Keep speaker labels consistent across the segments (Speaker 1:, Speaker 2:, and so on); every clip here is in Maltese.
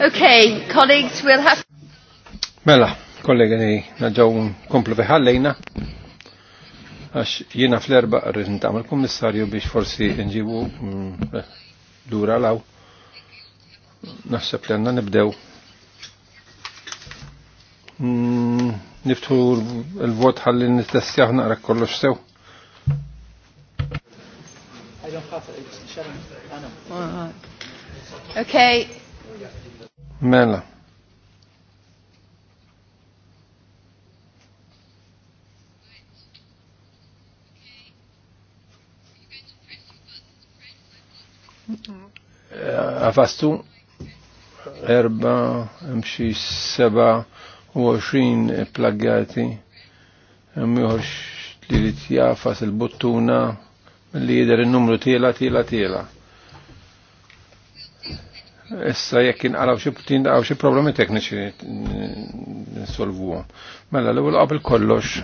Speaker 1: Okay, colleagues, we'll have...
Speaker 2: Mela, kollega li naġaw komplu fiħallejna, għax jina fl-erba rriżint għamal kommissarju biex forsi nġibu dura mm, eh, law. Naħseb li għanna nibdew. Mm, Niftu l-vot ħalli nittestjaħ naqra kollox sew. Okay. Mela.
Speaker 1: Għafastu
Speaker 2: erba mxi seba u għoxrin plaggati mjuħorx li li tjafas il-buttuna li jider il-numru tila tila tila. Issa jekk inqaraw xi putin daqgħu xi problemi tekniċi nsolvuhom. Mela l-ewwel qabel kollox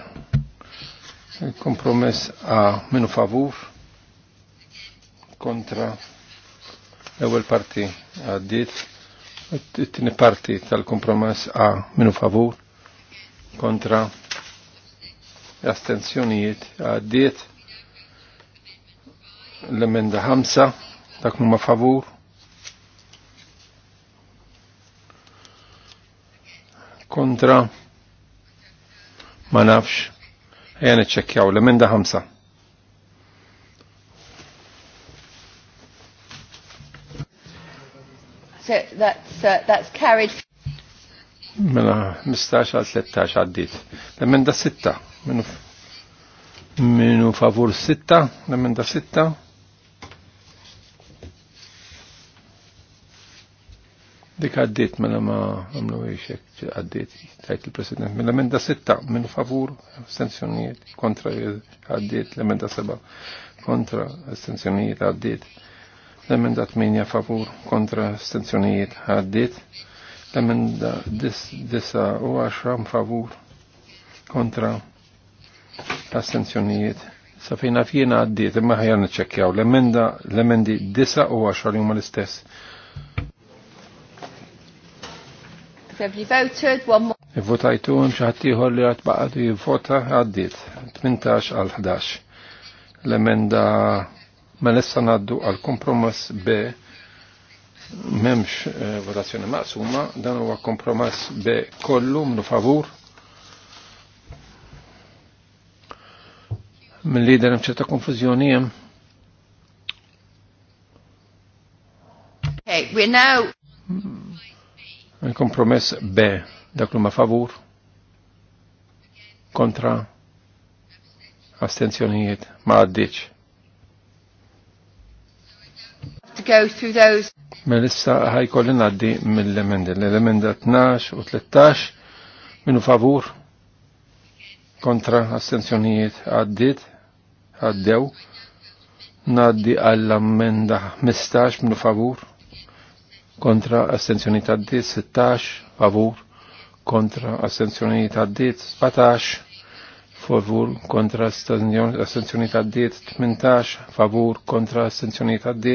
Speaker 2: il-kompromess a minu favur kontra l-ewwel parti għaddiet, it-tieni parti tal-kompromess a minu favur kontra l astenzjonijiet għaddiet l-emenda ħamsa dak huma favur kontra ma nafx ejja niċċekkjaw l-emenda ħamsa.
Speaker 1: So that's, uh, that's carried.
Speaker 2: Mela 15 għal 13 għaddit. L-emenda 6. Minu, minu favur 6, l-emenda 6. Dik għaddit mela ma għamlu jiexek għaddit, tajt il-President, mela emenda sitta, minn favur, estensjoniet, kontra għaddit, l-emenda seba, kontra estensjoniet għaddit, l-emenda tminja favur, kontra estensjoniet għaddit, l-emenda disa u 10 favur, kontra estensjoniet. Sa fejna fjena għaddit, imma ħajan ċekjaw, l-emenda, l-emendi disa u 10 li l-istess.
Speaker 1: Every voted, one more.
Speaker 2: Votajtu mxaħtiħor li għatbaqadu jivvota għaddit, 18 għal 11. L-emenda ma nessa naddu għal kompromess B memx eh, votazzjoni maqsuma, dan huwa kompromess B kollu mnu favur. Min lider hemm ċerta konfużjoni hemm.
Speaker 1: Okay, we're now
Speaker 2: Il-kompromess B dak ma favur kontra astenzjonijiet ma għaddiċ. Melissa ħajkolli għaddi mill-emendi. L-emenda 12 u 13 minu favur kontra astenzjonijiet għaddit, għaddew. Naddi għall-emenda 15 minu favur kontra astenzjoni taddi 16 favur kontra astenzjoni taddi 17 favur kontra astenzjoni taddi 18 favur kontra astenzjoni taddi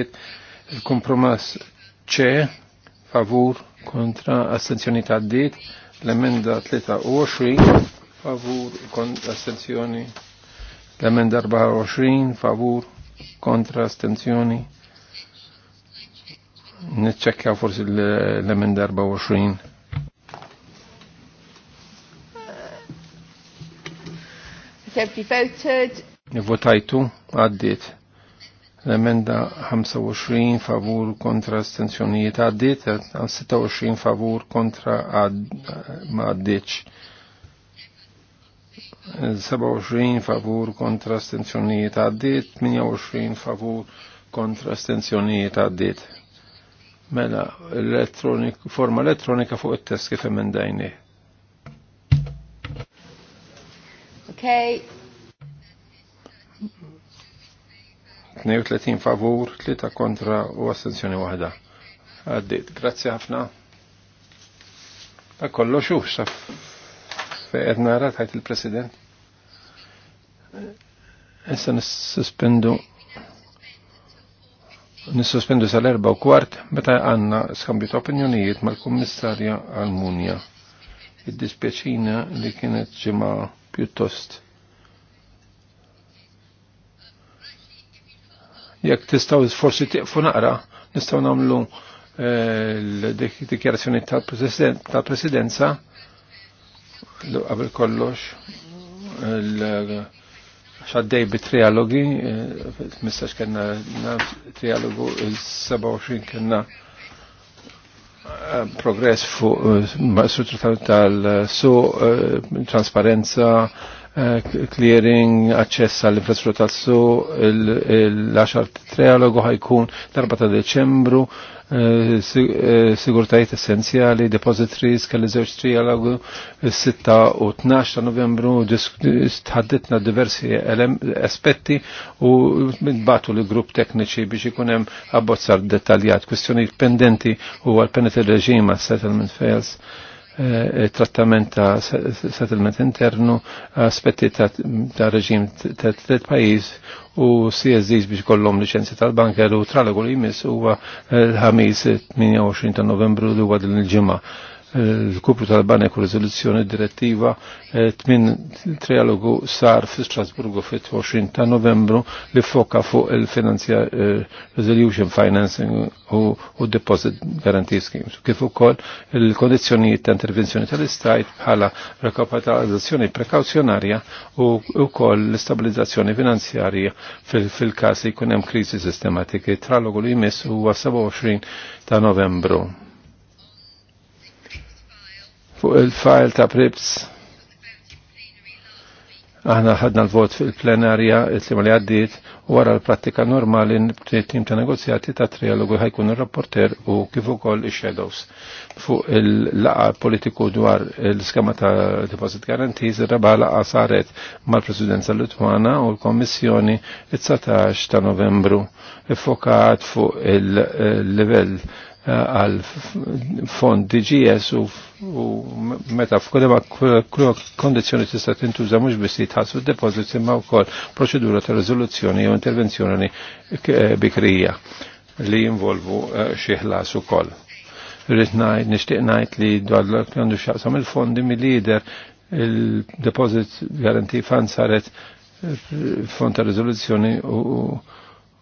Speaker 2: il-kompromess C favur kontra astenzjoni taddi l-emenda 23 favur kontra astenzjoni l-emenda 24 favur kontra astenzjoni Nitċekkja forsi l emend 24.
Speaker 1: Sefti voted.
Speaker 2: Votajtu, għaddit. L-emenda 25 favur kontra astenzjonijiet għaddit, 26 favur kontra ma għaddiċ. 27 favur kontra astenzjonijiet għaddit, 28 favur kontra astenzjonijiet għaddit. Mela, elettronik, forma elettronika fuq it-test kif emendajni. Ok. 32 favur, 3 kontra u astenzjoni wahda. Għaddit, grazzi ħafna. Ta' kollu xuf, xaf fejed nara tajt il-president. Issa nis-suspendu Nissospendu sal-erba u kwart meta għanna skambju ta' opinjonijiet mal-Kummissarja Almunja. Id-dispjaċina li kienet ġimgħa pjuttost. Jekk tistgħu forsi tieqfu naqra, nistgħu nagħmlu eh, l dikjarazzjoni tal-Presidenza qabel kollox xaddej bi trialogi, eh, mistax kena trialogu, 27 kena eh, progress fuq uh, tal-su, uh, Eh, clearing, access għall-infrastruttura tal-su, l-10 trialogu ħajkun l-4 ta' Deċembru, eh, eh, sigurtajiet essenzjali, depositories, kelli żewġ trialogu, 6 u 12 ta' Novembru, tħadditna diversi aspetti u mitbatu li grupp tekniċi biex ikun hemm abbozzar dettaljat, kwistjonijiet pendenti u għal-penet il-reġima settlement fails Eh, trattament ta' settlement internu, aspetti ta' reġim ta' tret pajis u CSDs biex kollom licenzi tal banker u tralegol jimis eh, u ħamis 28 ta' novembru li għad l-ġimma Eh, l-kupru tal-Albania ku rezoluzzjoni direttiva eh, tmin trialogu sar fi Strasburgu fit 20 ta' novembru li foka fuq il-Financia eh, Resolution Financing u Deposit Guarantee Schemes. Kif ukoll il-kondizzjonijiet ta' intervenzjoni tal-istajt bħala rekapitalizzazzjoni prekawzjonarja u wkoll l-istabilizzazzjoni finanzjarja fil-każ li jkun hemm kriżi sistematika. Tralogu li jmiss huwa 27 ta' novembru fuq il-file ta' Prips. Aħna ħadna l-vot fil-plenarja it-tlim li għaddit u wara l-prattika normali n tim ta' negozjati ta' trialogu ħajkun il-rapporter u kif ukoll il shadows Fuq il-laqa politiku dwar l-skema ta' deposit guarantees ir-raba laqa saret mal-Presidenza Litwana u l komissjoni il 19 ta' Novembru iffokat fuq il-livell għal fond DGS u meta f'kodema kondizjoni tista' tintuża mhux biss jitħassu d-depożit imma wkoll proċedura ta' riżoluzzjoni jew intervenzjoni eh, bikrija li jinvolvu eh, xi ħlas ukoll. Rrid ngħid nixtieq ngħid li dwar għandu x'jaqsam il-fondi mill-lider il-deposit garanti fan saret eh, fond ta' riżoluzzjoni u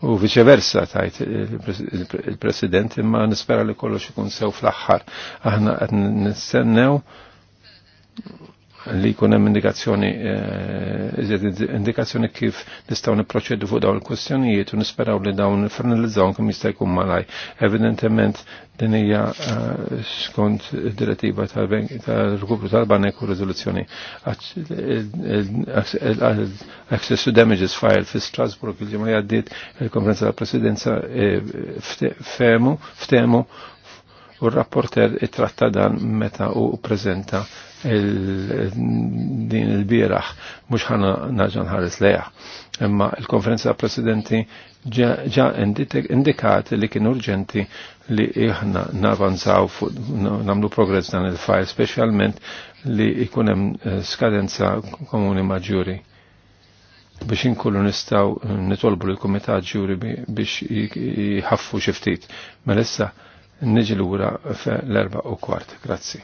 Speaker 2: U versa, tajt il-President imma nispera li kollox ikun sew fl-axħar. Aħna nistennew li jkun hemm indikazzjoni eh, indikazzjoni kif nistgħu nipproċedu fuq dawn il-kwestjonijiet u nisperaw li dawn finalizzawn kemm jista' jkun malaj. Evidentement din hija eh, skont direttiva tal-rkupru tal-banek u riżoluzzjoni eh, access to damages file fi Strasbourg il-ġimgħa jgħaddiet il-konferenza tal-presidenza ftemu u r-rapporter it-tratta dan meta u prezenta din il-biraħ mux ħana naġan ħares leja. Imma il-konferenza presidenti ġa indikat li kien urġenti li iħna navanzaw namlu progress dan il-fajl, specialment li ikunem eh, skadenza komuni maġuri biex inkullu nistaw nitolbu l-komitat ġuri biex jħaffu xiftit. Ma issa nġi l-ura l-erba u kwart. Grazzi.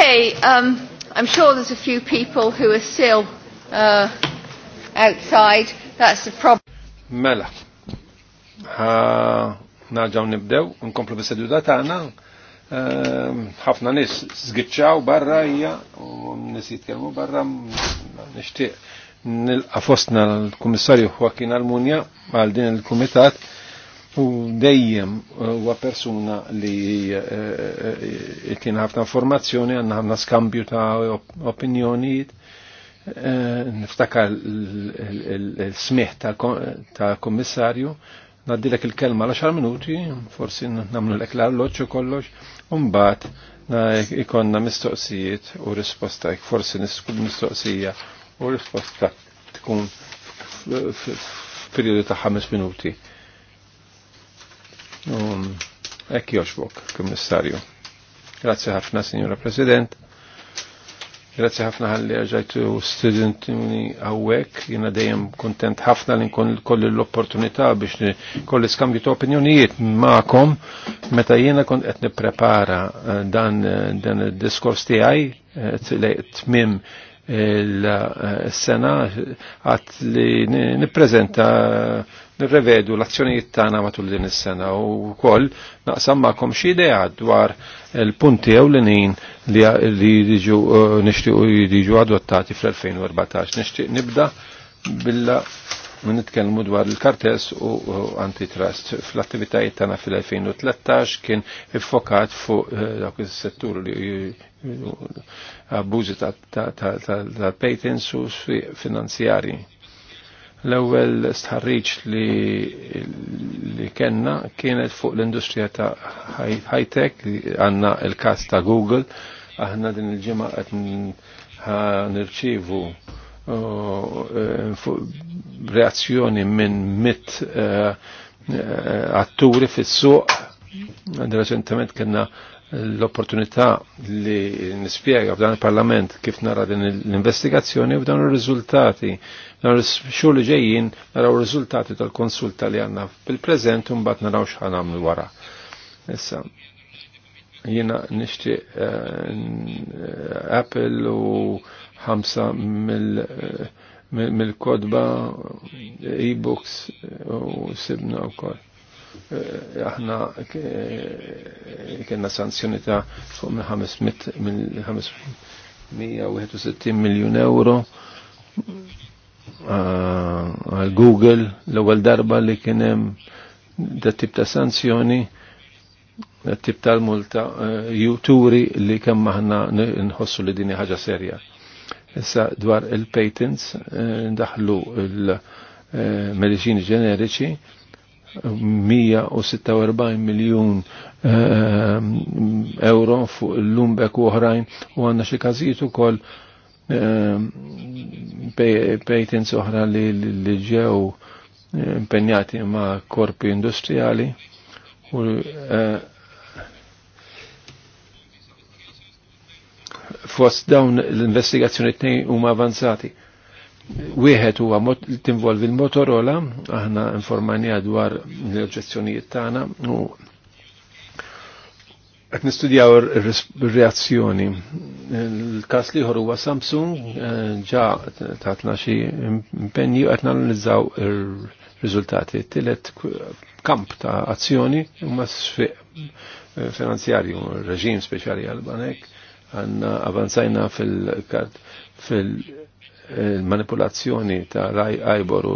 Speaker 1: Okay, um, I'm sure there's a few people who are still uh, outside. That's the problem.
Speaker 2: Mela. Naġaw nibdew, nkomplu bis-seduta tagħna. Ehm, ħafna nis żgiċċaw barra hija u nisit kelmu barra nishtiq nilqa' fostna l-Kummissarju Joaquin Almunja għal din il-Kumitat dejjem huwa persuna li kien ħafna informazzjoni, għandna ħafna skambju ta' opinjonijiet. Niftakar l-smih ta' kommissarju, naddilek il-kelma la xar minuti, forsi namlu l-ek l-alloċu kollox, un-bat ikonna mistoqsijiet u risposta, forsi niskud mistoqsija u risposta tkun f'periodu ta' 5 minuti. Um, Ekk joxbok, kommissarju. Grazie ħafna, Signora President. Grazie ħafna ħalli għagħajtu studentuni għawek. Jena dejjem kontent ħafna li nkun kolli l-opportunità biex kolli skambju ta' opinjonijiet ma'kom. Meta jena kont qed nipprepara eh, dan dan id-diskors tiegħi eh, mim il-sena eh, għat li niprezenta nirrevedu l-azzjonijiet tagħna matul din is-sena u wkoll naqsam magħkom xi idea dwar il-punti ewlenin li jiġu eh, nixtiequ jiġu adottati fl-2014. Nixtieq nibda billa minn nitkellmu dwar il kartes u antitrust. Fl-attivitajiet tagħna fil-2013 kien iffokat fuq eh, dawk is-settur li abbużi tal-patents u finanzjarji. L-ewwel stħarriġ li, li kenna kienet fuq l-industrija ta' high-tech, għandna il-każ ta' Google, aħna din il-ġimgħa qed nirċievu uh, uh, reazzjoni minn mit uh, atturi fis-suq. Reċentament kena l-opportunità li nispiega f'dan il-Parlament kif nara din l-investigazzjoni u f'dan il-rizultati, Dan xhur li ġejjin naraw ir rizultati tal-konsulta li għanna fil-preżent u mbagħad naraw x'ħan għamlu wara. Issa jiena nishti eh, Apple u ħamsa eh, mill-kodba e-books u sibna u kod. Eh, aħna eh, kena sanzjoni ta' fuq minn 561 miljon euro eh, għal Google l-ewwel darba li kien hemm dat tip ta' sanzjoni dat tip tal-multa juturi li kemm aħna nħossu li dini ħaġa serja. Issa dwar il-patents ndaħlu il-medicini ġeneriċi 146 miljon eh, eh, euro fuq l-lumbek u oħrajn u għanna xi każijiet ukoll eh, patents oħra li ġew impenjati ma' korpi industrijali u fost dawn l-investigazzjoni t-nej huma avanzati Wieħed huwa tinvolvi l-Motorola, aħna informanija dwar l-oġġezzjonijiet tagħna u qed nistudjaw ir-reazzjoni. Il-każ liħor huwa Samsung ġa tatna xi impenju qed nanalizzaw ir-riżultati. Tielet kamp ta' azzjoni huma sfiq finanzjarju, reġim speċjali għal banek, għanna avanzajna fil-kart fil manipulazzjoni ta' Ajbor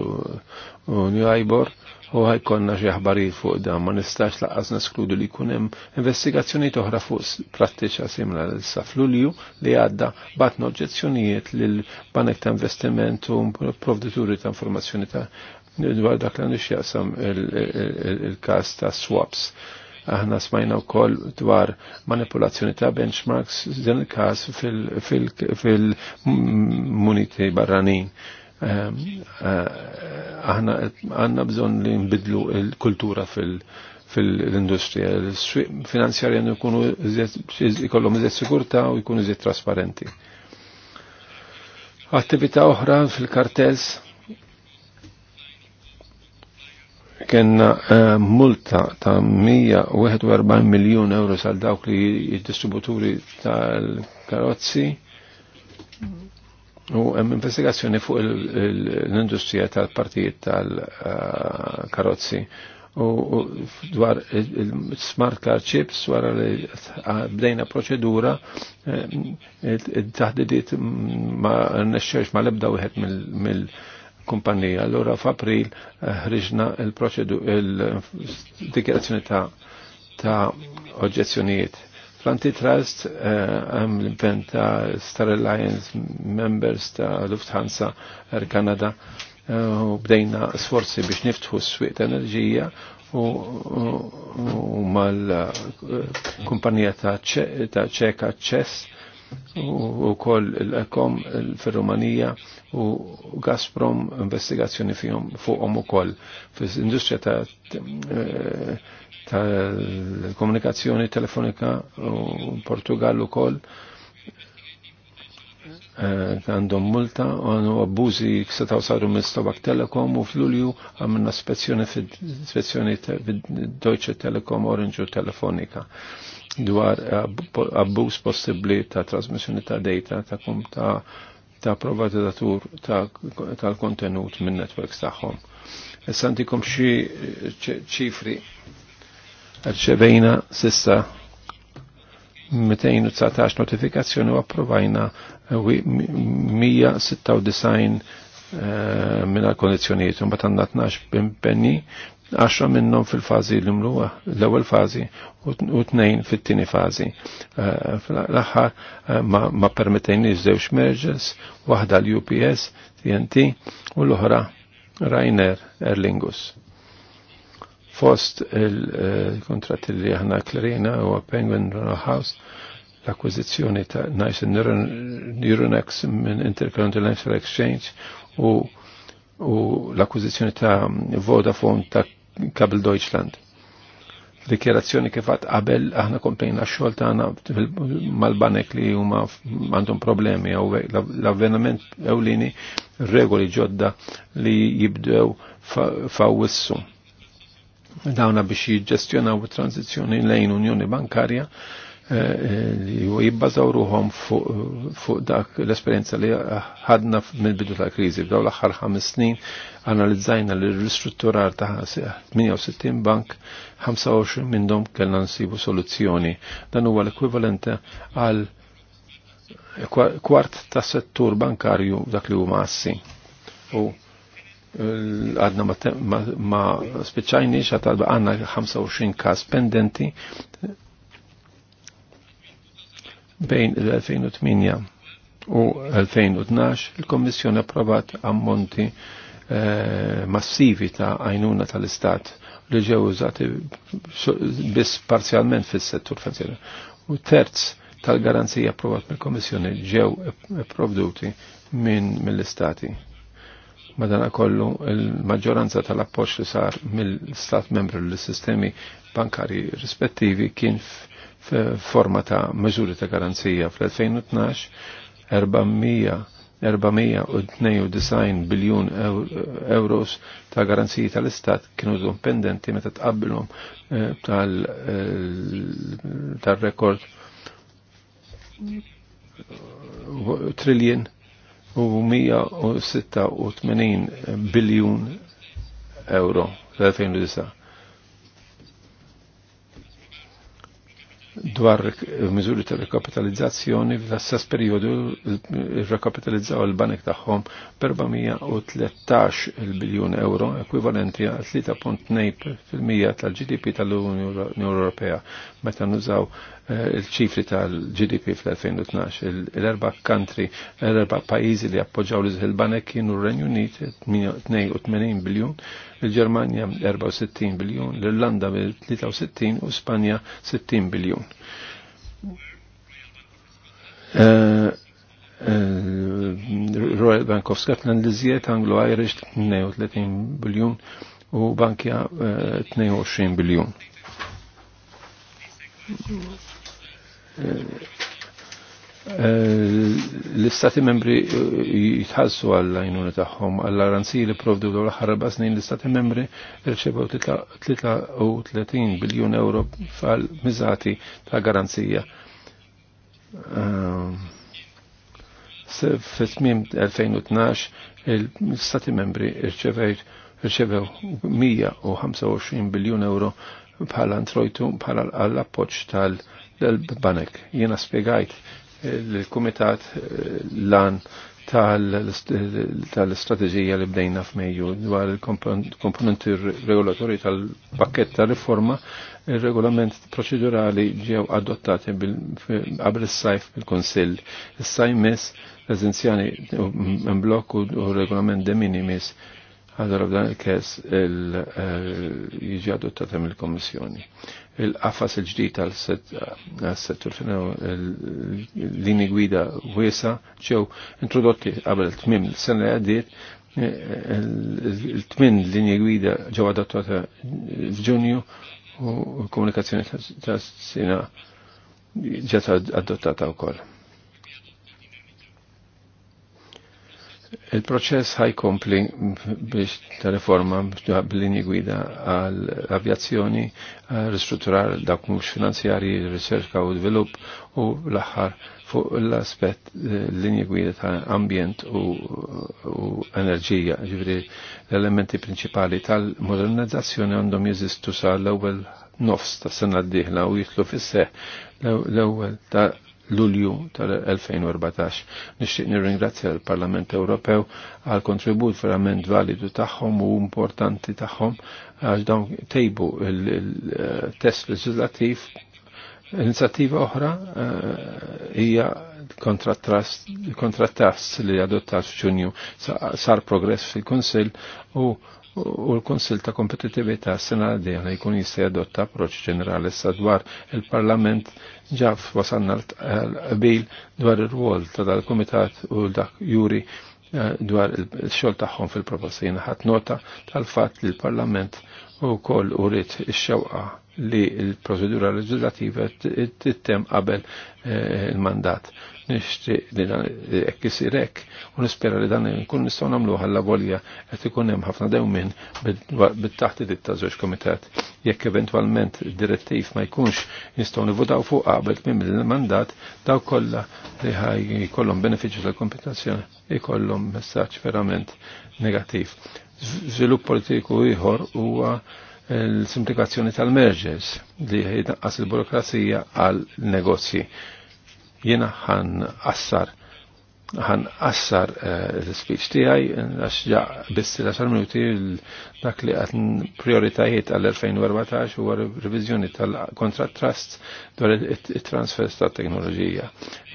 Speaker 2: u New Ajbor u ħajkonna xi aħbarijiet fuq dan ma nistax laqqas neskludu li jkun hemm investigazzjoni oħra fuq prattiċa simla sa f'Lulju li għadda batna oġġezzjonijiet l banek ta' investiment u provdituri ta' informazzjoni ta' dwar dak l għandu il-każ ta' swaps Aħna smajna wkoll dwar manipulazzjoni ta' benchmarks dan il-każ fil-muniti barranin. Ehm, eh, aħna għandna bżonn li nbidlu l-kultura fil- fil-industrija. L-swiq finanzjarja jkunu jkollhom iżjed sigurtà u jkunu iżjed trasparenti. Attività oħra fil-kartels kena eh, multa ta' 141 miljon euro sal dawk li jiddistributuri tal-karozzi u hemm investigazzjoni fuq l-industrija tal-partijiet tal-karozzi u dwar il-smart car chips wara li bdejna proċedura eh, il taħdidiet ma nexxerx ma lebda wieħed mill kumpanija. Allura f'April eh, ħriġna il-dikjerazzjoni ta' ta' oġġezzjonijiet. Fl-antitrust għam eh, l-impen ta' Star Alliance members ta' Lufthansa Air Canada eh, u bdejna sforzi biex niftħu s-swiq ta' enerġija u mal-kumpanija ta' ċeka ċess u koll l-Ekom fil-Rumanija u Gazprom investigazzjoni fuqom u koll. Fil-industrija eh, ta' komunikazzjoni telefonika u Portugal u koll eh, għandhom multa u għandu abbużi setaw saru minn Stobak Telekom u fl-Ulju għamilna spezzjoni fil-Deutsche Telekom Orange u Telefonika dwar abbuż possibbli ta' trasmissjoni ta' data ta' kum ta' ta' provatatur tal-kontenut minn networks tagħhom. Issa għandikom xi ċifri rċevejna sissa 219 notifikazzjoni u approvajna 196 minna kondizjoniet, un bat għanna 12 bimpenni 10 minnhom fil-fażi l mluwa, l-ewwel fażi u tnejn fit-tieni fażi. Eh, L-aħħar eh, ma permettejniex żewġ mergers, waħda l-UPS, TNT u l-oħra Rainer Erlingus. Fost il-kontratti eh, li aħna klerina u Penguin Rural House l-akkwizizjoni ta' Nice Neuronex minn Intercontinental Exchange u u l-akkużizzjoni ta' Vodafone ta' Kabel Deutschland. Dikjerazzjoni kif għat qabel aħna komplejna x-xogħol tagħna mal-banek li huma għandhom problemi għaw. l-avveniment ewlieni regoli ġodda li jibdew fawissu. Dawna biex jiġġestjonaw it-tranzizzjoni lejn Unjoni Bankarja Eh, eh, u jibbazaw ruħom fuq dak l esperienza li ħadna mill-bidu ta' krizi. F'daw l axħar ħames snin analizzajna l ristrutturar ta' 68 bank 25 minn dom kellna nsibu soluzzjoni. Dan huwa l-ekwivalente għal kwart ta' settur bankarju dak li huma assi. U eh, għadna ma, ma, ma spiċajni xatalba għanna 25 kas pendenti Bejn il-2008 u 2012 il-Kommissjoni approvat ammonti eh, massivi ta' għajnuna tal-Istat li ġew użati biss parzjalment fis-settur finanzjarju. U terz tal-garanzija approvat mill-Kommissjoni ġew approvduti minn mill-Istati. Madana kollu il-maġġoranza tal-appoġġ li sar mill-Stat membru l-sistemi bankari rispettivi kien f forma ta' mażuri ta' garanzija fl-2012 492 biljun euros ta' garanziji tal-Istat kienu pendenti meta tqabbilhom eh, eh, tal-rekord triljen u 186 biljun euro l-2009 dwar miżuri ta' rekapitalizzazzjoni fl-assess periodu rekapitalizzaw il-banek tagħhom b'413 biljun euro ekwivalenti għal 3.2% tal-GDP tal-Unjoni Ewropea meta nużaw Eh, il-ċifri tal-GDP fl-2012. L-erba country, l-erba pajizi li appoġġaw li il-banek kienu r-Renju Unit 82 biljun, il-Germania 64 biljun, l-Irlanda 63 u Spanja 60 biljon. Eh, eh, Royal Bank of Scotland li zjiet Anglo-Irish 32 biljon u Bankja 22 biljun. Eh, eh, l-istati membri eh, jitħassu għall-għajnuna taħħom għall-aranzi li provdu l ħarba snin l-istati membri rċebu 33 biljun euro fal-mizati ta' garanzija. f tmim 2012 l-istati membri irċevew 125 biljun euro bħala antrojtu bħala l-appoċ tal- l-banek. Jena spiegajt eh, l-Kumitat eh, lan tal strategija li bdejna f'Mejju dwar il-komponenti regolatori tal-pakket ta' riforma, il-regolament proċedurali ġew adottati qabel is-sajf bil kunsill Is-sajmis, l-eżenzjani mm, mm, blokku u regolament de minimis Allora f'dan il-kes kess eh, jiġi adottata mill-Kommissjoni. Il-qafas il-ġdid għal-settur finna l-lini gwida wiesa ġew introdotti t-mim l-sena għaddit għaddiet il-tmin l-lini gwida ġew adottata f-ġunju u l-komunikazzjoni ta' sena ġeta adottata wkoll. Il-proċess ħajkompli biex ta' reforma b'linji gwida għal-avjazzjoni, ristrutturar dak mhux finanzjari, ricerka u dvilup u l-aħħar fuq l-aspett eh, linji gwida ta' ambjent u, enerġija, ġivri l-elementi principali tal-modernizzazzjoni għandhom jizistu sa' l-ewwel nofs ta' sena d-dieħla u jitlu fis l-ewwel ta' Lulju tal-2014. Nixtieq nirringrazzja l-Parlament Ewropew għal kontribut verament validu tagħhom u importanti tagħhom għax dawn tejbu il-test eh, leġislattiv Inizjattiva oħra eh, hija kontrattast li adottat f'Ġunju sar progress fil-Kunsill u u l-Konsil ta' Kompetitività sena għana jkun jista' jadotta approċ ġenerali sa dwar il-Parlament ġaf wasanna l-qabil dwar ir-rwol ta' dal-Kumitat u dak juri eh, dwar il-xol tagħhom fil proposti jiena ħadd nota tal-fatt li l-Parlament u koll urid ix-xewqa li l legislativa t tittem qabel eh, il-mandat. Nishti li dan eh, ekk isirek u nispera li dan nkun nistgħu namlu ħalla volja qed ikun hemm ħafna dewmin bit-taħt id ta' żewġ komitat. Jekk eventwalment direttiv ma jkunx nistaw nivudaw fuq qabel minn il-mandat daw kollha li ħaj jkollhom benefiċċju tal-kompetazzjoni ikollhom messaġġ verament negattiv. Żvilupp politiku ieħor huwa uh, l-simplikazzjoni tal-mergers li jnaqqas il-burokrazija għal negozji. Jena ħan assar ħan assar eh, l-speech tijaj, għax ġa bisti l-10 minuti dak li għat prioritajiet għall-2014 huwa revizjoni tal kontrat trust dwar it-transfer ta' teknoloġija.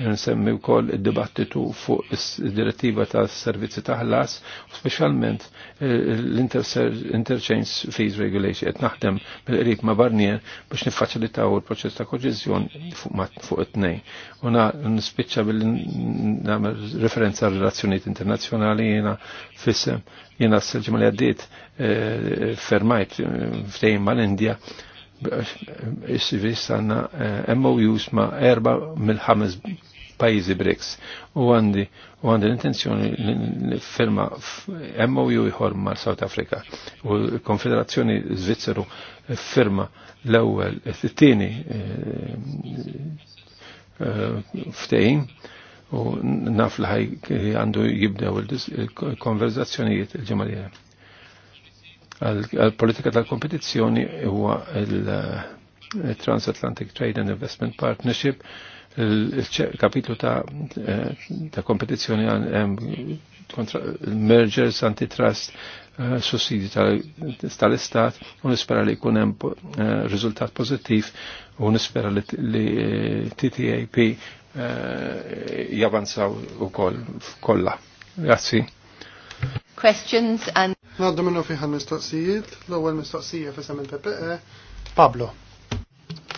Speaker 2: Nsemmi wkoll id-dibattitu fuq id-direttiva tas-servizzi ta' ħlas u speċjalment eh, l-interchange fees regulation qed naħdem mill-qrib ma' Barnier biex niffaċilitaw il-proċess ta' koġizjon fuq it-tnejn. Una nispiċċa bil referenza għal relazzjonijiet internazzjonali fissem jena s-ġimma li għaddit eh, fermajt eh, ftejn l indja s sivis għanna eh, MOUs ma' erba mil ħames pajizi BRICS u għandi u għandi l-intenzjoni firma MOU jħor ma' South Africa u l-Konfederazzjoni Zvizzeru firma l-ewwel it-tieni ftehim u naf li ħaj għandu jibdew il-konverzazzjonijiet il-ġemalija. Għal-politika tal-kompetizzjoni huwa il-Transatlantic eh, Trade and Investment Partnership, il-kapitlu ta', eh, ta kompetizzjoni mergers, antitrust, eh, sussidi tal-istat, u nispera li jkun hemm riżultat pożittiv u nispera li TTIP Eh, javanzaw u koll kolla. Grazzi.
Speaker 3: Questions and... Naddu minnu fiħan mistoqsijiet, l-ewel mistoqsijiet fissam il-PPE.
Speaker 2: Pablo.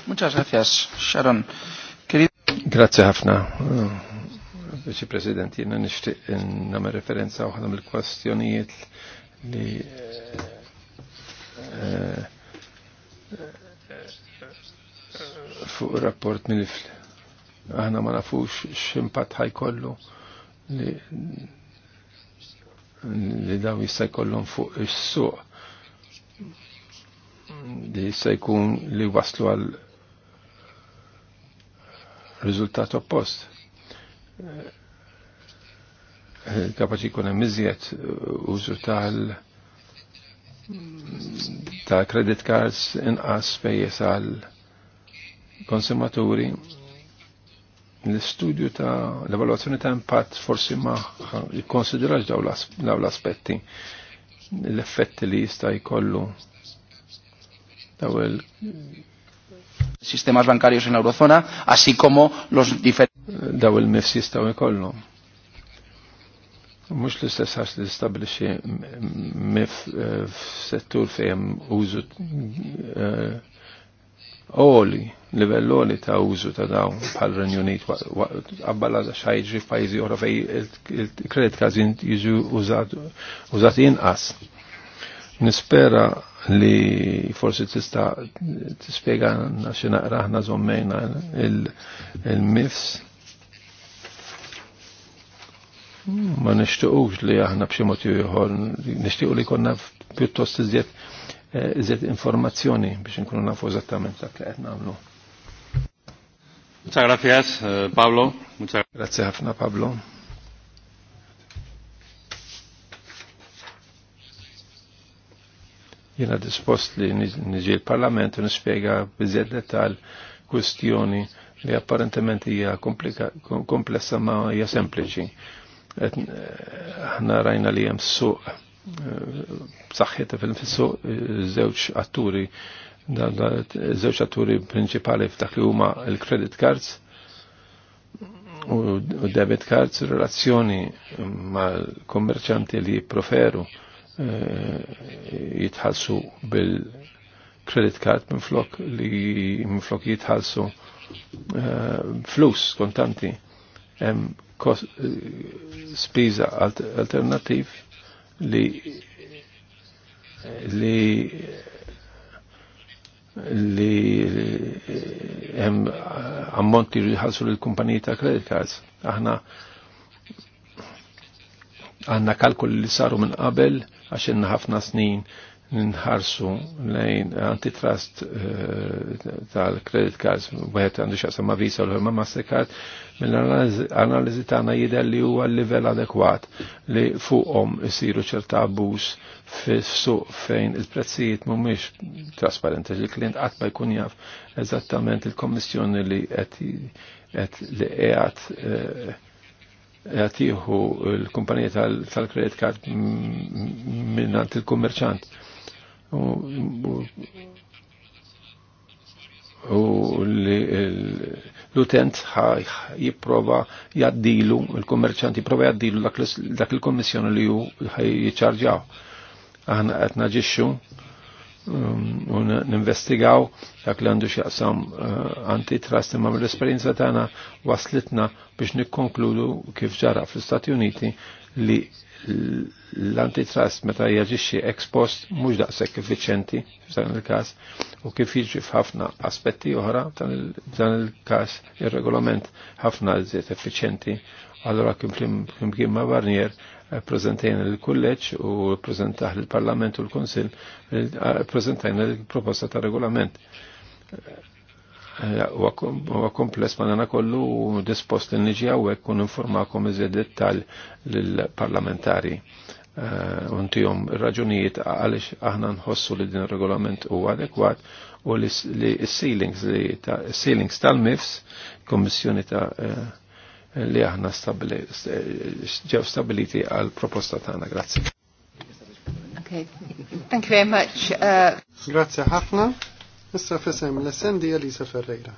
Speaker 2: Muchas gracias, Sharon. Grazie ħafna. Eh, Vici President, jenna nishti nama referenza u uħna il kwastjonijiet li eh, fuq rapport mill-fl aħna ma nafux ximpat ħajkollu li li daw jista' jkollhom fuq is-suq li jista' jkun li waslu għal riżultat oppost. Kapaċi jkun hemm iżjed użu tal ta' credit cards inqas fejjes għal konsumaturi l-studju ta' l-evaluazzjoni ta' impatt forsi ma jikkonsiderax daw l-aspetti l-effetti li jista' jkollu daw il sistemas bankarios in eurozona, así como los diferentes daw il-mifs jistaw jkollu. Mux l-istess għax li stabilixi mif eh, settur fejem użu eh, oli, livell oli ta' użu ta' dawn pal Unit, għabbala xajġi f'pajzi oħra fej il-kredit kazin jizu użat inqas. Nispera li forsi tista tispiega naxina raħna zommejna il-mifs ma nishtiqux li aħna b'xi mod ieħor nixtiequ li konna pjuttost iżjed Eh, iżjed informazzjoni biex nkunu nafu eżattament dak li qed nagħmlu. Muchas gracias, eh, Pablo. Muchas gracias ħafna, Pablo. Jena dispost li niġi l-Parlament u nispjega biżed detal kwestjoni li apparentement hija komplessa ma hija sempliċi. Aħna eh, rajna li hemm suq b'saħħitha fil fissu żewġ atturi żewġ atturi prinċipali f'dak li huma l-credit cards u debit cards relazzjoni mal-kommerċanti li proferu eh, jitħalsu bil-credit card flok li minflok jitħalsu eh, flus kontanti hemm eh, spiża alternativ li li li hemm ammonti li jħallsu lill kumpaniji ta' credit cards. Aħna aħna kalkoli li saru minn qabel għax ħafna snin nħarsu lejn antitrust eh, tal-credit cards wieħed għandu xaqsam ma' Visa l ma' Mastercard mill-analiżi tagħna jidher li huwa l-livell adekwat li fuqhom isiru ċerta abbuż fissu fejn il-prezzijiet mhumiex trasparenti li klient qatt ma jkun jaf eżattament il-kommissjoni li qed li għet għatiju eh, l-kumpanija tal-credit card minnant il-kummerċant u l-utent jipprova jaddilu, il-kommerċant jiprova jaddilu dak il-kommissjoni li ju jċarġaw. Aħna qed naġixxu um, u ninvestigaw dak li għandu x'jaqsam uh, antitrust imma mill-esperjenza tagħna waslitna biex nikkonkludu kif ġara fl-Istati Uniti li l-antitrust meta jaġixxi ex post mhux daqshekk effiċjenti f'dan il-każ u kif jiġri f'ħafna aspetti oħra f'dan il-każ ir-regolament ħafna żiet effiċjenti. Allora kien ma' Barnier eh, prezentajna l-kulleġġ u prezentaħ l-Parlament u l-Konsil eh, prezentajna l-proposta ta' regolament Wa kompless ma nana kollu dispost n niġi għawek kun informakom iżed dettal l parlamentari eh, untijom raġunijiet għalix aħna nħossu li din regolament u adekwat u li ceilings sealings tal-MIFS kommissjoni ta' eh, li aħna eh, ġew stabiliti għal proposta tagħna. Grazzi.
Speaker 3: Okay. Thank you very much. Uh, Grazie ħafna. Issa fesem l-essendi Elisa Ferreira.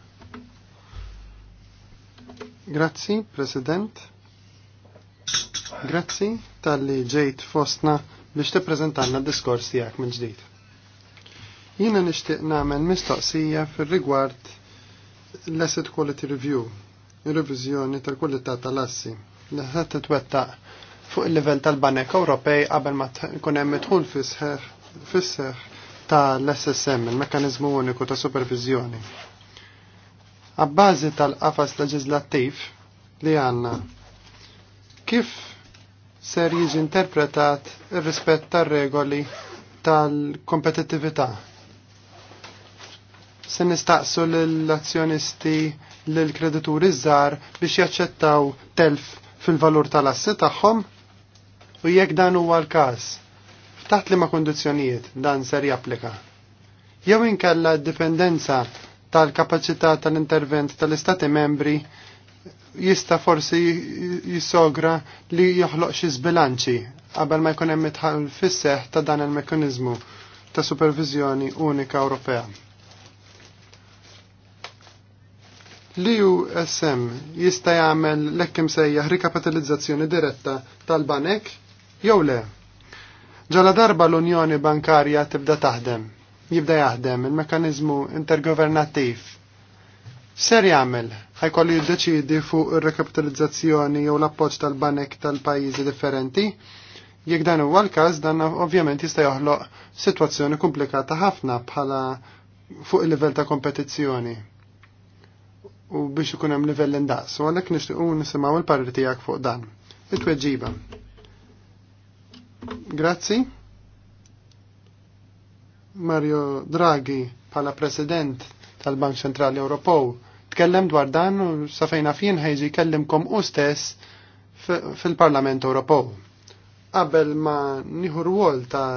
Speaker 3: Grazzi, President. Grazzi tal-li ġejt fostna biex te prezentanna diskors tijak minn ġdijt. Jina nishtiq namen mistoqsija fil-rigward l-Asset Quality Review, il-revizjoni tal-kwalità tal-assi, li asset t-twetta fuq il-level tal-Banek Ewropej qabel ma kunem hemm idħul fisseħ tal-SSM, il-Mekanizmu Uniku ta' Supervizjoni. Abbażi tal-qafas leġislattiv li għanna, kif ser jiġi interpretat ir-rispett tar-regoli tal-kompetittività? Se nistaqsu l-azzjonisti l-kredituri żgħar biex jaċċettaw telf fil-valur tal-assi tagħhom u jekk dan huwa l-każ Taħt li ma' kondizjonijiet dan ser japplika. Jew inkella dipendenza tal-kapacità tal-intervent tal-Istati membri jista forsi jisogra li joħloq xi żbilanċi qabel ma jkun hemm itħall fis-seħħ ta' dan il-mekkaniżmu ta' supervizjoni unika Ewropea. L-USM jista' jagħmel lekk sejjaħ rikapitalizzazzjoni diretta tal-banek jew le. Ġala darba l-Unjoni Bankarja tibda taħdem, jibda jaħdem il-mekanizmu intergovernattiv. Ser jagħmel ħajkolli jiddeċidi fuq ir-rekapitalizzazzjoni jew l-appoġġ tal-banek tal-pajjiżi differenti. Jekk dan huwa l-każ, dan ovvjament jista' joħloq sitwazzjoni komplikata ħafna bħala fuq il-livell ta' kompetizzjoni u biex ikun hemm livell indaqs, u għalhekk nixtiequ nisimgħu il-parri tiegħek fuq dan. It-tweġiba. Grazzi. Mario Draghi bħala President tal-Bank Centrali Ewropew tkellem dwar dan u safejna fien ħejġi kellimkom u stess fil-Parlament Ewropew. Qabel ma nieħu rwol ta'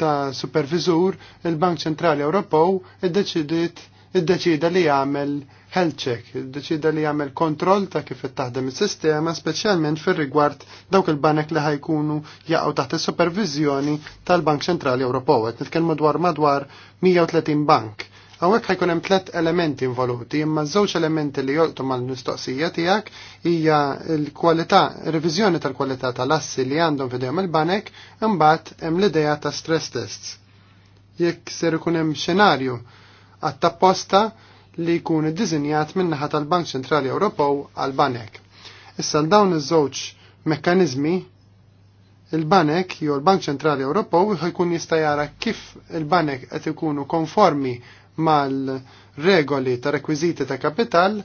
Speaker 3: ta' supervizur, il-Bank Centrali Ewropew iddeċidiet iddeċida li jagħmel health check, iddeċida li jagħmel kontroll ta' kif taħdem is-sistema, speċjalment fir-rigward dawk il-banek li ħajkunu jaqgħu taħt is-supervizjoni tal-Bank Ċentrali Ewropew. Qed nitkellmu dwar madwar 130 bank. Hawnhekk ħajkun hemm tliet elementi involuti, imma żewġ elementi li jolqtu mal-mistoqsija tiegħek hija l-kwalità, reviżjoni tal-kwalità tal-assi li għandhom f'idejhom il-banek, imbagħad hemm l-idea ta' stress tests. Jekk ser ikun hemm xenarju għatta li jkun iddizinjat min-naħa tal-Bank Ċentrali Ewropew għal banek. Issa l-dawn iż-żewġ mekkaniżmi il-banek jew l-Bank Ċentrali Ewropew jkun jista' jara kif il-banek qed ikunu konformi mal-regoli ta' rekwiżiti ta' kapital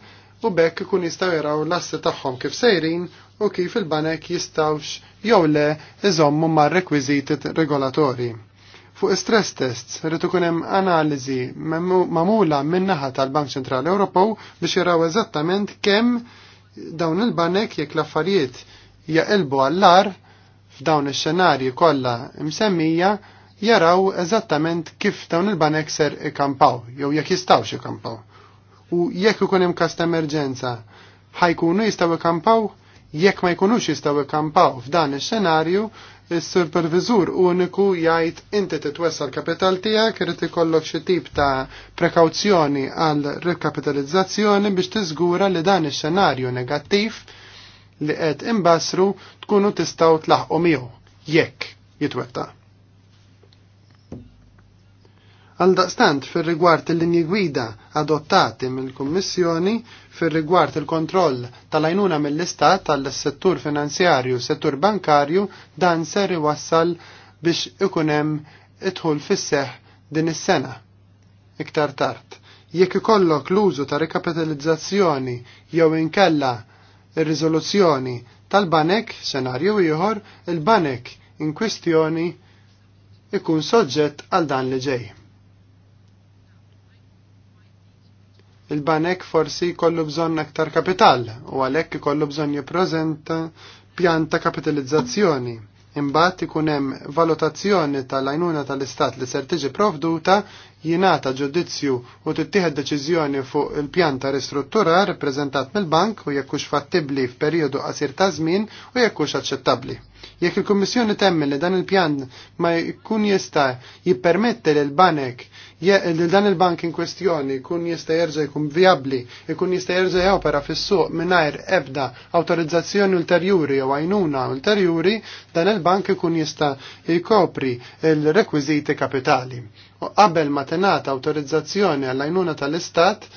Speaker 3: u bekk ikun jistgħu jaraw l-assi tagħhom kif sejrin u kif il-banek jistawx jew le iżommu mar rekwiżiti regolatorji Fuq stress tests rrid ikun hemm analiżi magħmula min-naħa tal-Bank Ċentrali Ewropew biex jaraw eżattament kemm dawn il-banek jekk l-affarijiet jaqilbu għall-ar f'dawn ix-xenarji kollha msemmija jaraw eżattament kif dawn il-banek ser ikampaw, jew jekk jistgħux ikampaw. U jekk ikun hemm każ emerġenza, ħajkunu jistgħu ikampaw, jekk ma jkunux jistgħu ikampaw f'dan ix-xenarju, Is-supervizur uniku jgħid inti titwessa l-kapital tiegħek irid ikollok xi tip ta' prekawzjoni għal rekapitalizzazzjoni biex tiżgura li dan ix-xenarju negattiv li qed imbasru tkunu tistgħu tlaħqu miegħu jekk jitwettaq. Għaldaqstant fir rigward il-linji gwida adottati mill-Kummissjoni fir rigward il-kontroll tal-għajnuna mill-Istat tal-settur finanzjarju, settur bankarju, dan ser iwassal biex ikunem idħul fis-seħ din is-sena. Iktar tard. Jekk ikollok l-użu ta' rekapitalizzazzjoni jew inkella ir-riżoluzzjoni tal-banek, senarju ieħor, il-banek in kwestjoni ikun soġġett għal dan li ġej. il-banek forsi kollu bżonn aktar kapital u għalhekk ikollu bżonn jippreżenta pjan ta' kapitalizzazzjoni. Imbagħad ikun hemm valutazzjoni tal-għajnuna tal-istat li ser tiġi provduta jingħata ġudizzju u tittieħed deċiżjoni fuq il-pjan ta' ristruttura rappreżentat mill-bank u jekk hux fattibbli f'perjodu qasir ta' żmien u jekk hux aċċettabbli. Jekk il-Kummissjoni temmen li dan il-pjan ma jkun jista' jippermetti l banek li dan il-bank in kwestjoni jkun jista' jerġa' jkun viabli, jkun jista' jerġa' jopera fis-suq mingħajr ebda awtorizzazzjoni ulterjuri jew għajnuna ulterjuri, dan il-bank ikun jista' jkopri il-rekwiżiti kapitali. U qabel ma tingħata awtorizzazzjoni għall-għajnuna tal-Istat,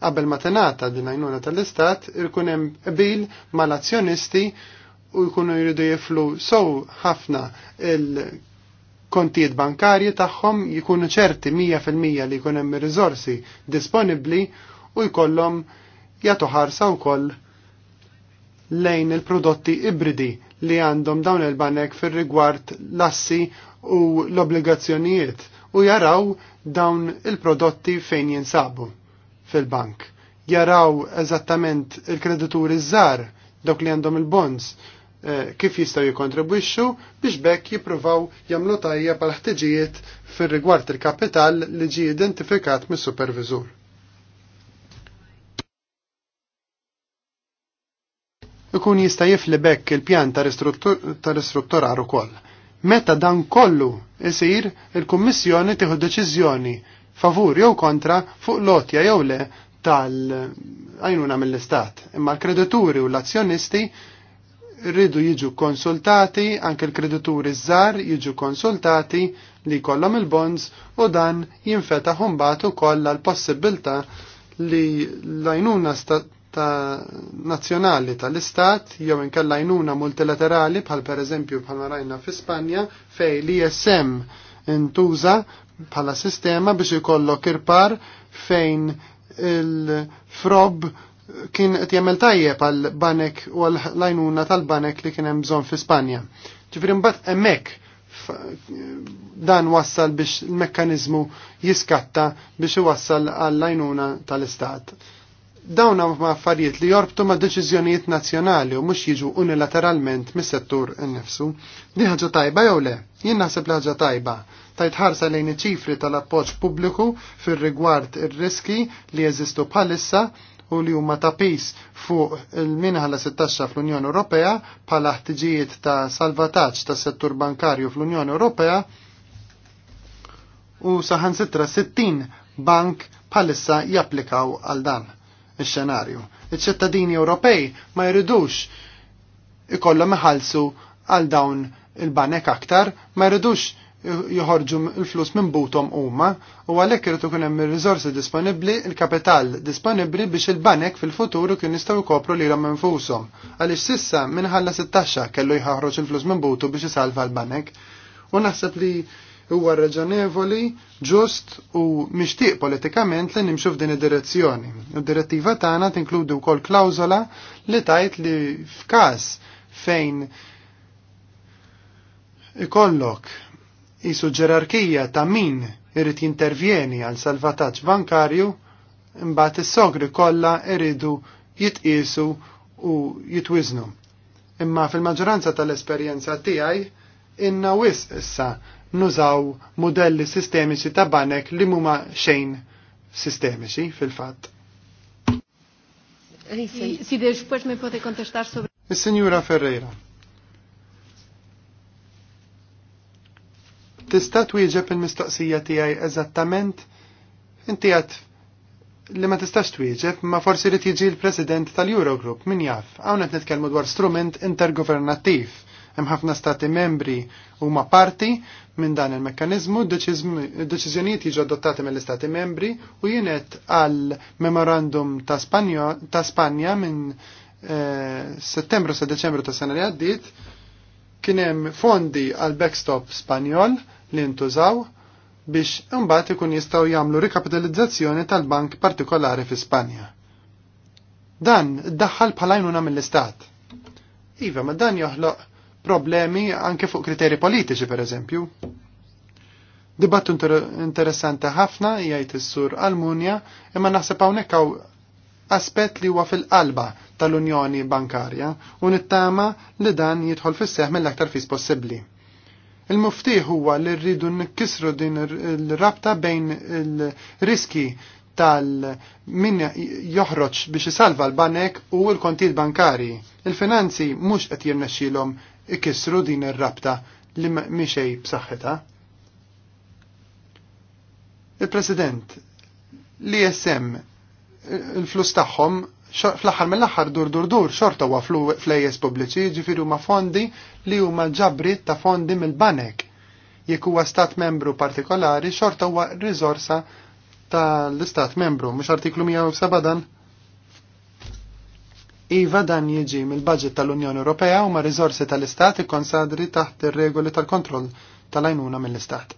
Speaker 3: qabel ma tingħata din għajnuna tal-Istat, irkun hemm qbil mal-azzjonisti u jkunu jridu jiflu sow ħafna il-kontijiet bankarji tagħhom jkunu ċerti 100% li jkun hemm ir riżorsi disponibbli u jkollhom jagħtu ħarsa wkoll lejn il-prodotti ibridi li għandhom dawn il-banek fir-rigward lassi u l-obbligazzjonijiet u jaraw dawn il-prodotti fejn jinsabu fil-bank. Jaraw eżattament il-kredituri żgħar dok li għandhom il-bonds Eh, kif jistgħu jikontribwixxu biex bekk jippruvaw jagħmlu tajja għal ħtiġijiet fir-rigward il-kapital li ġie identifikat mis-superviżur. ikun jista' jifli bekk il-pjan ta' ristrutturar ukoll. Meta dan kollu isir, il-Kummissjoni tieħu deċiżjoni favur jew kontra fuq lotja jew le tal-għajnuna mill-Istat. Imma l-kredituri u l-azzjonisti rridu jiġu konsultati, anke l-kredituri żgħar jiġu konsultati li kollhom il-bonds u dan jinfetaħ imbagħad ukoll għal possibilità li l-għajnuna nazzjonali tal-istat jew inkella għajnuna multilaterali bħal pereżempju bħal marajna fi Spanja fej l-ISM intuża bħala sistema biex ikollok irpar fejn il-frob kien qed jagħmel tajjeb għal banek u għal lajnuna tal-banek li kien hemm bżonn fi Spanja. Ġifieri mbagħad hemmhekk dan wassal biex il-mekkaniżmu jiskatta biex iwassal għal lajnuna tal-Istat. Dawn ma' affarijiet li jorbtu ma' deċiżjonijiet nazzjonali u mhux jiġu unilateralment mis-settur innifsu. Di ħaġa tajba jew le? Jien naħseb li ħaġa tajba tajt ħarsa lejn iċ-ċifri tal-appoġġ pubbliku fir-rigward ir-riski li jeżistu bħalissa u li huma ta' pis fuq il la 16 fl-Unjoni Ewropea bħala ħtiġijiet ta' salvataġġ tas settur bankarju fl-Unjoni Ewropea u saħan sitra 60 bank bħalissa japplikaw għal dan ix-xenarju. Iċ-ċittadini Ewropej ma jridux ikollhom iħallsu għal dawn il-banek aktar, ma jridux jħorġu l-flus minn butom huma u għalhekk irid ikun hemm ir-riżorsi disponibbli, il-kapital disponibbli biex il-banek fil-futur kien jistgħu jkopru lilhom infushom. Għaliex sissa minħalla ħalla taxxa kellu jħarroġ il-flus minn butu biex isalva l-banek. U naħseb li huwa raġonevoli, ġust u mixtieq politikament li nimxu f'din id-direzzjoni. Id-direttiva tagħna tinkludi wkoll klawżola li tajt li f'każ fejn ikollok isu ġerarkija ta' min irrit jintervjeni għal salvataġġ bankarju imbat is-sogri kollha irridu jitqisu u jitwiznu. Imma fil-maġġoranza tal-esperjenza tiegħi inna wis issa nużaw modelli sistemiċi ta' banek li mhuma xejn sistemiċi fil-fatt.
Speaker 1: Sidir, xport mi kontestar sobre.
Speaker 3: Il-Signora Ferreira. tista' twieġeb il-mistoqsija tiegħi eżattament inti għad li ma tistax twieġeb ma forsi li tiġi l-President tal-Eurogroup min jaf hawn qed nitkellmu dwar strument intergovernattiv hemm ħafna stati membri huma parti minn dan il-mekkaniżmu, deċiżjonijiet jiġu adottati mill-istati membri u jienet għal memorandum ta' Spanja, ta Spanja minn eh, settembru sa' deċembru ta' sena li għaddiet kien hemm fondi għal backstop Spanjol li ntużaw biex imbagħad ikun jistgħu jagħmlu rikapitalizzazzjoni tal-bank partikolari fi Spanja. Dan iddaħħal bħala jnuna mill-istat. Iva, ma dan joħloq problemi anke fuq kriteri politiċi pereżempju. Dibattu interessanti ħafna jgħid is-sur Almunja imma naħseb hawnhekk hawn aspett li huwa fil-qalba tal-Unjoni Bankarja u nittama li dan jidħol fis-seħ mill-aktar fis possibbli. Il-muftiħ huwa li rridu nkisru din il-rabta bejn il-riski tal min joħroġ biex isalva l-banek u l-kontijiet bankari. Il-finanzi mhux qed jirnexxilhom ikisru din ir-rabta li mixej b'saħħitha. Il-President, l-ISM, il-flus tagħhom fl-aħħar mill-aħħar dur dur dur xorta huwa flejjes pubbliċi ġifiru huma fondi li huma ġabri ta' fondi mill-banek. Jekk huwa stat membru partikolari xorta huwa riżorsa tal-istat membru, mhux artiklu 107 dan. Iva dan jiġi mill-budget tal-Unjoni Ewropea u ma' riżorsi tal-istat ikkonsadri taħt ir-regoli tal-kontroll tal-għajnuna mill-istat.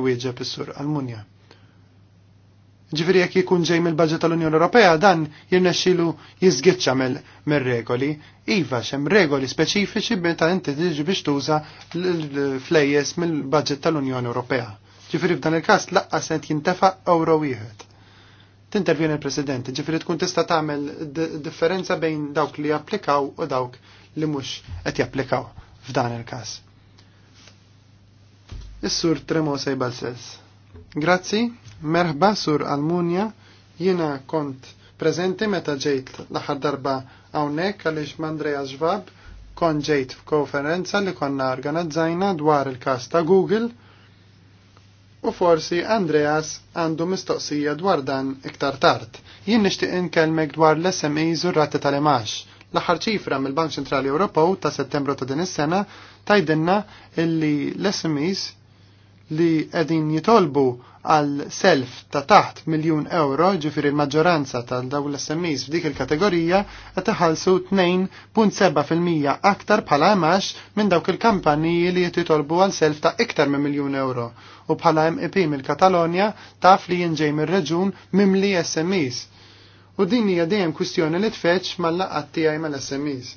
Speaker 3: Iwieġeb is-sur Almunja. Ġifiri jekk jikun ġej mill-budget tal-Unjoni Ewropea dan jirnexxilu jiżgiċċa mir-regoli. Iva xem regoli speċifiċi meta inti tiġi biex tuża l-flejjes mill-budget tal-Unjoni Ewropea. Ġifiri f'dan il-każ laqqas qed jintefa' euro wieħed. Tintervjeni l-President, ġifiri tkun tista' tagħmel differenza bejn dawk li japplikaw u dawk li mhux qed japplikaw f'dan il-każ. Is-sur Tremosa jibal Grazzi, merħba sur Almunja, jiena kont prezenti meta ġejt l-aħħar darba hawnhekk għaliex Mandreja Ġvab kon ġejt f'konferenza li konna organizzajna dwar il-kas ta' Google u forsi Andreas għandu mistoqsija dwar dan iktar tard. Jien nixtieq inkellmek dwar l smi u rati tal-imax. L-aħħar ċifra mill-Bank Ċentrali Ewropew ta' Settembru ta' din is-sena tajdinna illi l-SMEs li qegħdin jitolbu għal self ta' taħt miljun euro, ġifiri l-maġġoranza tal daw l smis f'dik il-kategorija, qed iħallsu 2.7% aktar bħala għamax minn dawk il kampanji li jitolbu għal self ta' iktar minn miljun euro. U bħala MEP mill-Katalonja taf li jinġej mir-reġun mimli SMEs. U din hija dejjem kwistjoni li tfeċ mal-laqgħat tiegħi mal-SMEs.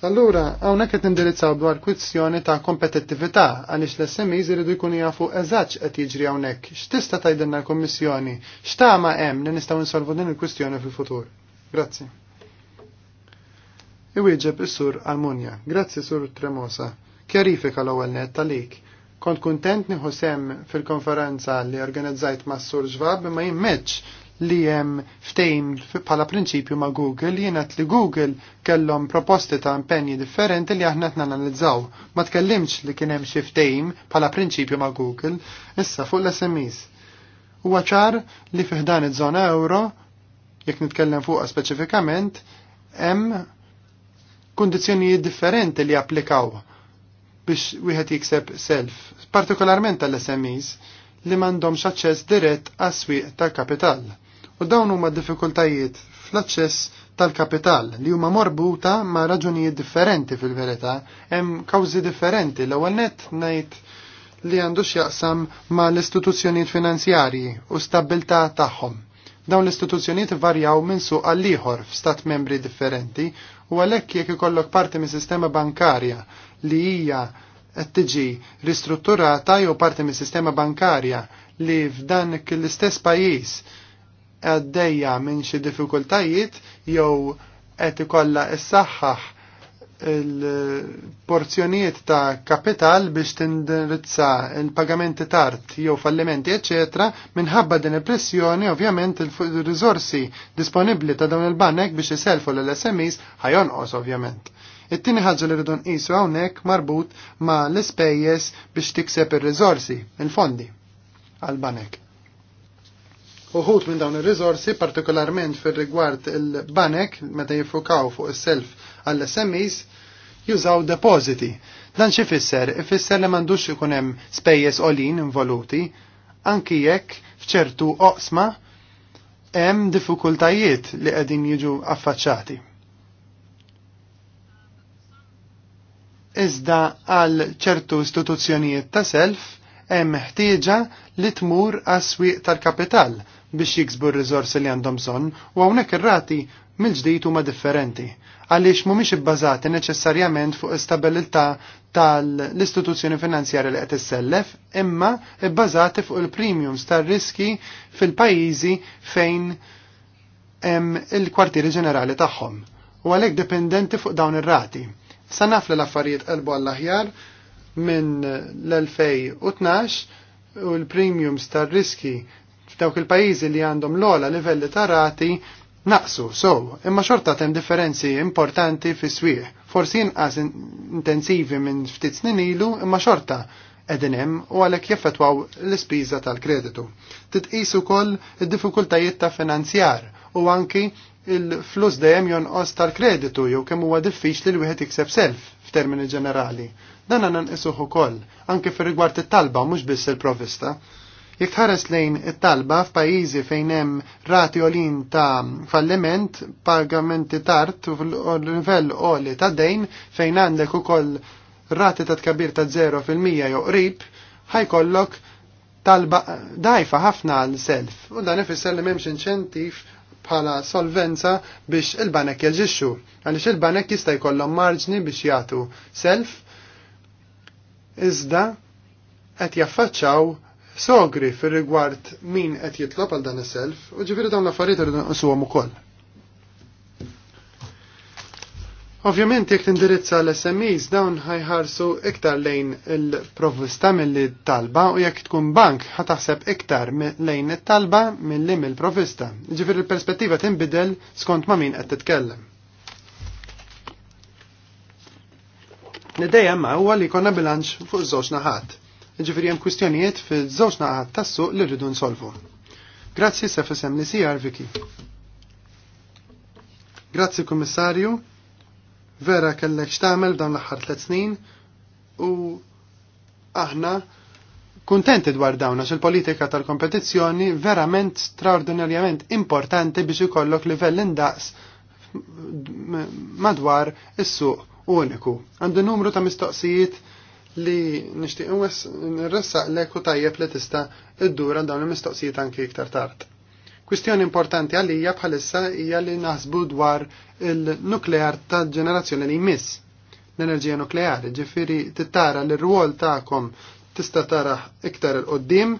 Speaker 3: Allura, hawnhekk qed nindirizzaw dwar kwizzjoni ta' kompetittività għaliex l smis iridu jkun jafu eżatt qed jiġri hawnhekk. X'tista' tgħidilna l Xta' X'tama hemm li nistgħu nsolvu din il-kwistjoni fil-futur? Grazzi. Iwieġeb is-sur Almunja. Grazzi sur Tremosa. Kjarifika l-ewwel net għalik. Kont kuntent nieħu sem fil-konferenza li organizzajt ma' sur Ġvab imma jimmeċ li hemm ftejm bħala prinċipju ma' Google jienet li Google kellhom proposti ta' impenji differenti li aħna nanalizzaw. Ma tkellimx li kien hemm xi ftejm bħala prinċipju ma' Google issa fuq l-SMEs. Huwa ċar li fih dan iż-żona euro jekk nitkellem fuqha speċifikament hemm kundizzjonijiet differenti li applikaw biex wieħed jikseb self, partikolarment tal-SMEs li m'għandhomx aċċess dirett għas-swieq tal-kapital U dawn huma diffikultajiet fl-aċċess tal-kapital li huma morbuta ma' raġunijiet differenti fil-verità, hemm kawżi differenti. L-ewwel nett ngħid li għandu x'jaqsam ma' l-istituzzjonijiet finanzjarji u stabilità tagħhom. Dawn l-istituzzjonijiet varjaw minn suq għal ieħor f'stat membri differenti u għalhekk jekk ikollok parti minn sistema bankarja li hija qed tiġi ristrutturata jew parti mis-sistema bankarja li f'dan l-istess pajjiż għaddejja minn xi diffikultajiet jew qed ikollha issaħħaħ il-porzjonijiet ta' kapital biex tindirizza il-pagamenti tard jew fallimenti eċetera minħabba din il-pressjoni ovvjament il rizorsi disponibbli ta' dawn il-banek biex iselfu l-SMEs ħajonqos ovvjament. It-tieni ħaġa li rridu nqisu hawnhekk marbut ma' l-ispejjeż biex tikseb ir-riżorsi, il-fondi għal-banek. Uħut minn dawn ir rizorsi partikolarment fir-rigward il-banek meta jiffukaw fuq is-self għall-SMEs, jużaw depositi. Dan xi fisser? Ifisser li m'għandux ikun hemm spejjeż olin involuti, anki jekk f'ċertu oqsma hemm diffikultajiet li qegħdin jiġu affaċċati. Iżda għal ċertu istituzzjonijiet ta' self hemm ħtieġa li tmur għas-swieq tal-kapital biex jiksbu r-rizorsi li għandhom son u hawnhekk ir-rati mill-ġdid huma differenti għaliex mhumiex ibbażati neċessarjament fuq istabilità tal-istituzzjoni finanzjarja li qed issellef imma ibbażati fuq il-premiums tar-riski fil-pajjiżi fejn hemm il-kwartieri ġenerali tagħhom u għalhekk dipendenti fuq dawn ir-rati. Sa naf li l-affarijiet qalbu għall-aħjar minn l-2012 u l-premiums tar-riski dawk il-pajjiżi li għandhom l-ola livelli ta' rati naqsu, so, imma xorta tem differenzi importanti fi swieħ. Forsi inqas intensivi minn ftit snin ilu, imma xorta qegħdin hemm u għalhekk jaffetwaw l-ispiża tal-kreditu. Titqis ukoll id-diffikultajiet ta' finanzjar u anki il-flus dejjem jonqos tal-kreditu jew kemm huwa diffiċli li wieħed ikseb self f'termini ġenerali. Dan għandna nqisuh ukoll anke fir-rigward it-talba mhux biss il-provista. il provista Jek lejn it-talba f'pajjiżi fejn hemm rati olin ta' falliment, pagamenti tard u livell oli ta' dejn fejn għandek ukoll rati ta' tkabir ta' 0% jew qrib, ħajkollok talba dajfa ħafna għal self u dan ifisser li m'hemmx inċentiv bħala solvenza biex il-banek jeġixxu għaliex il-banek jista' jkollhom marġni biex jagħtu self iżda qed jaffaċċaw sogri fir rigward min qed jitlob għal dan is-self u ġifieri dawn l-affarijiet irridu nqisuhom ukoll. Ovvjament jekk tindirizza l-SMEs dawn ħajħarsu iktar lejn il-provvista mill talba u jekk tkun bank ħataħseb iktar lejn it-talba milli mill-provvista. Ġifieri l-perspettiva tinbidel skont ma' min qed titkellem. l ma' huwa li jkollna bilanċ fuq żewġ naħat Ġifiri jem kwistjonijiet fiż-żewġ naqat tas-suq li rridu nsolvu. Grazzi sefisem li sijar Viki. Grazzi Kummissarju, vera kellek xtamel dan l-aħħar tliet snin u aħna kuntenti dwar dawn għax il-politika tal-kompetizzjoni verament straordinarjament importanti biex ikollok livell indaqs madwar is-suq uniku. Għandu numru ta' mistoqsijiet li nixtieq nressaq l-eku tajjeb li tista' iddura dawn il-mistoqsijiet anki iktar tard. Kwistjoni importanti għalija bħalissa hija li naħsbu dwar il-nuklear ta' ġenerazzjoni li jmiss l-enerġija nukleari, ġifiri tittara l-rwol ta'kom tista' tara iktar il-qoddim,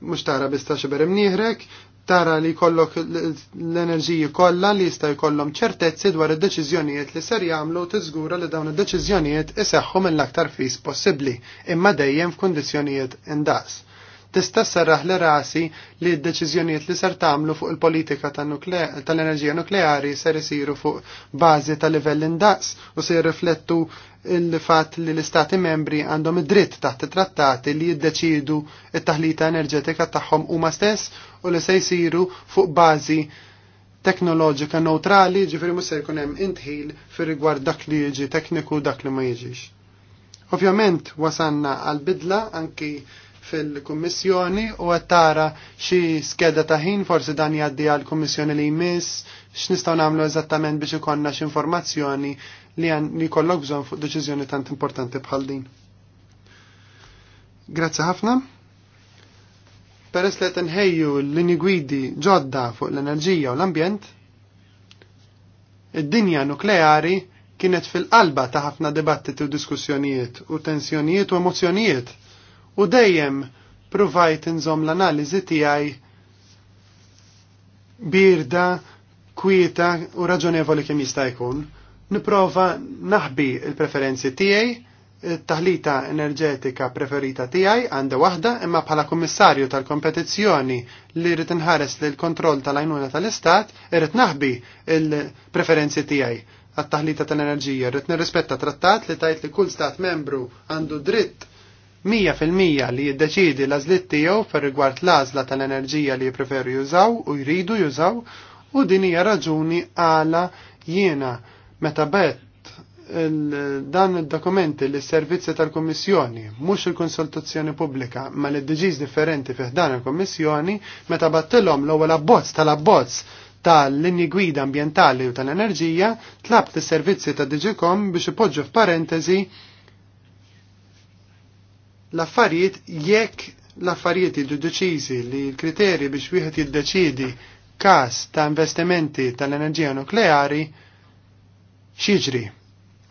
Speaker 3: mux tara bista xiber imniħrek, tara li kollok l-enerġiji kollha li jista' jkollhom ċertezzi dwar id-deċiżjonijiet li ser jagħmlu tiżgura li dawn id-deċiżjonijiet iseħħu mill-aktar fis possibbli, imma dejjem f'kundizzjonijiet indaqs tista' serraħ li rasi li d-deċiżjonijiet li ser tagħmlu fuq il-politika tal-enerġija nukleari ser isiru fuq bażi ta' livell indaqs u se jirriflettu il-fatt li l-istati membri għandhom id-dritt taħt it-trattati li jiddeċidu it-taħlita enerġetika tagħhom huma stess u li se jsiru fuq bażi teknoloġika neutrali, ġifiri mus se jkun hemm intħil fir rigward dak li jiġi tekniku dak li ma jiġix. Ovvjament wasanna għal bidla anki fil-Kummissjoni u qed tara xi skeda ta' ħin forsi dan jgħaddi għall kummissjoni li jmiss x'nistgħu nagħmlu eżattament biex ikollna x'informazzjoni li li jkollok bżonn fuq deċiżjoni tant importanti bħal din. Grazzi ħafna. Peress li qed inħejju l-lini gwidi ġodda fuq l-enerġija u l-ambjent, id-dinja nukleari kienet fil-qalba ta' ħafna dibattiti u diskussjonijiet u tensjonijiet u emozjonijiet u dejjem provajt nżom l-analiżi tiegħi birda, kwieta u raġonevoli kemm jista' jkun. Niprofa naħbi il-preferenzi tiegħi, it-taħlita enerġetika preferita tiegħi għandha waħda imma bħala kummissarju tal-kompetizzjoni li rrid inħares lil kontroll tal-għajnuna tal-istat irrid naħbi il-preferenzi tiegħi għat-taħlita tal-enerġija. Rrid nirrispetta trattat li tajt li kull stat membru għandu dritt Mija fil-mija li jiddeċidi l-għażliet tiegħu fir-rigward l-għażla tal-enerġija li jipreferu jużaw u jridu jużaw u din hija raġuni għala jiena meta bet dan id-dokumenti li s-servizzi tal-Kommissjoni, mhux il-konsultazzjoni pubblika, ma l diġiż differenti fih dan il-Kommissjoni, meta battilhom l-ewwel abbozz tal-abbozz tal-linji gwida ambientali u tal-enerġija, tlabt is-servizzi ta' DGCOM biex ipoġġu f'parentesi L-affarijiet jekk l-affarijiet jiddu deċiżi li l-kriteri biex wieħed jiddeċidi każ ta' investimenti tal-enerġija nukleari xieġri.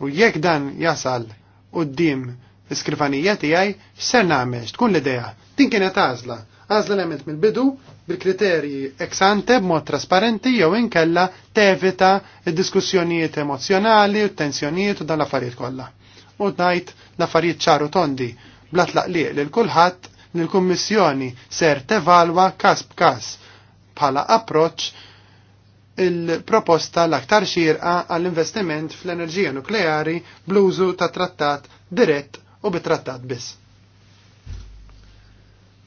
Speaker 3: U jekk dan jasal qoddim l-iskrifanija tiegħi x'ser nagħmel tkun l-idea. Din kienet għażla. Għażla l mill-bidu bil-kriterji ex ante b'mod trasparenti jew inkella tevita il diskussjonijiet emozjonali u t tensjonijiet u dan l-affarijiet kollha. U ngħid l-affarijiet ċaru tondi bla tlaqliq l kulħadd li l-Kummissjoni ser tevalwa każ b'każ bħala approċċ il-proposta l-aktar xirqa għall-investiment fl-enerġija nukleari bl-użu ta' trattat dirett u bitrattat biss.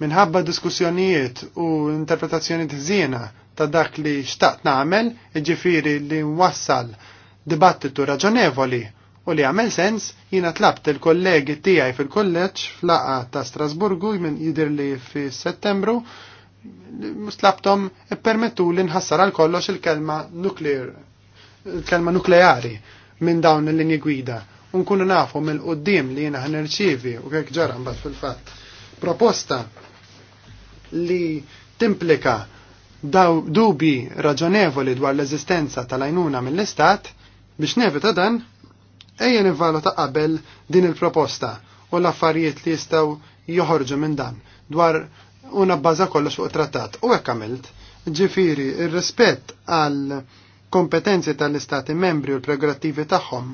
Speaker 3: Minħabba diskussjonijiet u interpretazzjoni tżiena ta' dak li xtaqt nagħmel, iġifiri li nwassal dibattitu raġonevoli u li għamel sens jina tlabt il-kollegi tijaj fil-kolleġ flaqa ta' Strasburgu jmin jidir li fi settembru tlabtom permettu li nħassar għal kollox il-kelma nuklear il-kelma nukleari minn dawn l-linji gwida unkunu nafu mill qoddim li jina ħanerċivi u kek ġaran bat fil-fatt proposta li timplika daw dubi raġonevoli dwar l-eżistenza tal-għajnuna mill-istat biex nevita dan Ejja nivvalu ta' qabel din il-proposta u l-affarijiet li jistaw joħorġu minn dan dwar una bbaża kollox fuq trattat. U hekk għamilt, ġifiri, ir-rispett għal kompetenzi tal-istati membri u l-prerogattivi tagħhom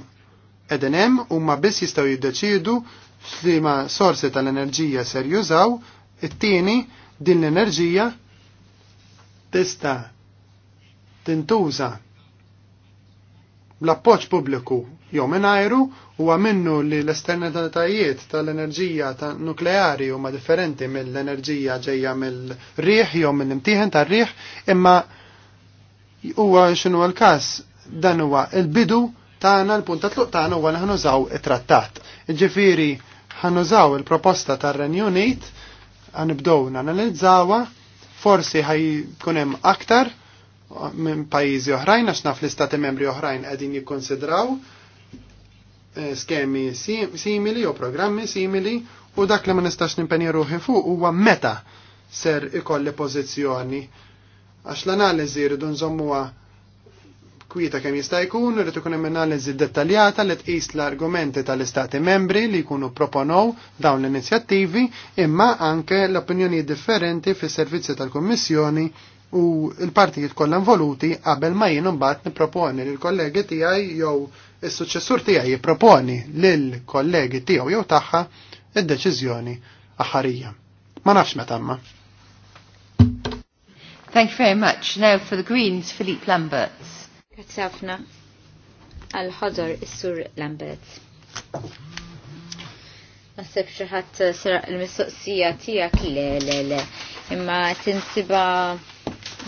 Speaker 3: qegħdin hemm huma biss jistgħu jiddeċiedu f'liema sorsi tal-enerġija ser jużaw, it-tieni din l-enerġija tista' tintuża bl-appoġġ pubbliku jew ajru huwa minnu li l esternatajiet tal-enerġija ta' nukleari huma differenti mill-enerġija ġejja mill-riħ jew mill-imtieħen tar-riħ imma huwa xinu għal każ dan huwa l-bidu tagħna l-punt ta' tluq tagħna huwa naħnu it-trattat. Ġifieri ħanużaw il-proposta tar-Renju Unit ħanibdew nanalizzawha forsi ħajkun hemm aktar minn pajjiżi oħrajn għax naf l-istati membri oħrajn qegħdin jikkonsidraw Eh, skemi simili u programmi simili u dak li ma nistax nimpenja ruħi fuq huwa meta ser ikolli pożizzjoni. Għax l-analiżi rridu nżommuha kwieta kemm jista' jkun, irid ikun hemm analiżi dettaljata li tqis l-argumenti tal-istati membri li jkunu proponow dawn l-inizjattivi imma anke l-opinjonijiet differenti fis-servizzi tal-Kummissjoni u l-partijiet kollha involuti qabel ma jien imbagħad nipproponi lill kollegi tiegħi jew is successur tiegħi jipproponi l kollegi tiegħu jew tagħha id-deċiżjoni aħarija. Ma nafx meta tamma.
Speaker 4: Thank you very much. Now for the Greens, Philippe Lamberts. Katsafna. ħafna. Al-ħodor is-sur Lambert. Nasib xaħat sara il-mistoqsija tijak le le le. Imma tinsiba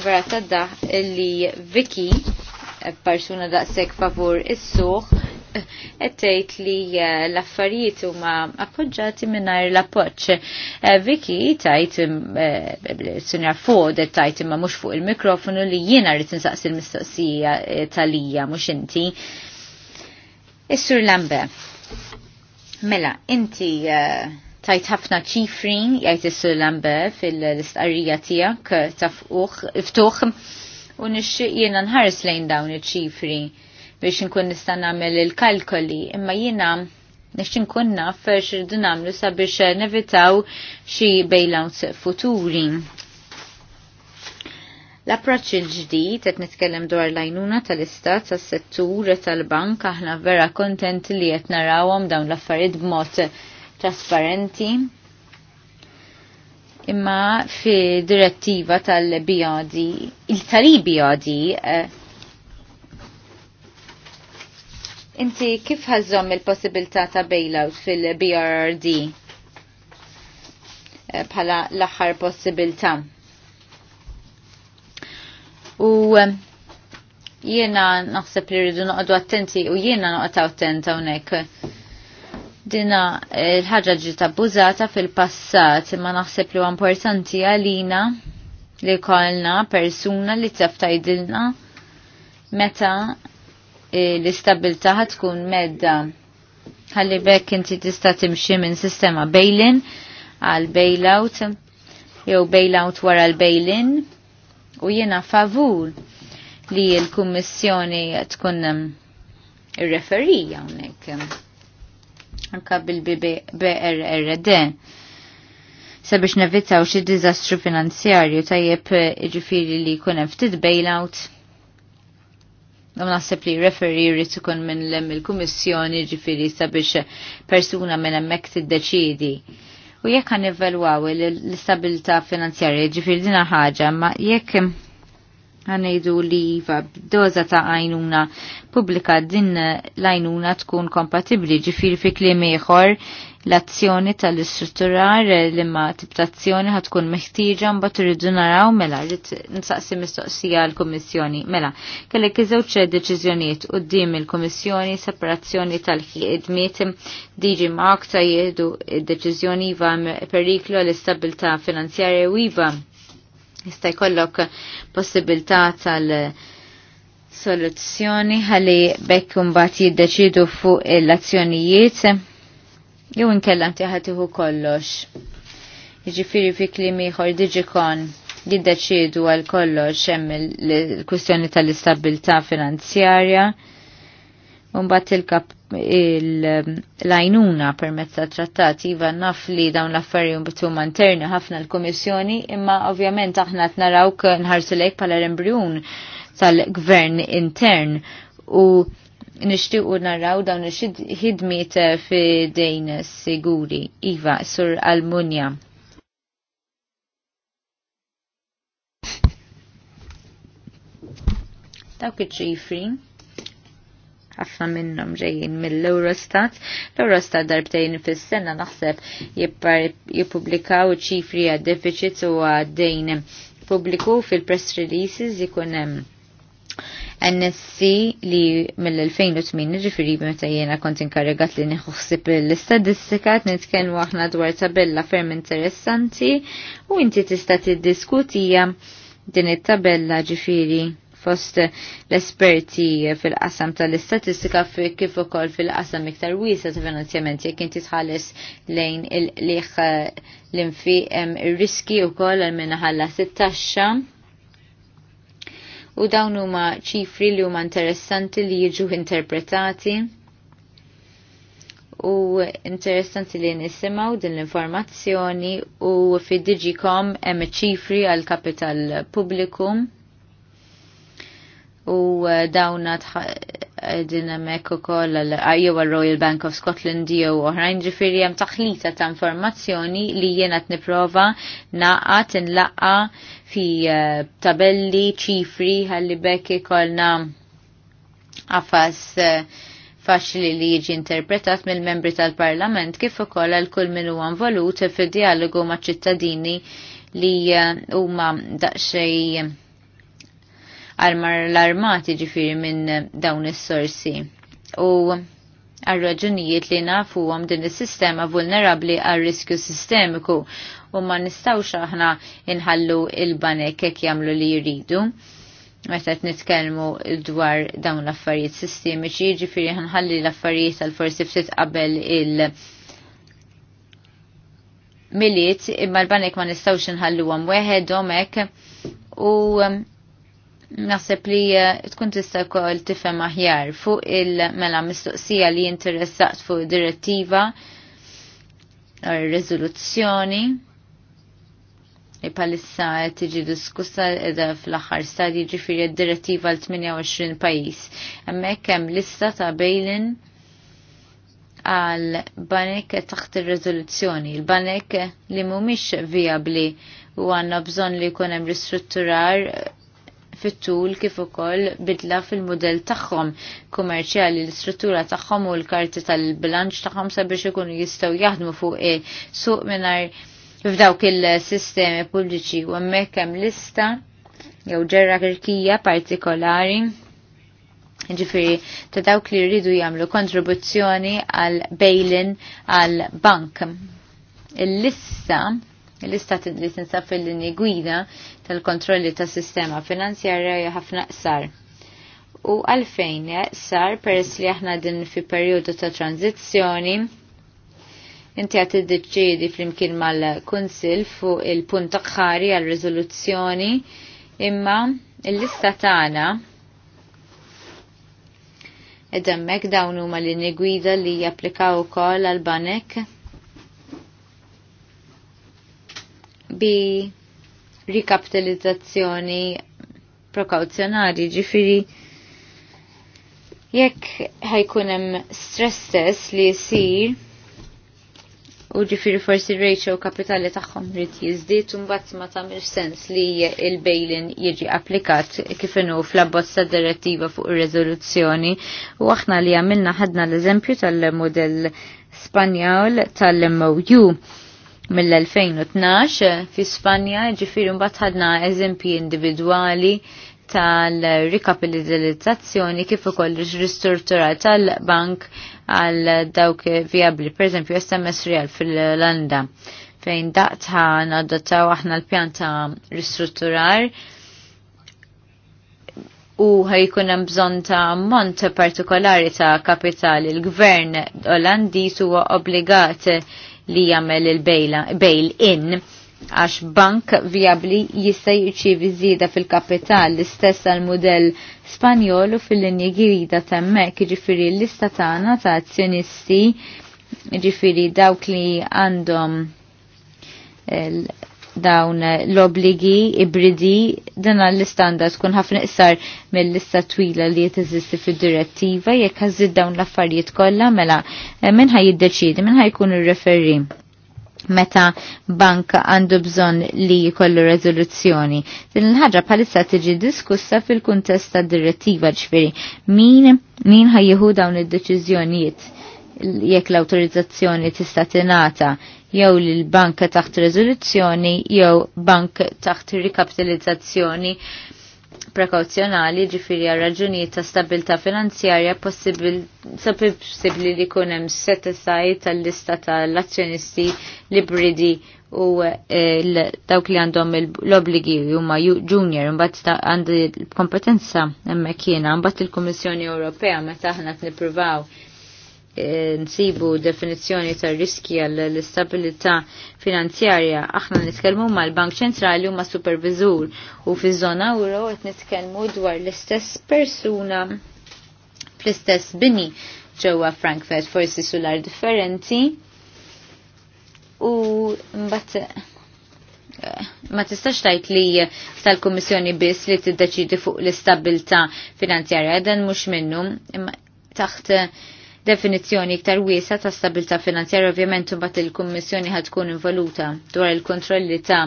Speaker 4: vera tadda illi Vicky persuna daqshekk favur is-suq ettejt li eh, l-affarijiet huma appoġġati mingħajr l-appoġġ. Eh, Viki tajt eh, Sunja Fod qed tajt imma mhux fuq il-mikrofonu li jiena rrid nsaqsi l-mistoqsija talija mhux inti. Is-Sur Lambe. Mela, inti tajt ħafna ċifri jgħid is-Sur Lambe fil-istqarrija tiegħek ta' ftuħ u nixxieq jiena nħares lejn dawn iċ-ċifri biex inkun nista' nagħmel il-kalkoli, imma jiena nixxin nkun naf xirdu nagħmlu sabiex nevitaw xi bailouts futuri. L-approċċ il-ġdid qed nitkellem dwar l-għajnuna tal-istat tas-settur tal-bank aħna vera kontent li qed narawhom dawn l-affarijiet b'mod trasparenti imma fi direttiva tal bod il tari BOD eh, inti kif ħazzom il-possibilità ta' bailout fil-BRD eh, bħala l-axar possibilità? U eh, jiena naħseb li rridu noqdu attenti u jiena noqta' attenta hawnhekk Dina eh, l-ħagġa ġiet abbużata fil-passat imma naħseb li importanti għalina li kolna persuna li t-saftajdilna meta eh, l-istabilta tkun medda ħalli bekk inti tista' timxi minn sistema bail-in għal bailout jew bailout wara l-bail-in u jiena favur li l-Kummissjoni tkun mm, ir-referija hawnhekk anka bil-BRRD sabiex nevitaw xie diżastru finanzjarju tajjeb ġifiri li jkun hemm ftit bailout. U naħseb li referi jrid ikun minn lem il-kummissjoni ġifiri sabiex persuna minn hemmhekk deċidi U jekk għan evalwaw l-istabilità finanzjarja ġifiri dina ħaġa, ma jekk ħanejdu li jiva b'doza ta' għajnuna publika din l-għajnuna tkun kompatibli ġifir fi klim ieħor l-azzjoni tal-istrutturar ma imma tibtazzjoni ħatkun meħtieġa mbagħad irridu naraw mela rrid nsaqsi mistoqsija l-Kummissjoni. Mela, kellek iżewġ deċiżjonijiet quddiem il-Kummissjoni separazzjoni tal ħiedmiet diġi ma' aktar jieħdu d-deċiżjoni iva periklu għall-istabilità finanzjarja u iva Jista' jkollok possibilità tal- soluzzjoni ħalli bekk bat jiddeċidu fuq l-azzjonijiet jew inkella inti kollox. Jiġifieri fi kliem ieħor diġikon jiddeċidu għal kollox hemm il-kwistjoni tal istabilta finanzjarja Un mbagħad il-kap il-lajnuna per mezza trattati iva naf li dawn l-affarju bituma interni ħafna l-Komissjoni imma ovvjament aħna t-narawk lejk pala l-embrjun tal-gvern intern u u narraw dawn il-ħidmiet fi dejn siguri. Iva, sur Almunja. Dawk iċ ħafna minnhom ġejjin mill-Eurostat. L-Eurostat darbtejn fis-sena naħseb jippubblikaw ċifri għad deficit u għaddejn pubbliku fil-press releases ikun hemm NSC li mill-2008 ġifiri meta jena kont inkarigat li nħuħsib l-istatistika nitkellmu aħna dwar tabella ferm interessanti u inti tista' tiddiskutija din it-tabella ġifiri fost l-esperti fil-qasam tal-istatistika kif ukoll fil-qasam iktar wiesa ta' finanzjament jekk inti tħalles lejn il-liħ l-infi ir-riski wkoll għal minnaħalla 16 u dawn huma ċifri li huma interessanti li jiġu interpretati u interessanti li nisimaw din l-informazzjoni u fi Digicom hemm ċifri għal kapital publikum u eh, dawna dinamek u koll għajju ah, Royal Bank of Scotland jew oħrajn ġifiri jem taħlita ta' informazzjoni li jenat niprofa naqa tinlaqa fi eh, tabelli ċifri għalli bekk kolna għafas eh, faċli li jiġi interpretat mill-membri tal-parlament kif ukoll għal kull min huwa involut fid-dialogu ma' ċittadini li huma daqsxejn armar l-armati ġifiri minn dawn is-sorsi. U għal-raġunijiet li nafu għam din is-sistema vulnerabli għal-riskju sistemiku u ma nistawx aħna inħallu il-banek kek jamlu li jridu. Meta nitkellmu dwar dawn l-affarijiet sistemiċi, ġifiri ħanħalli l-affarijiet għal-forsi ftit qabel il- miliet imma l-banek ma nistawx nħallu għam weħed domek u Nasib li eh, tkun tista' wkoll tifhem aħjar fuq il-mela mistoqsija li jinteressaqt fuq direttiva u riżoluzzjoni li palissa tiġi diskussa edha fl-axar stadji ġifiri d-direttiva l-28 pajis. Emmek hemm lista ta' bejlin għal banek taħt ir-rezoluzzjoni, il-banek li mhumiex viabli u għandna bżonn li jkun hemm ristrutturar fit-tul kif ukoll bidla fil-mudell tagħhom kummerċjali l-istruttura tagħhom u l-karti tal-bilanċ tagħhom sabiex ikunu jistgħu jaħdmu fuq e suq mingħajr f'dawk il-sistemi pubbliċi u hemmhekk hemm lista jew kirkija partikolari ġifiri ta' dawk li rridu jagħmlu kontribuzzjoni għal in għal bank. Il-lista l-istat li tinsab fil-linji gwida tal-kontrolli tas sistema finanzjarja ħafna qsar. U għalfejn sar peress li aħna din fi periodu ta' tranzizzjoni, inti għat id-deċidi fl-imkien mal-Kunsil fuq il-punt ħari għal-rizoluzzjoni imma l istat tagħna id-demmek dawn huma l-inni gwida li japplikaw ukoll għal-banek bi rikapitalizzazzjoni prokauzjonari ġifiri jekk ħajkunem stress test li jisir u ġifiri forsi ratio kapitali tagħhom rrit jiżdied u mbagħad ma tamir sens li il-bailin jiġi applikat kif inhu fl-abbozza direttiva fuq ir-reżoluzzjoni u aħna li għamilna ħadna l-eżempju tal-modell Spanjol tal-MOU. tal mou mill-2012 fi Spanja ġifiri mbagħad ħadna eżempji individwali tal-rikapitalizzazzjoni kif ukoll ristruttura tal-bank għal dawk viabli, per eżempju SMS Real fil-Landa fejn daqtħa nadottaw aħna l-pjan ta' ristrutturar u ħajkun hemm bżonn ta' ammont partikolari ta' kapitali. L-gvern Olandiż huwa obbligat li jagħmel il-bail-in għax bank viabli jista' jirċievi żieda fil-kapital l-istess għal mudell Spanjol u fil-linji grida temmek ġifiri l-lista tagħna ta' azzjonisti ġifiri dawk li għandhom dawn l-obligi ibridi dana l-istandard kun ħafna iqsar mill-lista twila li jteżisti fid-direttiva jekk ħażid dawn l-affarijiet kollha mela eh, minn ħaj jiddeċidi, minn ħaj jkun il referri meta banka għandu bżon li jkollu rezoluzzjoni. Din il ħagġa palissa tiġi diskussa fil-kuntest direttiva ġifiri. Min min ħajjeħu dawn id-deċiżjonijiet jekk l-autorizzazzjoni tista' tingħata jew lil banka taħt rezoluzzjoni jew bank taħt rikapitalizzazzjoni prekauzjonali ġifiri għal raġunijiet ta' stabilta finanzjarja possibli li kun hemm set-aside tal-lista tal-azzjonisti libridi u eh, dawk li għandhom l-obligi huma junior imbagħad għandi kompetenza hemmhekk jiena mbagħad il-Kummissjoni Ewropea meta aħna nippruvaw nsibu definizjoni tar riski għall l-istabilità finanzjarja. Aħna nitkellmu mal-Bank Ċentrali u ma' Supervizur u fi żona euro qed nitkellmu dwar l-istess persuna fl-istess bini ġewwa Frankfurt forsi sular differenti. U mbagħad eh, ma tistax tajt li tal-Kummissjoni biss li t-deċidi fuq l-istabilta finanzjarja dan mhux minnu taħt definizzjoni iktar wiesa ta' stabilta finanzjarja ovvjament imbagħad il-Kummissjoni ħad tkun involuta dwar il-kontrolli ta'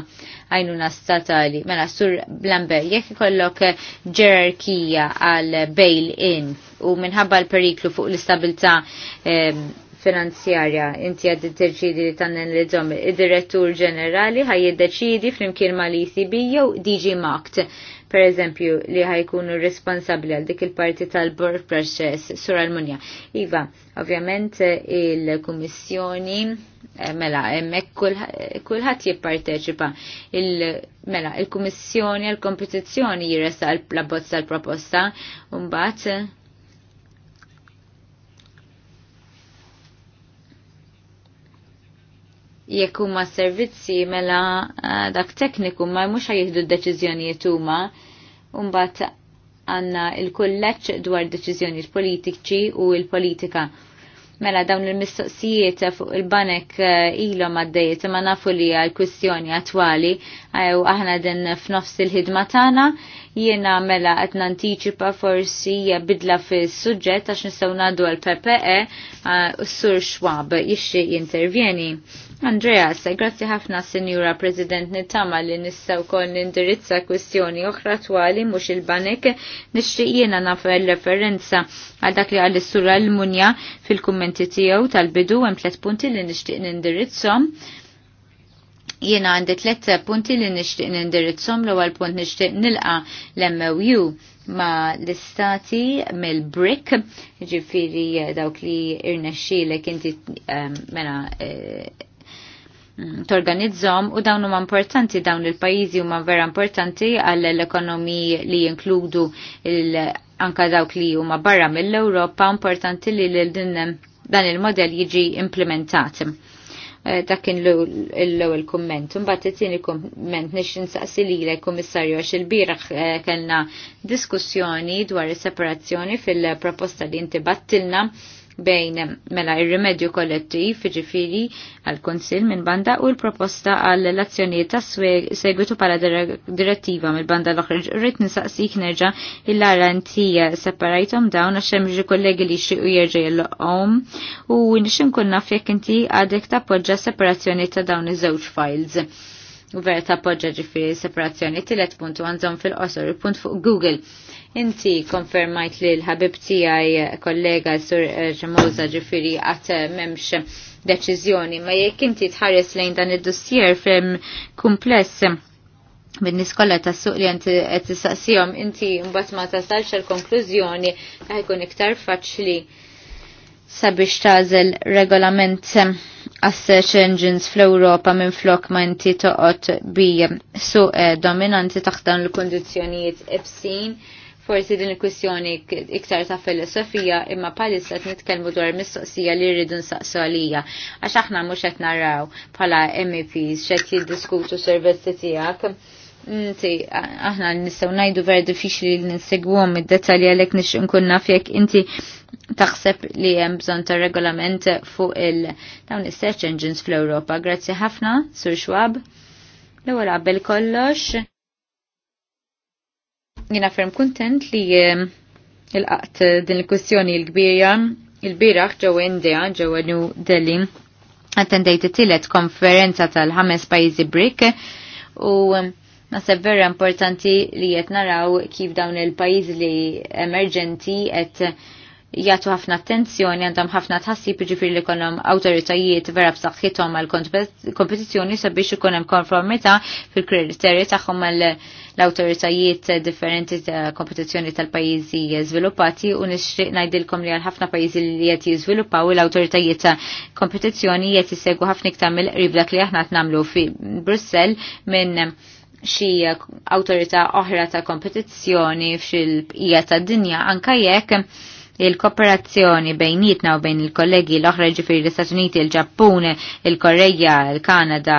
Speaker 4: għajnuna statali. Mela sur Blambe, jekk ikollok ġerarkija għal bail-in u minħabba l-periklu fuq l-istabilta ehm, finanzjarja inti għad deċidi li tannen li id-direttur ġenerali ħaj id-deċidi fl-imkien ma l-ECB jew DG Markt per eżempju, li ħajkunu responsabli għal dik il-parti tal-Board Process sur Almunja. Iva, ovvjament il-Kummissjoni eh, mela hemmhekk kulħadd jipparteċipa il mela il-Kummissjoni għal kompetizzjoni jirresa l bozza l proposta un mbagħad jekk huma servizzi mela eh, dak tekniku ma mhux jieħdu d-deċiżjonijiet huma mbagħad għandna l-kulleġġ dwar deċiżjonijiet politiċi u l-politika. Mela dawn il-mistoqsijiet fuq il-banek eh, ilhom għaddejjed imma nafu li għal-kwistjoni attwali eh, u aħna din f'nofs il-ħidma tagħna jiena mela qed nantiċipa forsi bidla fis-suġġett għax nistgħu ngħaddu għal PPE u Sur Schwab jixxi jintervjeni. Andreas, grazzi ħafna Sinjura President nittama li nissa wkoll nindirizza kwestjoni oħra twali mhux il-banek nixtieq jiena nafel referenza għal dak li għal sura l-munja fil-kummenti tiegħu tal-bidu hemm tliet punti li nixtieq nindirizzhom. Jiena għandi tliet punti li nixtieq nindirizzhom l-ewwel punt nixtieq nilqa l-MOU ma l-istati mill-brick, ġifiri eh, dawk li irnexxilek inti eh, mela eh, Mm, torganizzom u dawn huma importanti dawn il-pajjiżi huma vera importanti għall ekonomiji li jinkludu anka dawk li huma barra mill-Ewropa importanti li l dan il-modell jiġi implementat. Eh, dak kien l-ewwel kumment. Imbagħad it-tieni kumment nix insaqsi lilek kummissarju għax il-bieraħ eh, kellna diskussjoni dwar is-separazzjoni fil-proposta li inti battilna bejn mela ir-rimedju kollettiv ġifiri għal-Konsil minn banda u l-proposta għall-azzjonijiet ta' segwitu pala direttiva mill banda l-oħra. Rrit nisaqsik nerġa' il-lara intija separajtom dawn għax hemm kollegi li xi u l-om u nixin kun naf jekk inti għadek tappoġġa separazzjoni ta' dawn iż-żewġ files. U Vera tappoġġa ġifieri separazzjoni tielet punt għandhom fil-qosor, il-punt fuq Google Inti konfermajt li l-ħabib tijaj kollega sur ġemoza eh, ġifiri għat eh, memx deċizjoni, ma jek inti tħares lejn dan id-dossier fem kumpless minn niskolla ta' suq li għanti eh, għet saqsijom inti mbatt ma tasalx l-konklużjoni ta' jkun iktar faċli sabiex tażel regolament għas search engines fl-Europa minn flok ma inti toqot bi suq dominanti taħdan l-kondizjonijiet ebsin Forsi din il-kwistjoni iktar ta' filosofija imma palissa nitkellmu dwar mistoqsija li rridu nsaqsu għalija għax aħna mhux qed naraw bħala MEPs x'qed jiddiskutu servizzi tiegħek. Inti aħna nistgħu ngħidu ver diffiċli li nsegwhom id-dettalji għalhekk nix inkun naf jekk inti taħseb li hemm bżonn ta' regolament fuq il dawn is-search engines fl-Ewropa. Grazzi ħafna, Sur Schwab. L-ewwel qabel kollox Jina ferm kontent li ehm, il-qaqt eh, din il-kwestjoni l kbira il-biraħ ġewwa India ġewwa New Delhi attendejt it-tielet konferenza tal-ħames pajjiżi BRIC u ehm, Naseb vera importanti li qed naraw kif dawn il-pajjiżi li emerġenti qed jgħatu ħafna attenzjoni għandhom ħafna tħassib ġifir li konom awtoritajiet vera b'saħħithom għal kompetizzjoni sabiex ikun hemm konformità fil-kriterji tagħhom għal l-awtoritajiet differenti ta' kompetizzjoni tal-pajjiżi żviluppati u nixtieq ngħidilkom li għal ħafna pajjiżi li qed jiżviluppaw l-awtoritajiet ta' kompetizzjoni qed isegwu ħafna iktar mill-qrib dak li aħna qed nagħmlu fi Brussell minn xi awtorità oħra ta' kompetizzjoni fil-bqija tad-dinja anke jekk li l-kooperazzjoni bejnietna u bejn il-kollegi l-oħra ġifiri l-Istat Uniti, il-Ġappun, il-Korea, il-Kanada,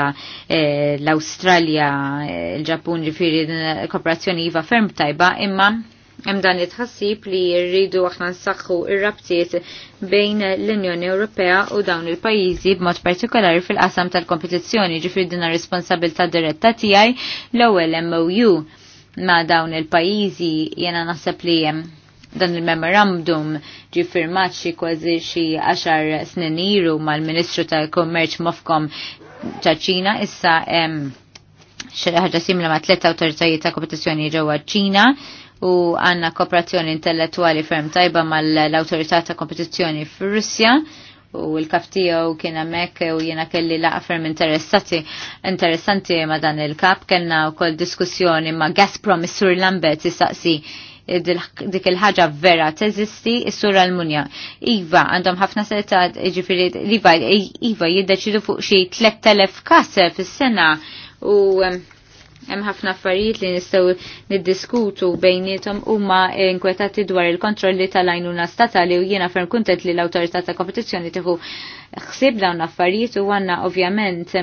Speaker 4: eh, l-Australja, eh, il-Ġappun ġifiri kooperazzjoni jiva ferm tajba imma hemm dan it-ħassib li rridu aħna nsaħħu ir-rabtiet bejn l-Unjoni Ewropea u dawn il-pajjiżi b'mod partikolari fil-qasam tal-kompetizzjoni ġifri dina responsabilità diretta tiegħi l-ewwel MOU ma' dawn il-pajjiżi jena naħseb li hemm dan il-memorandum ġi firmat xi kważi xi għaxar snin ilu mal-Ministru tal-Kummerċ Mofkom ta' Ċina issa xie xi ħaġa simla ma' tliet awtoritajiet ta' kompetizzjoni ġewwa ċina u għanna kooperazzjoni intellettuali ferm tajba mal-autorità ta' kompetizzjoni fir-Russja u l-kaf tiegħu kien hemmhekk u jiena kelli laqa ferm interessati interessanti ma' dan il-kap kellna wkoll diskussjoni ma' Gazprom Missur sur Lambert istaqsi dik il-ħaġa vera teżisti s sura l-munja. Iva għandhom ħafna setat ġifiri riva Iva jiddeċidu fuq xi 3000 kas fis-sena u hemm ħafna affarijiet li nistgħu niddiskutu bejnietom huma inkwetati dwar il-kontrolli tal-għajnuna statali u jiena ferm kuntet li l-awtorità ta' kompetizzjoni tieħu ħsieb dawn l affarijiet u għandna ovvjament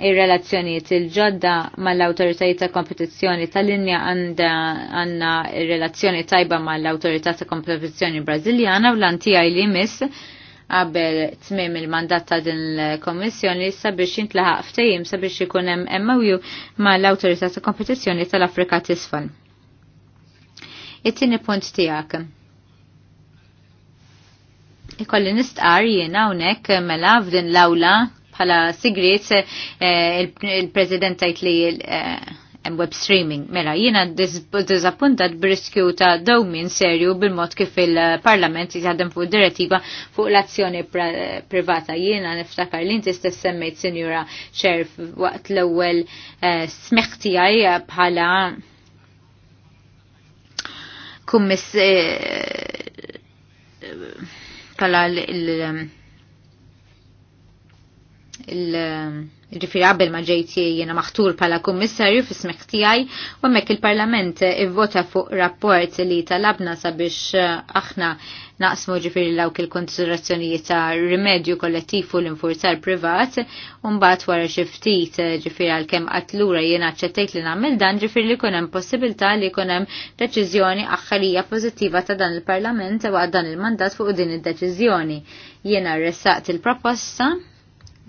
Speaker 4: ir-relazzjonijiet il-ġodda mal-autoritajiet ta' kompetizzjoni tal-linja għandna il relazzjoni tajba mal autoritajiet ta' kompetizzjoni Brażiljana u l-antijaj li miss qabel tmiem il-mandat ta' din l komissjoni sabiex jintlaħaq ftejim sabiex ikun hemm MOU mal-Awtorità ta' Kompetizzjoni tal-Afrika t It-tieni punt tiegħek ikolli nistqar jiena hawnhekk mela f'din l-awla bħala sigrit eh, il-President tajt li eh, web streaming. Mela, jina dizappuntat briskju ta' dawmin serju bil-mod kif il-parlament jizadem fuq direttiva fuq l-azzjoni privata. Jina niftakar li inti stess semmejt sinjura xerf waqt l-ewwel eh, smiħtijaj bħala kummis bħala l- il-ġifiri eh, qabel ma ġejti jena maħtur pala kummissarju fi smeħ u mek il-parlament i-vota fuq rapport li talabna sabiex eh, aħna naqsmu ġifiri lawk il-konsiderazzjoni ta' rimedju kollettiv u l-infurzar privat un-bat wara xiftit eh, ġifiri għal-kem għatlura jena ċettejt li namil dan ġifiri li kunem possibilta li kunem deċizjoni aħħalija pozittiva ta' dan il-parlament u dan il-mandat fuq din id-deċizjoni jena ressaqt il-proposta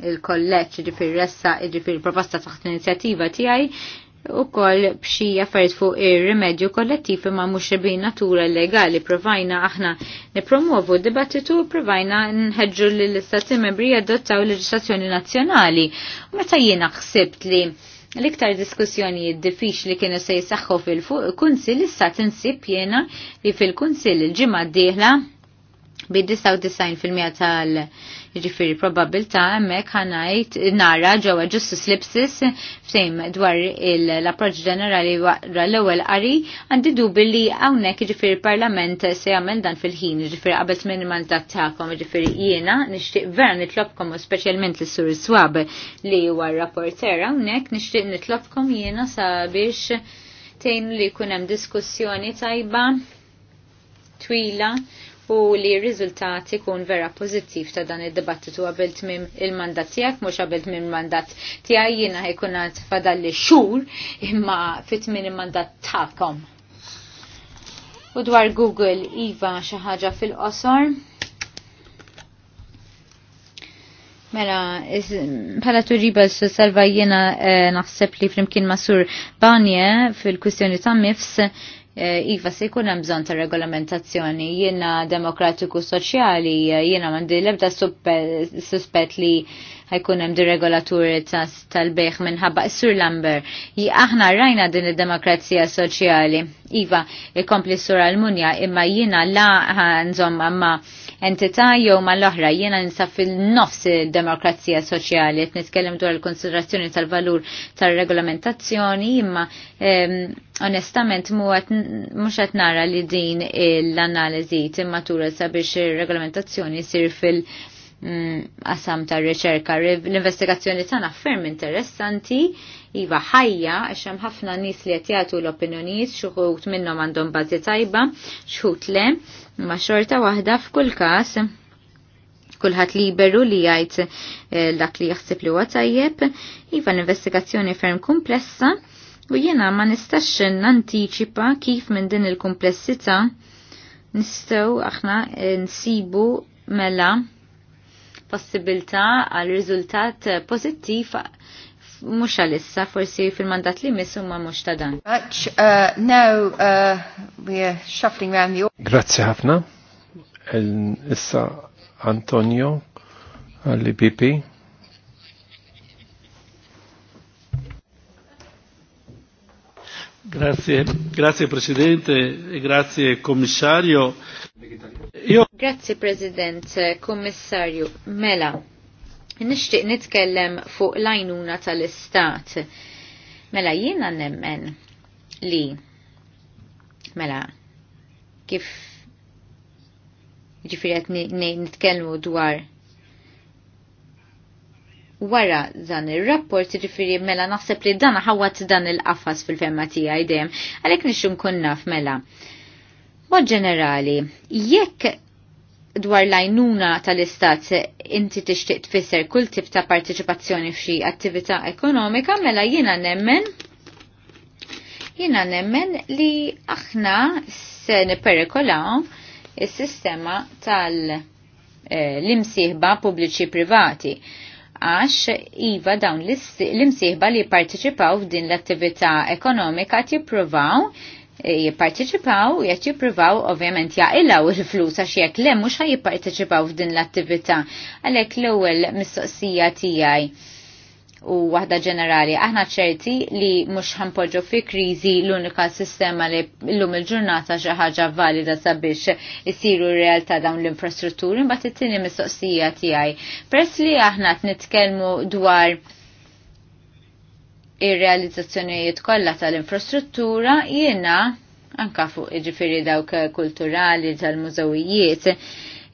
Speaker 4: il-kolleċ ġifir ressa ġifir proposta taħt inizjattiva tiegħi u koll bxi jaffariet fuq ir-remedju kollettiv imma mhux bin natura legali provajna aħna nipromuovu dibattitu u provajna nħeġġu li l-istati membri jadottaw leġislazzjoni nazzjonali. Meta jiena ħsibt li l-iktar diskussjonijiet diffiċli kienu se jisaxħu fil-kunsil issa tinsib jiena li fil-kunsil il-ġimgħa d-dieħla bi 99% tal- Ġifiri probabilta emmek ħanajt nara ġewa ġustu slipsis ftejm dwar l-approċ ġenerali wara l-ewwel qari għandi dubi li hawnhekk ġifiri parlament se jagħmel dan fil-ħin, ġifiri qabel tmien mandat tagħkom, ġifiri jiena nixtieq vera nitlobkom u speċjalment l sur Swab li huwa rapporter hawnhekk nixtieq nitlobkom jiena sabiex tgħinu li jkun hemm diskussjoni tajba twila u li r-riżultat ikun vera pozittiv ta' dan id-dibattitu għabel tmim il-mandat tijak, mux għabel tmim il-mandat tijaj jina ħajkun għad fadalli xur imma fit min il-mandat ta'kom. U dwar Google, Iva, xaħġa fil-qosor. Mela, pala tuġiba s-salva jena eh, naħseb li flimkien masur banje fil-kwistjoni ta' MIFS Eh, iva se jkun hemm bżonn ta' regolamentazzjoni jiena demokratiku soċjali jiena m'għandi l-ebda suspett li ħajkun hemm diregolaturi tal-beħ minħabba Sur Lamber. Aħna rajna din id-demokrazija soċjali. Iva, ikompli Sur Almunja imma jiena la nżomm amma entità jew mal-oħra jiena ninsab fil-nofs demokrazija soċjali qed nitkellem dwar il-konsiderazzjoni tal-valur tar-regolamentazzjoni imma onestament mhux qed nara li din l-analiżi timmatura sabiex ir-regolamentazzjoni jsir fil- mm, qasam tar riċerka l-investigazzjoni tana ferm interessanti iva ħajja għax hemm ħafna nies li qed jagħtu l-opinjonijiet xi wħud minnhom għandhom bażi tajba, xħut le, ma xorta waħda f'kull każ kulħadd liberu li jgħid eh, dak li jaħseb li huwa tajjeb, iva l-investigazzjoni ferm komplessa u jiena ma nistax nantiċipa kif minn din il kumplessità nistgħu aħna eh, nsibu mela possibilità għal riżultat eh, pożittiv mux għalissa, forsi fil-mandat li missu ma mux ta' dan. Uh, now, uh, we're shuffling around the... Grazie
Speaker 2: ħafna. Issa Antonio għalli ipp Grazie, grazie Presidente e grazie Commissario.
Speaker 4: Io... Grazie Presidente, Commissario. Mela, Nixtieq nitkellem fuq l-għajnuna tal-istat. Mela jiena nemmen li mela kif ġifiret nitkellmu dwar wara dan il-rapport ġifiri mela naħseb li dan ħawat dan il-qafas fil-femma tiegħi dejjem għalhekk nixxu nkun naf mela. Mod ġenerali, jekk dwar lajnuna tal-istat inti tixtieq tfisser kull tip ta' partiċipazzjoni f'xi attività ekonomika mela jiena nemmen jiena nemmen li aħna se niperikolaw is-sistema tal- eh, l-imsieħba pubbliċi privati għax iva dawn l-imsieħba li parteċipaw f'din l-attività ekonomika tippruvaw jipparteċipaw, jgħet jipruvaw ovvjament jaqilaw il-flus għax jekk le mux ħaj jipparteċipaw f'din l-attività. Għalek l-ewel mistoqsija tijaj u waħda ġenerali. Aħna ċerti li mhux ħampoġu fi kriżi l-unika sistema li llum il-ġurnata xi ħaġa valida sabiex isiru realtà dawn l-infrastrutturi, mbagħad it-tieni mistoqsija tiegħi. Press li aħna nitkellmu dwar ir-realizzazzjonijiet kollha tal-infrastruttura jiena anka fuq iġifieri dawk kulturali tal-mużewijiet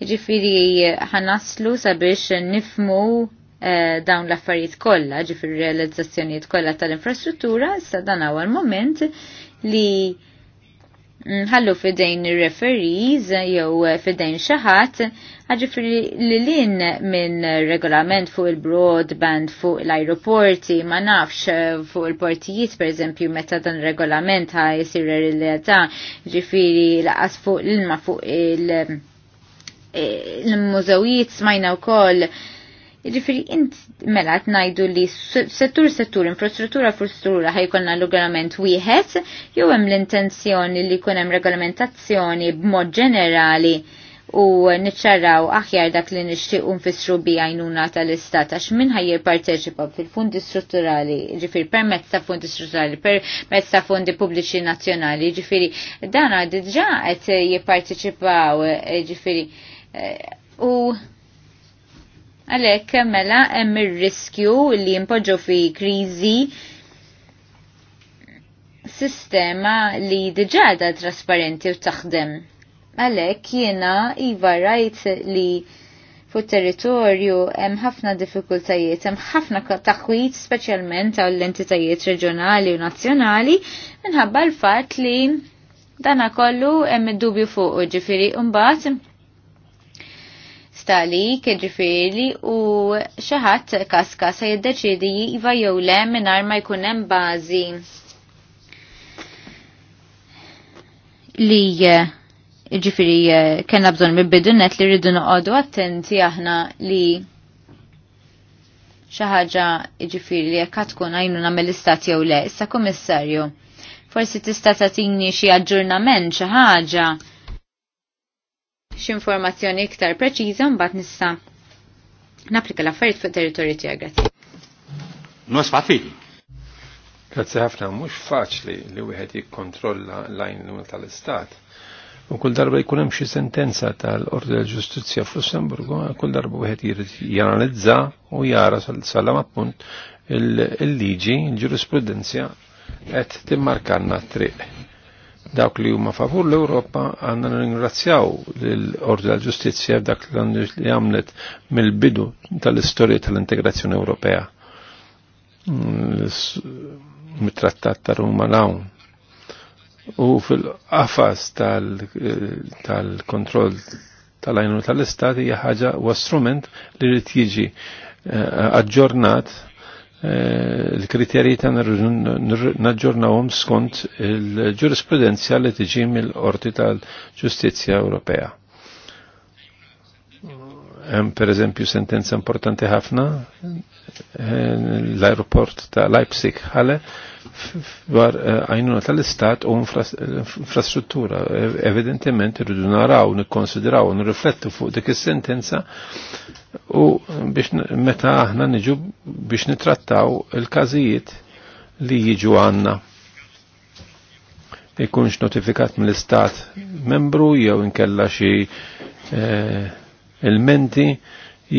Speaker 4: ġifiri ħanaslu sabiex nifmu eh, dawn l-affarijiet kollha ġifiri realizzazzjonijiet kollha tal-infrastruttura issa dan l moment li nħallu fidejn referees jew fidejn xaħat ħaġifri li lin minn regolament fuq il-broadband fuq l-aeroporti ma nafx fuq il-portijiet per eżempju meta dan regolament ħa jisir realtà ġifiri laqas fuq l-ma fuq il-mużawijiet smajna u koll Ġifiri, int mela tnajdu li settur settur, infrastruttura infrastruttura ħajkonna l-regolament wieħed, jew hemm l-intenzjoni li jkun hemm regolamentazzjoni b'mod ġenerali u niċċaraw aħjar dak li nixtiequ nfissru bi għajnuna tal-istat għax min ħajjir parteċipa fil-fondi strutturali, ġifiri permezz ta' fondi strutturali, permezz ta' fondi pubbliċi nazzjonali, ġifiri dan għad diġa qed jipparteċipaw, ġifiri eh, u Għalek, mela, hemm ir-riskju li jimpoġġu fi kriżi sistema li diġada trasparenti u taħdem. Għalek, jiena iva rajt li fuq territorju hemm ħafna diffikultajiet, hemm ħafna taħwit speċjalment għall entitajiet reġjonali u nazzjonali minħabba l-fatt li dana kollu hemm id-dubju fuq ġifieri mbagħad talik ġifiri u xaħat kaska se jiddeċidi jiva jew le minar ma jkunem bazi li eh, ġifiri eh, kena bżon mibbidunet li rridu noqodu attenti aħna li xaħġa ġifiri li jekk tkun għajnu namel istat jew le. Issa komissarju, forsi tista' tatini xi aġġurnament xi ħaġa x'informazzjoni iktar preċiża mbagħad nista' napplika l-affarijiet fuq territorju tiegħek. Grazzi.
Speaker 1: Mhux faċli.
Speaker 2: Grazzi ħafna, mhux faċli li wieħed jikkontrolla l-għajn tal-Istat. U kull darba jkun hemm xi sentenza tal qorti tal-Ġustizzja f'Lussemburgu, kull darba wieħed jrid janalizza u jara sal-salam appunt il-liġi, il-ġurisprudenzja qed timmarkanna t-triq dawk li huma favur l-Ewropa għandna ringrazzjaw l-Ordu tal-Ġustizzja dak li għamlet mill-bidu tal-istorja tal-integrazzjoni Ewropea. Mm, mit-trattat ta' Ruma lawn. U fil-qafas tal-kontroll tal-għajnu tal-istat hija ħaġa u strument li rrid jiġi eh, aġġornat Eh, l-kriterji ta' naġġornawhom skont il-ġurisprudenzja li tiġi mill-Qorti tal-Ġustizzja Ewropea. Hemm eżempju sentenza importanti ħafna eh, l-aeroport ta' Leipzig ħale war eh, għajnuna tal-istat u infrastruttura. Evidentement irridu naraw, nikkonsideraw, nirriflettu fuq dik is-sentenza u biex meta aħna niġu biex nitrattaw il-każijiet li jiġu għanna. Ikunx notifikat mill-istat membru jew inkella xi elmenti eh,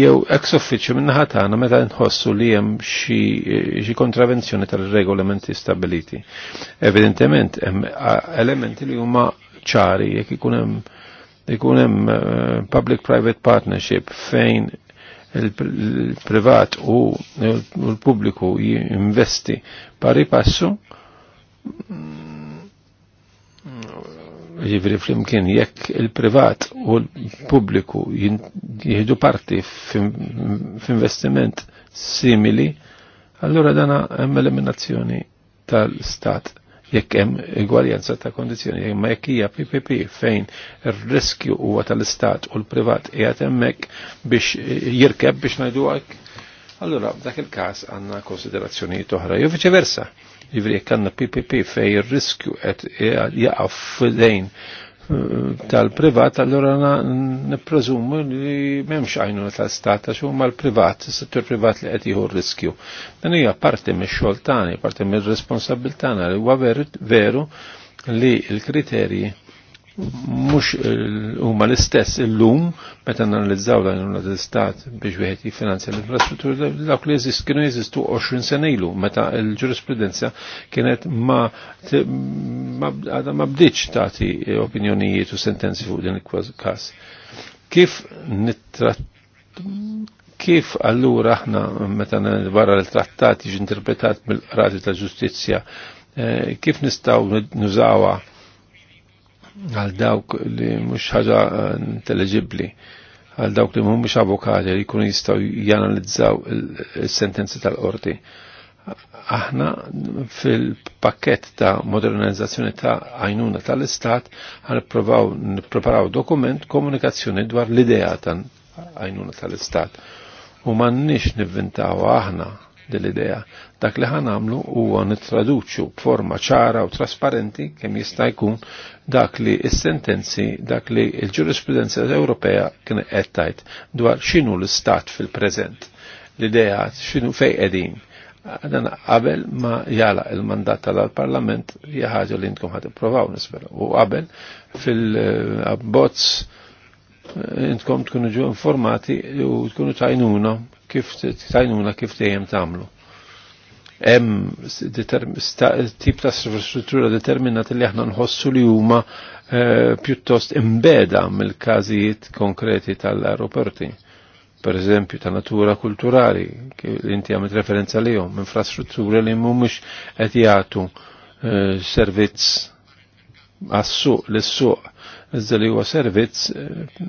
Speaker 2: jew ex uffiċċju minnaħat tagħna meta nħossu li hemm xi kontravenzjoni tal-regolamenti stabiliti. Evidentement hemm elementi li huma ċari jekk ikun hemm ikun hemm eh, public private partnership fejn il-privat u l-pubbliku jinvesti pari passu ġivri flimkien jekk il-privat u l-pubbliku jihdu parti f'investiment simili, allora dana hemm eliminazzjoni tal-stat jekk hemm igwaljanza ta' kondizzjoni, imma jekk hija PPP fejn ir-riskju huwa tal-istat u l-privat qiegħed hemmhekk biex eh, jirkeb biex ngħidu hekk. Allura b'dak il-każ għandna konsiderazzjonijiet oħra, jew viċeversa. Jivri jekk għandna PPP fejn ir-riskju qed jaqaf f'dejn tal-privat, allora nippreżumu li memx għajnu tal-stata xo ma l-privat, s-settur privat li għetiħu riskju. Dan hija parti me xoltani, parti me responsabiltana li huwa veru li l-kriterji
Speaker 1: mux
Speaker 2: huma l-istess illum meta analizzaw l l-istat biex wieħed jiffinanzja l-infrastruttura dak li jeżist kienu jeżistu 20 sena ilu meta l-ġurisprudenza kienet ma għadha ma bdiċ tagħti opinjonijiet u sentenzi fuq din il-każ. Kif nittrat kif allura aħna meta barra l-trattat jiġi interpretat mill-qrati tal-ġustizzja eh, kif nistgħu nużawha għal dawk li mhux ħaġa eh, intelligibbli għal dawk li mhumiex avukati li jkunu jistgħu janalizzaw is-sentenzi tal-qorti. Aħna fil-pakket ta' modernizzazzjoni ta' għajnuna tal-Istat għan preparaw dokument komunikazzjoni dwar l-idea ta' għajnuna tal-Istat. U m'għandniex nivvintaw aħna dell idea Dak li ħan għamlu huwa nittraduċu b'forma ċara u trasparenti kemm jista' jkun dak li s-sentenzi, dak li l-ġurisprudenza Ewropea kien qed tajt dwar x'inhu l-istat fil-preżent. L-idea x'inhu fejn qegħdin. Dan qabel ma jala il-mandat tal-Parlament jaħħaġa li intkom ħad provaw nispera. U qabel fil-abbozz eh, intkom tkunu ġu informati u tkunu tajnuna kif tajnuna kif dejjem tagħmlu. Hemm tip ta' struttura determinat li aħna nħossu li huma eh, pjuttost imbeda mill-każijiet konkreti tal-aeroporti. Per eżempju, ta' natura kulturali, li inti għamet referenza li jom, infrastrutture li mumiex qed jagħtu eh, servizz għas-suq l-suq, iżda li huwa servizz eh,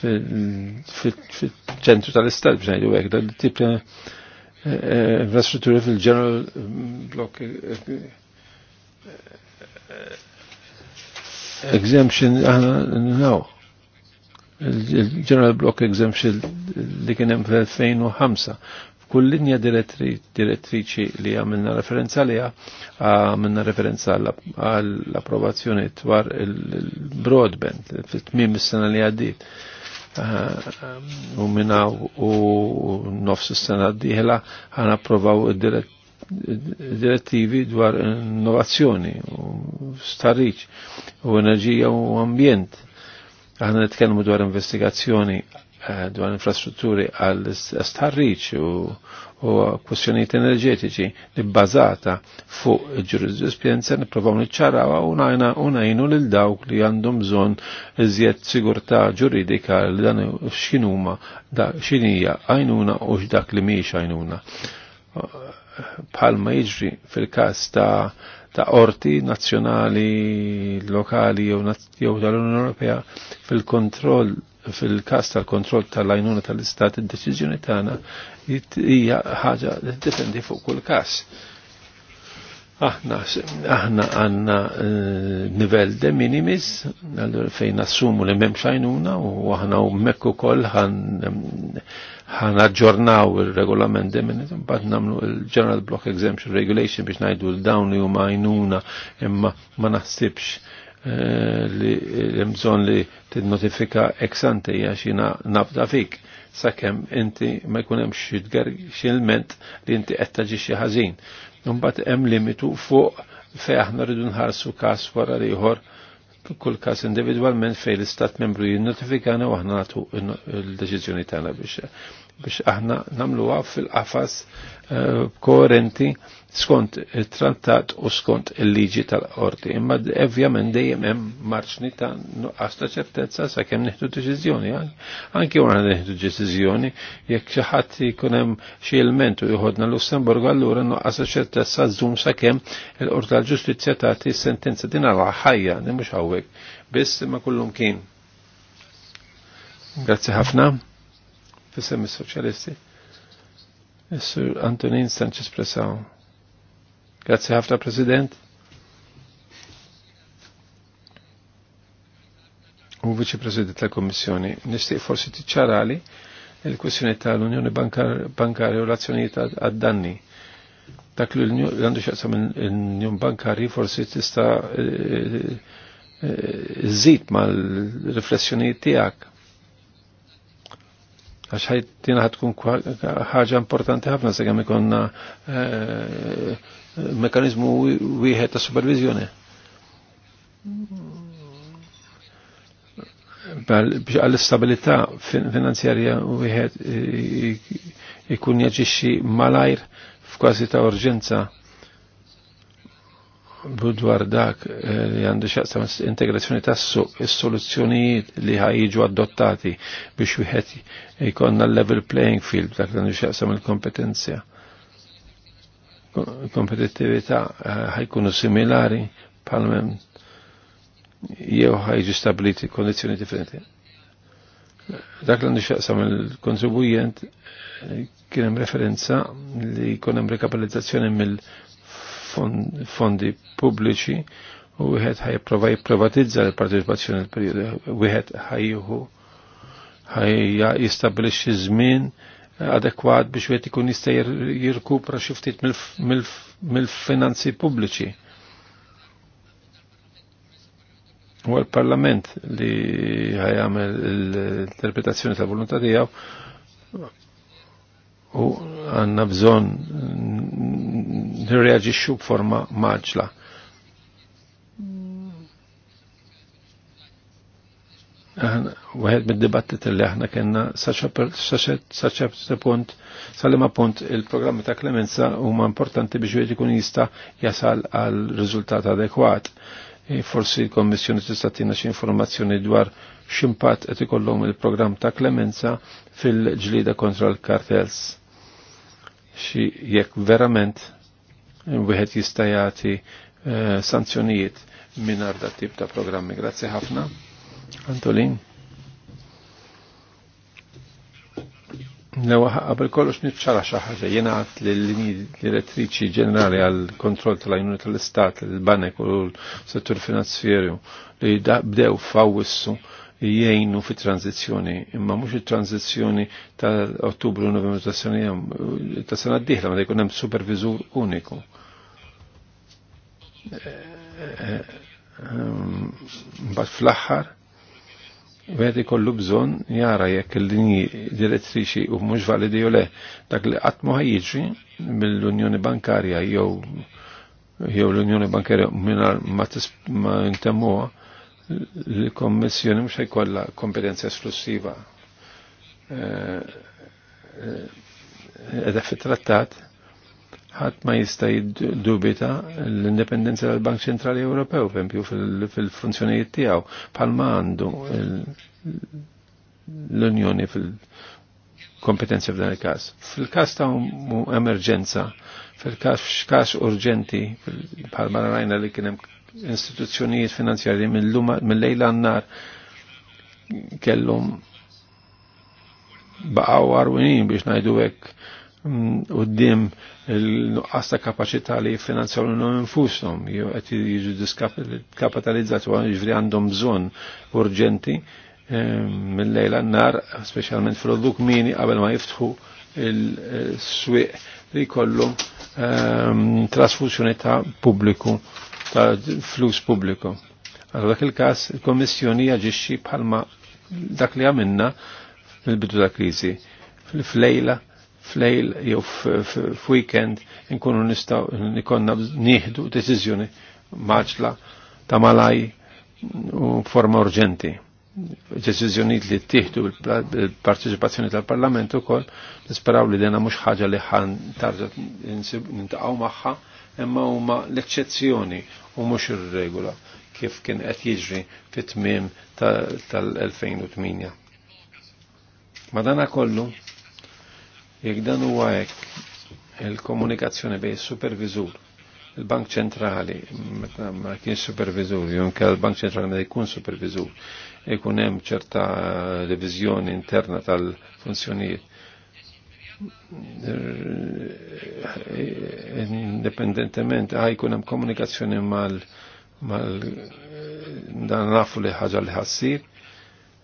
Speaker 2: fil-ċentru tal-istat biex ngħidu hekk dan tip infrastruttura fil-ġeneral mm, block eh, eh, exemption aħna naw. il ġeneral Block Exemption li kien hemm fl-2005 kull linja direttriċi li għamilna referenza li għamilna referenza għall-approvazzjoni dwar il-broadband fit-tmim s sena li għaddit u minnaw u nofs s sena d-dieħla ħana provaw direttivi dwar innovazzjoni u starriċ u enerġija u ambjent. Aħna nitkellmu dwar investigazzjoni Eh, dwar infrastrutturi għal starriċ u kwestjonijiet enerġetiċi li bbażata fuq ġurisprudenza nipprovaw niċċaraw u najna u najnu lil dawk li għandhom bżonn iżjed sigurtà ġuridika li dan x'inhuma x'inija għajnuna u x'dak li mhijiex għajnuna. Palma jiġri fil-każ ta' ta' orti nazzjonali, lokali jew tal-Unjoni Ewropea fil-kontroll fil-kas tal-kontroll tal-lajnuna tal-istat id-deċiżjoni tagħna hija ħaġa li tiffendi fuq kull każ. Aħna aħna għandna eh, nivell de minimis fejn assumu li m'hemm xajnuna u aħna hemmhekk ukoll ħan aġġornaw il-regolament de minimis bad nagħmlu il-General Block Exemption Regulation biex ngħidu l-dawn li huma għajnuna imma ma naħsibx eh, li l li tinnotifika eksante għax jina nabda fik sakemm inti ma jkun hemm xi li inti qed xieħazin. ħażin. Imbagħad hemm limitu fuq fejn aħna rridu nħarsu każ wara liħor kull każ individwalment fejn l-istat membru jinnotifikana u aħna natu l-deċiżjoni tagħna biex biex aħna nagħmluha fil-qafas eh, koerenti skont il-trattat u skont il-liġi tal-qorti. Imma evjament dejjem hemm marċni ta' nuqqas ċertezza sa' kemm neħdu deċiżjoni. Anki wara neħdu deċiżjoni, jekk xi ħadd jkun hemm xi element u jħodna Lussemburgu allura nuqqas ċertezza żum sa' il-Qorti tal-Ġustizzja tagħti sentenza din għal ħajja, din mhux hawnhekk. Biss ma kullum kien. Grazzi ħafna. Fissem is-soċjalisti. Is-Sur Antonin Sanchez Presaw. Grazie ħafna President. U Viċi President tal-Kommissjoni, nixtieq forsi tiċċarali il-kwestjoni tal-Unjoni Bankarja u l-azzjonijiet għad-danni. Dak li għandu xaqsam l-Unjon Bankarji forsi tista' e, e, e, żid mal-riflessjonijiet tiegħek għax ħajtina ħatkun ħaġa importanti ħafna se kemm mekanizmu wieħed ta' supervizjoni. Għall-istabilità finanzjarja wieħed ikun jaġixxi malajr f'kważi ta' urġenza dwar dak eh, li għandu xaqsa integrazzjoni tassu il-soluzzjonijiet li ħajġu adottati biex wieħed jkollna level playing field dak li għandu xaqsa mill-kompetenzja kompetittività eh, ħajkunu similari palmem jew ħajġu stabiliti kondizjoni differenti. Dak l-għandu xaqsam il-kontribujent eh, kien hemm referenza li jkun hemm rekapitalizzazzjoni mill-fondi pubbliċi u wieħed ħajprova jipprivatizza l-partiċipazzjoni l-perjodu, wieħed ħajjuhu ħaj jistabbilixxi żmien adekwat biex wieħed ikun jista' jirkupra xi ftit mill-finanzi pubbliċi. U l-Parlament li ħajamel l-interpretazzjoni tal volontà tiegħu u għanna bżon nirreagġixxu b'forma maġla. Wieħed mid-dibattit li aħna kena punt, salima punt il-programmi ta' klemenza huma importanti biex wieħed ikun jista' jasal għal riżultat adekwat. E, forsi l-Kommissjoni tista' tina xi informazzjoni dwar ximpat qed ikollhom il-programm ta' klemenza fil-ġlida kontra l-kartels. Xi jekk verament e, wieħed jista' jagħti e, sanzjonijiet minn dat tip ta' programmi. Grazzi ħafna. Antolin. Lewa ħaqqa bil kollox nitċara xi ħaġa jiena għat l linji direttriċi ġenerali għal kontroll tal-għajnuna tal-Istat, l banek u l-settur finanzjerju li bdew fawissu jgħinu fi tranzizjoni imma mux il tranzizjoni tal Ottubru Novembru ta' sena ta' sena d ma jkun hemm supervizur uniku. Eh, eh, eh, ehm, mbagħad fl-aħħar veri kollu bżon jara jekk il-linji direttriċi u mhux validi u le dak li qatt ħajġi mill-Unjoni Bankarja jew jew l-Unjoni Bankarja mingħajr ma ntemmuha l-Kommissjoni mhux ħajkolla kompetenza esklusiva edha fit-trattat ħadd ma jista' jiddubita l-indipendenza tal-Bank Ċentrali Ewropew pempju fil-funzjonijiet tiegħu bħalma għandu l-Unjoni fil-kompetenzi f'dan il-każ. Fil-każ ta' emerġenza, fil-każ urġenti, bħalma rajna li kien hemm istituzzjonijiet finanzjarji mill-lejla n-nar kellhom baqgħu arwinin biex ngħidu hekk għoddim mm, il-nuqqas ta' kapacità li jiffinanzjaw l-nom infusom, jew qed jiġu diskapitalizzat u jiġri għandhom bżonn urġenti ehm, mill-lejla n-nar, speċjalment fil-odduk mini qabel ma jiftħu il-swieq li jkollhom trasfusjoni ta' pubbliku ta' flus publiku. Allora dak il-każ il komissjoni jaġixxi bħalma dak li għamilna fil bidu ta' kriżi fil-flejla flejl jew f'weekend nkunu nistgħu nikonna nieħdu deċiżjoni maġla ta' malaj u forma urġenti. Deċiżjonijiet li ttieħdu bil-parteċipazzjoni tal-Parlament ukoll nisperaw li dena mhux ħaġa li ħan tarġa' nintaqgħu magħha imma huma l-eċċezzjoni u mhux ir-regola kif kien qed jiġri fit-tmiem tal-2008. Madana kollu Jek dan huwa hekk il-komunikazzjoni bej supervizur il-Bank Ċentrali, ma kienx supervizur, jonka il-Bank Ċentrali ma jkun supervizur, jkun hemm ċerta revizjoni interna tal-funzjonijiet. Indipendentement, ah, jkun hemm komunikazzjoni mal- mal dan nafu li ħaġa li ħassir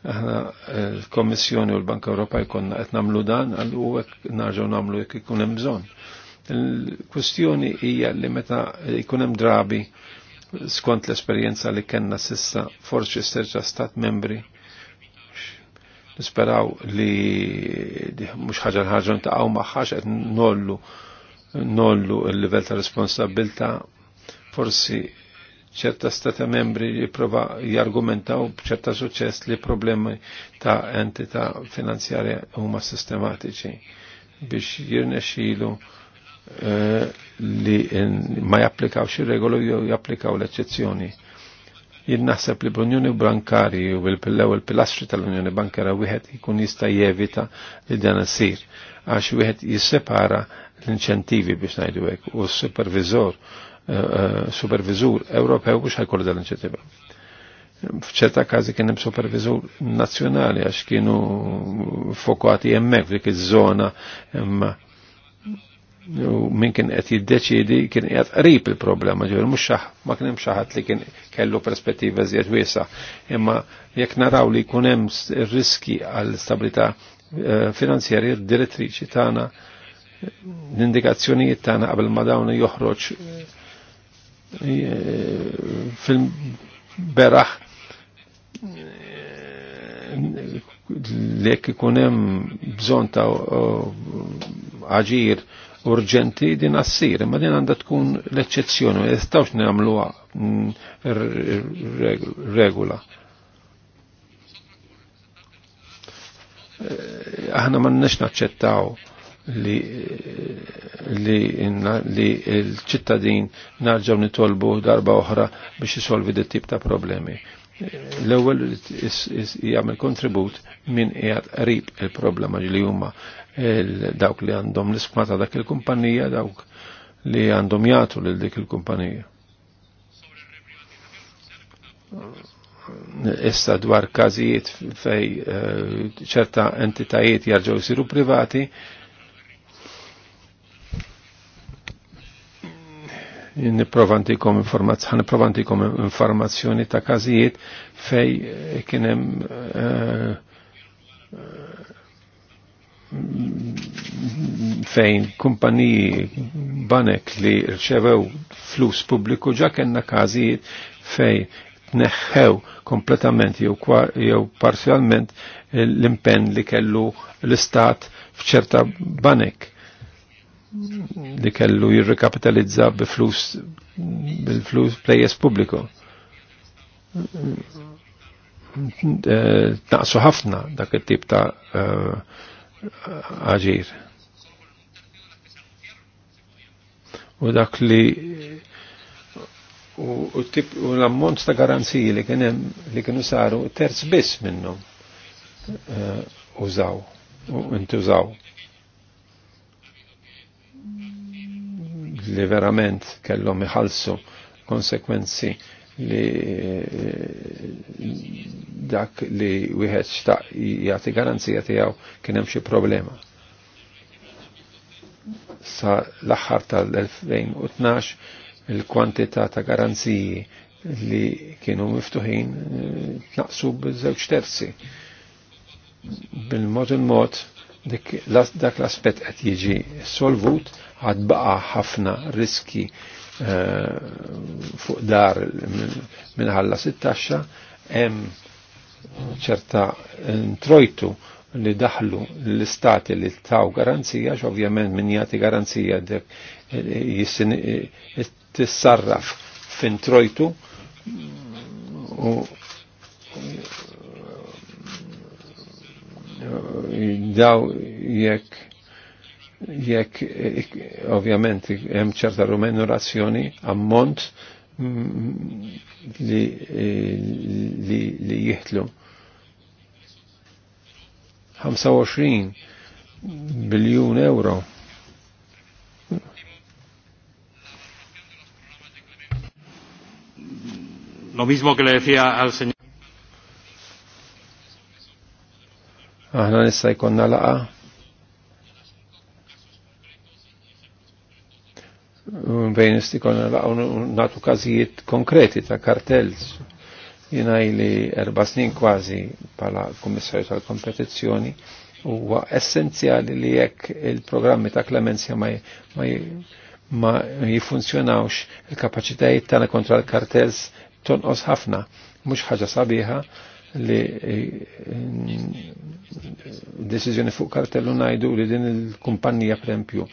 Speaker 2: aħna eh, l-Kommissjoni u l-Banka Ewropa jkonna qed nagħmlu dan għal u hekk narġgħu nagħmlu jekk ikun hemm bżonn. Il-kwestjoni hija li meta jkun hemm drabi skont l-esperjenza li kellna sissa forsi sterġa' stat membri nisperaw li mhux ħaġa ħaġa ntaqgħu maħħax qed nollu nollu l-livell ta' responsabilta forsi ċerta stata membri prova jargumentaw b'ċerta suċess li problemi ta' entità finanzjarja huma sistematiċi biex jirnexilu eh, li ma japplikawx ir-regolu jew japplikaw l-eċċezzjoni. Jien li bl-Unjoni Bankari u l il pilastri tal-Unjoni Bankara wieħed ikun jista' jevita li dan isir għax wieħed jissepara l-inċentivi biex ngħidu u s-supervizor supervizur Ewropew biex ħajkollu dan l F'ċerta każi kien hemm supervizur nazzjonali għax kienu fokati hemmhekk f'dik iż-żona imma min kien qed jiddeċidi kien qiegħed qrib il-problema ġifier mhux ma kien hemm xi ħadd li kien kellu perspettiva żjed wiesa. Imma jekk naraw li jkun hemm riski għall stabilità eh, finanzjarja direttriċi tagħna l-indikazzjonijiet tagħna qabel ma dawn joħroġ E, fil-beraħ e, lek ikunem bżon ta' aġir urġenti din assir, ma din għanda tkun l-eccezzjoni, ma jistawx namluwa mm, regola. E, aħna ma n-nex naċċettaw li li li l-ċittadin narġaw nitolbu darba oħra biex isolvi dit tip ta' problemi. L-ewwel jagħmel kontribut minn qiegħed qrib il-problema li huma dawk li għandhom l ismata dak il-kumpanija dawk li għandhom jagħtu lil dik il-kumpanija. Issa dwar każijiet fej eh, ċerta entitajiet jarġgħu jsiru privati, niprovantikom informazzjoni, niprovantikom informazzjoni ta' kazijiet fej kienem eh, fejn kumpaniji banek li rċevew flus pubbliku ġa kena kazijiet fej tneħħew kompletament jew parzjalment l-impenn li kellu l-istat fċerta banek li kellu jirrikapitalizza bil-flus bil-flus plejjes publiku. Eh, Naqsu ħafna dak it-tip ta' eh, aġir. U dak li u l-ammont ta' garanziji li kienem li kienu saru terz biss minnhom eh, użaw u intużaw. li verament kellhom iħallsu konsekwenzi li eh, dak li wieħed xtaq jagħti garanzija tiegħu kien hemm xi problema. Sa l-aħħar tal-2012 il-kwantità ta' garanziji li kienu miftuħin tnaqsu eh, b'żewġ terzi. Bil-mod il-mod dak l-aspett qed jiġi solvut baqa' ħafna riski eh, fuq dar minħalla 16 hemm ċerta trojtu li daħlu l-istati li taw garanzija, x'ovvjament min jagħti garanzija dek eh, eh, tissarraf fin trojtu u daw jekk jekk ovvjament hemm ċerta remunerazzjoni ammont mm, li, li, li jihtlu. 25 biljun euro.
Speaker 1: Lo mismo che le decía al señor.
Speaker 2: Aħna nista' jkollna laqa' bejn istikon natu kazijiet konkreti ta' kartels. Jina li erba snin kważi pala kummissarju tal-kompetizzjoni huwa essenzjali li jekk il-programmi ta' klemenzja ma, ma, ma jifunzjonawx il-kapacitajiet tagħna kontra l-kartels tonqos ħafna, mhux ħaġa sabiħa li eh, deċiżjoni fuq kartellu ngħidu li din il-kumpanija preempju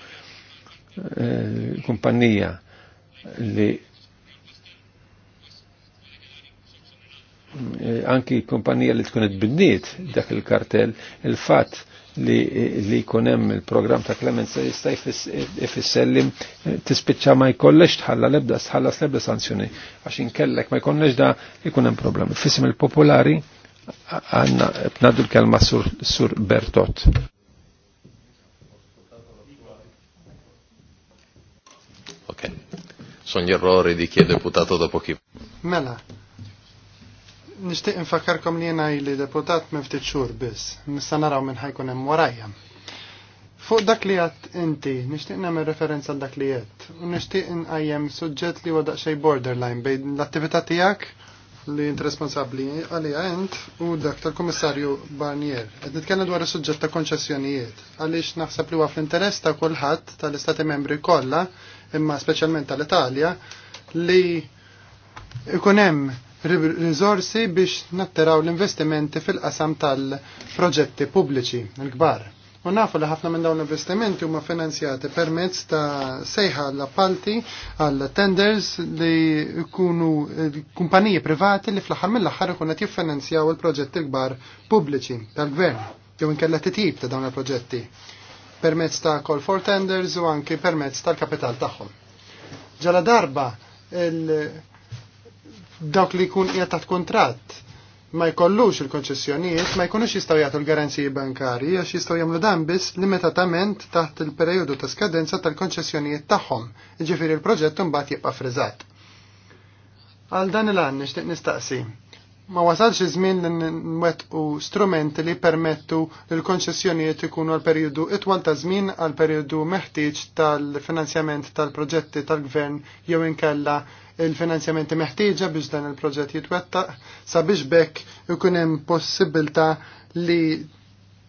Speaker 2: kumpanija li anki kumpanija li tkun id-bidniet dak il-kartell, il-fat li li kunem il-program ta' Clemens jista' jfissellim tispiċċa ma jkollex tħalla lebda tħallas lebda sanzjoni għax inkellek ma jkollex da jkunem hemm problemi. Fisim il-popolari għanna tnaddu l-kelma sur
Speaker 3: Bertot.
Speaker 2: sono gli errori di chi è deputato dopo chi.
Speaker 3: Mela, nishtiq infakarkom li jena li deputat miftit xur biss, nista naraw minn ħajkun hemm warajja. Fuq dak li għat inti, nishtiq nagħmel referenza għal dak li għat, u nishtiq nqajjem suġġett li huwa daqsxejn borderline bejn l-attività tiegħek li int responsabbli għalija int u dak tal-Kummissarju Barnier. Qed nitkellem dwar is-suġġett ta' konċessjonijiet għaliex naħseb li huwa fl-interess ta' kulħadd tal-Istati Membri kollha imma speċjalment tal-Italja, li ikun hemm risorsi biex natteraw l-investimenti fil-qasam tal-proġetti pubbliċi l-kbar. U nafu li ħafna minn dawn l-investimenti huma finanzjati permezz ta' sejħa l-appalti għal tenders li jkunu kumpaniji privati li fl-aħħar mill-aħħar ikun qed jiffinanzjaw il-proġetti l-kbar pubbliċi tal-gvern jew inkella titjib ta' dawn il-proġetti permezz ta' call for tenders u anki permezz tal-kapital tagħhom. Ġala darba dawk li jkun qiegħed kontrat kuntratt ma jkollux il-konċessjonijiet ma jkunux jistgħu jagħtu l-garanziji bankari għax jistgħu jagħmlu dan biss limitatament taħt il-perjodu ta' skadenza tal-konċessjonijiet tagħhom, jiġifieri il proġett mbagħad jibqa' friżat. Għal dan il-għan nixtieq nistaqsi ma wasalx iż-żmien li nwettqu strumenti li permettu li l konċessjonijiet ikunu għal periodu itwal ta' żmien għal periodu meħtieġ tal-finanzjament tal-proġetti tal-gvern jew inkella il-finanzjamenti meħtieġa biex dan il-proġett jitwettaq sabiex bekk ikun hemm possibilità li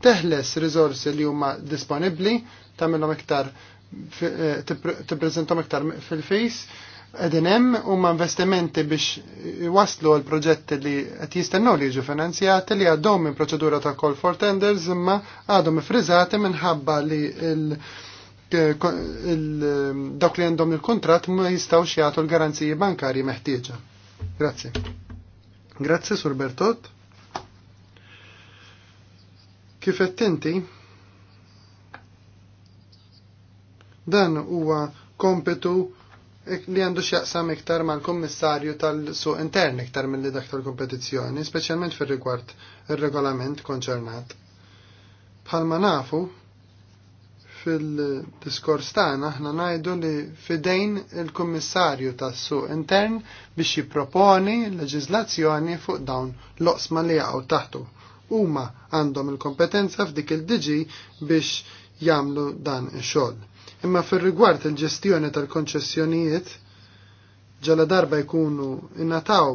Speaker 3: teħles riżorsi li huma disponibbli tagħmilhom iktar eh, tippreżentom iktar fil-face qegħdin hemm huma investimenti biex waslu għal proġetti li qed jistennu li jiġu finanzjati li għadhom minn proċedura ta' call for tenders imma għadhom ifriżati minħabba li dawk li għandhom il-kontrat ma jistgħux jagħtu l-garanziji bankarji meħtieġa. Grazzi. Grazzi Sur Bertot. Kif attenti? Dan huwa kompetu li għandu x'jaqsam iktar mal-Kummissarju tal-Suq Intern iktar mill-li dak tal-kompetizzjoni, speċjalment fir-rigward ir-regolament konċernat. Bħalma nafu, fil-diskors tagħna aħna ngħidu li fidejn il-Kummissarju tas-Suq Intern biex jipproponi leġiżlazzjoni fuq dawn l-oqsma li jaqgħu taħtu. Huma għandhom il-kompetenza f'dik il-diġi biex jagħmlu dan il-xol. Imma fir-rigward il-ġestjoni tal-konċessjonijiet ġala darba jkunu innataw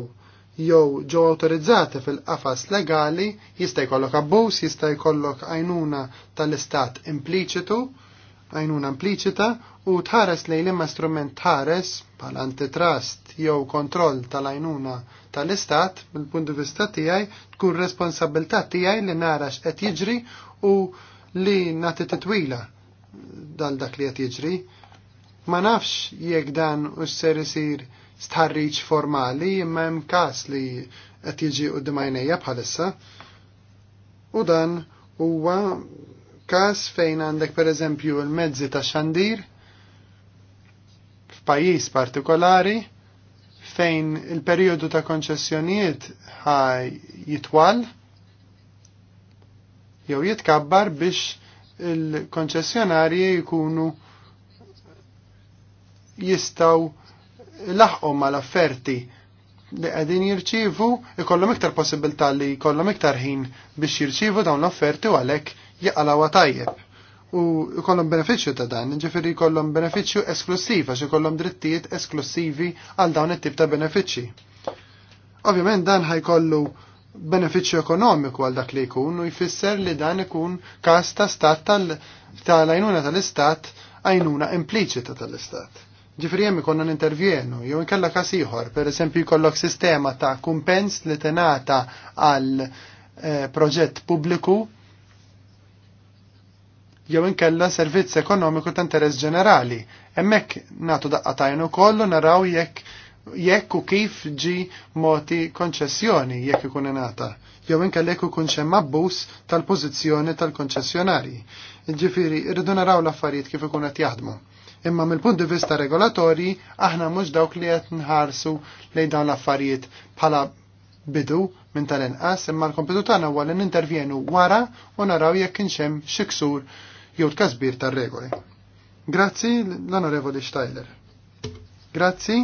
Speaker 3: jew ġew awtorizzati fil-qafas legali jista' jkollok abbuż, jista' jkollok għajnuna tal-istat impliċitu, għajnuna impliċita u tħares lejn imma strument tħares pal antitrust jew kontroll tal-għajnuna tal-istat mill-punt di vista tiegħi tkun responsabilità tiegħi li nara x'qed jiġri u li nagħti titwila dal dak li qed jiġri. Ma nafx jekk dan u ser isir stħarriċ formali imma hemm każ li qed jiġi qudiem għajnejja bħalissa. U dan huwa każ fejn għandek pereżempju l-mezzi ta' xandir f'pajjiż partikolari fejn il-perjodu ta' konċessjonijiet ħaj jitwal jew jitkabbar biex il-konċessjonarji jkunu jistaw laħqu mal-afferti li għedin jirċivu ikollhom iktar possibilità li jkollhom iktar ħin biex jirċivu dawn l-offerti u għalhekk jaqalawa tajjeb. U jkollhom benefiċċju ta' dan, ġifiri jkollhom benefiċċju esklusiv għax ikollhom drittijiet esklusivi għal dawn it-tip ta' benefiċċji. Ovvjament dan ħajkollu benefiċċju ekonomiku għal dak li jkun u jfisser li dan ikun każ ta' stat tal-għajnuna tal-istat għajnuna impliċita tal-istat. Ġifri jemmi konna n-intervjenu, jew inkella kas ieħor, per esempio jkollok sistema ta' kumpens li tenata għal eh, proġett pubbliku jew inkella servizz ekonomiku ta' interess ġenerali. Hemmhekk nagħtu daqqa tajnu kollu naraw jekk jekk u kif ġi moti konċessjoni jekk ikun ingħata jew inkella jekk ikun xemm abbuż tal-pożizzjoni tal-konċessjonarji. Ġifiri, rridu naraw l-affarijiet kif ikun qed jaħdmu. Imma mill-punt di vista regolatorji aħna mhux dawk li qed nħarsu lejn dawn l-affarijiet bħala bidu minn tal-inqas imma l-kompetu tagħna huwa li nintervjenu wara u naraw jekk inxemm xi ksur jew tkasbir tar-regoli. Grazzi l-Onorevoli Steiler. Grazzi.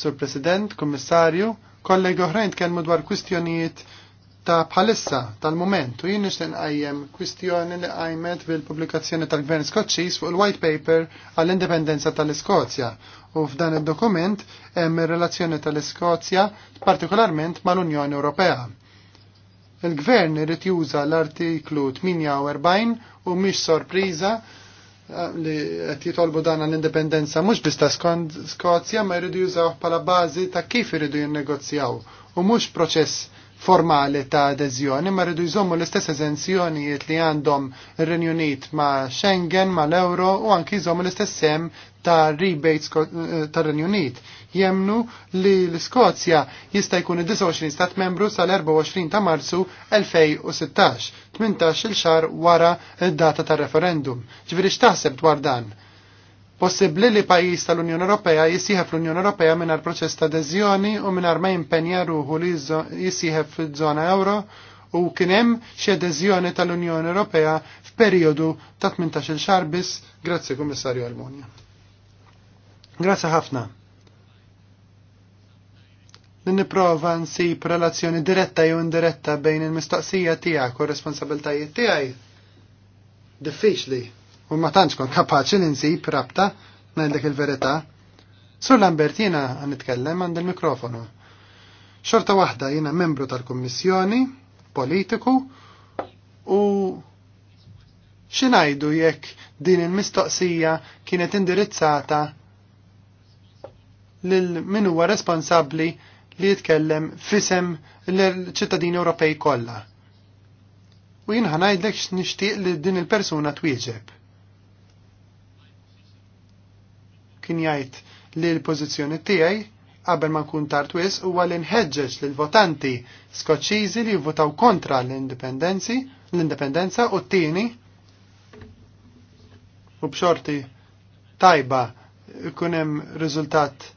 Speaker 3: Sur President, Kommissarju, kollegi oħrajn tkellmu dwar kwistjonijiet ta' bħalissa tal-moment u jien nixten għajjem kwistjoni li għajmet bil-publikazzjoni tal-Gvern Skoċċis fuq il-White Paper għall-indipendenza tal-Iskozja u f'dan id-dokument hemm ir-relazzjoni tal-Iskozja partikolarment mal-Unjoni Ewropea. Il-Gvern irid juża l-artiklu 48 u mhix sorpriża Ah, li qed jitolbu dan l-indipendenza mhux biss ta' Skozja ma jridu jużaw bħala bażi ta' kif iridu jinnegozjaw u mhux proċess formali ta' adeżjoni ma rridu jżommu l-istess eżenzjonijiet li għandhom ir-Renju Unit ma' Schengen, ma' l-Euro u anki jżommu l-istess sem ta' rebates eh, ta' Renju Unit jemnu li l-Skozja jista' jkun id-29 stat membru sal-24 ta' Marzu 2016, 18 il xar wara id-data tar referendum. Ġifieri x'taħseb dwar dan? Possibbli li pajjiż tal-Unjoni Ewropea jissieħeb l-Unjoni Ewropea mingħajr proċess ta' adeżjoni u mingħajr ma jimpenja ruħu li jissieħeb fiż-żona euro u kien hemm xi adeżjoni tal-Unjoni Ewropea f'perjodu ta' 18 xahar biss. Grazzi Kummissarju Almunja. Grazie ħafna li niprofa nsib relazzjoni diretta jew indiretta bejn il-mistoqsija tiegħek u r-responsabiltajiet tiegħi. Diffiċli u ma tantx kont kapaċi li nsib rabta ngħidlek il-verità. Sur Lambert jiena nitkellem għand il-mikrofonu. Xorta waħda jiena membru tal-Kummissjoni, politiku u xinajdu jekk din il-mistoqsija kienet indirizzata lil min huwa responsabbli li jitkellem fisem l-ċittadini Ewropej kollha. U jien ħanajdlek x'nixtieq li din il-persuna twieġeb. Kien jgħid li l-pożizzjoni tiegħi qabel ma nkun tard wis huwa li nħeġġeġ lil votanti skoċċiżi li jivvotaw kontra l-indipendenzi, l-indipendenza u t-tieni u b'xorti tajba ikun hemm riżultat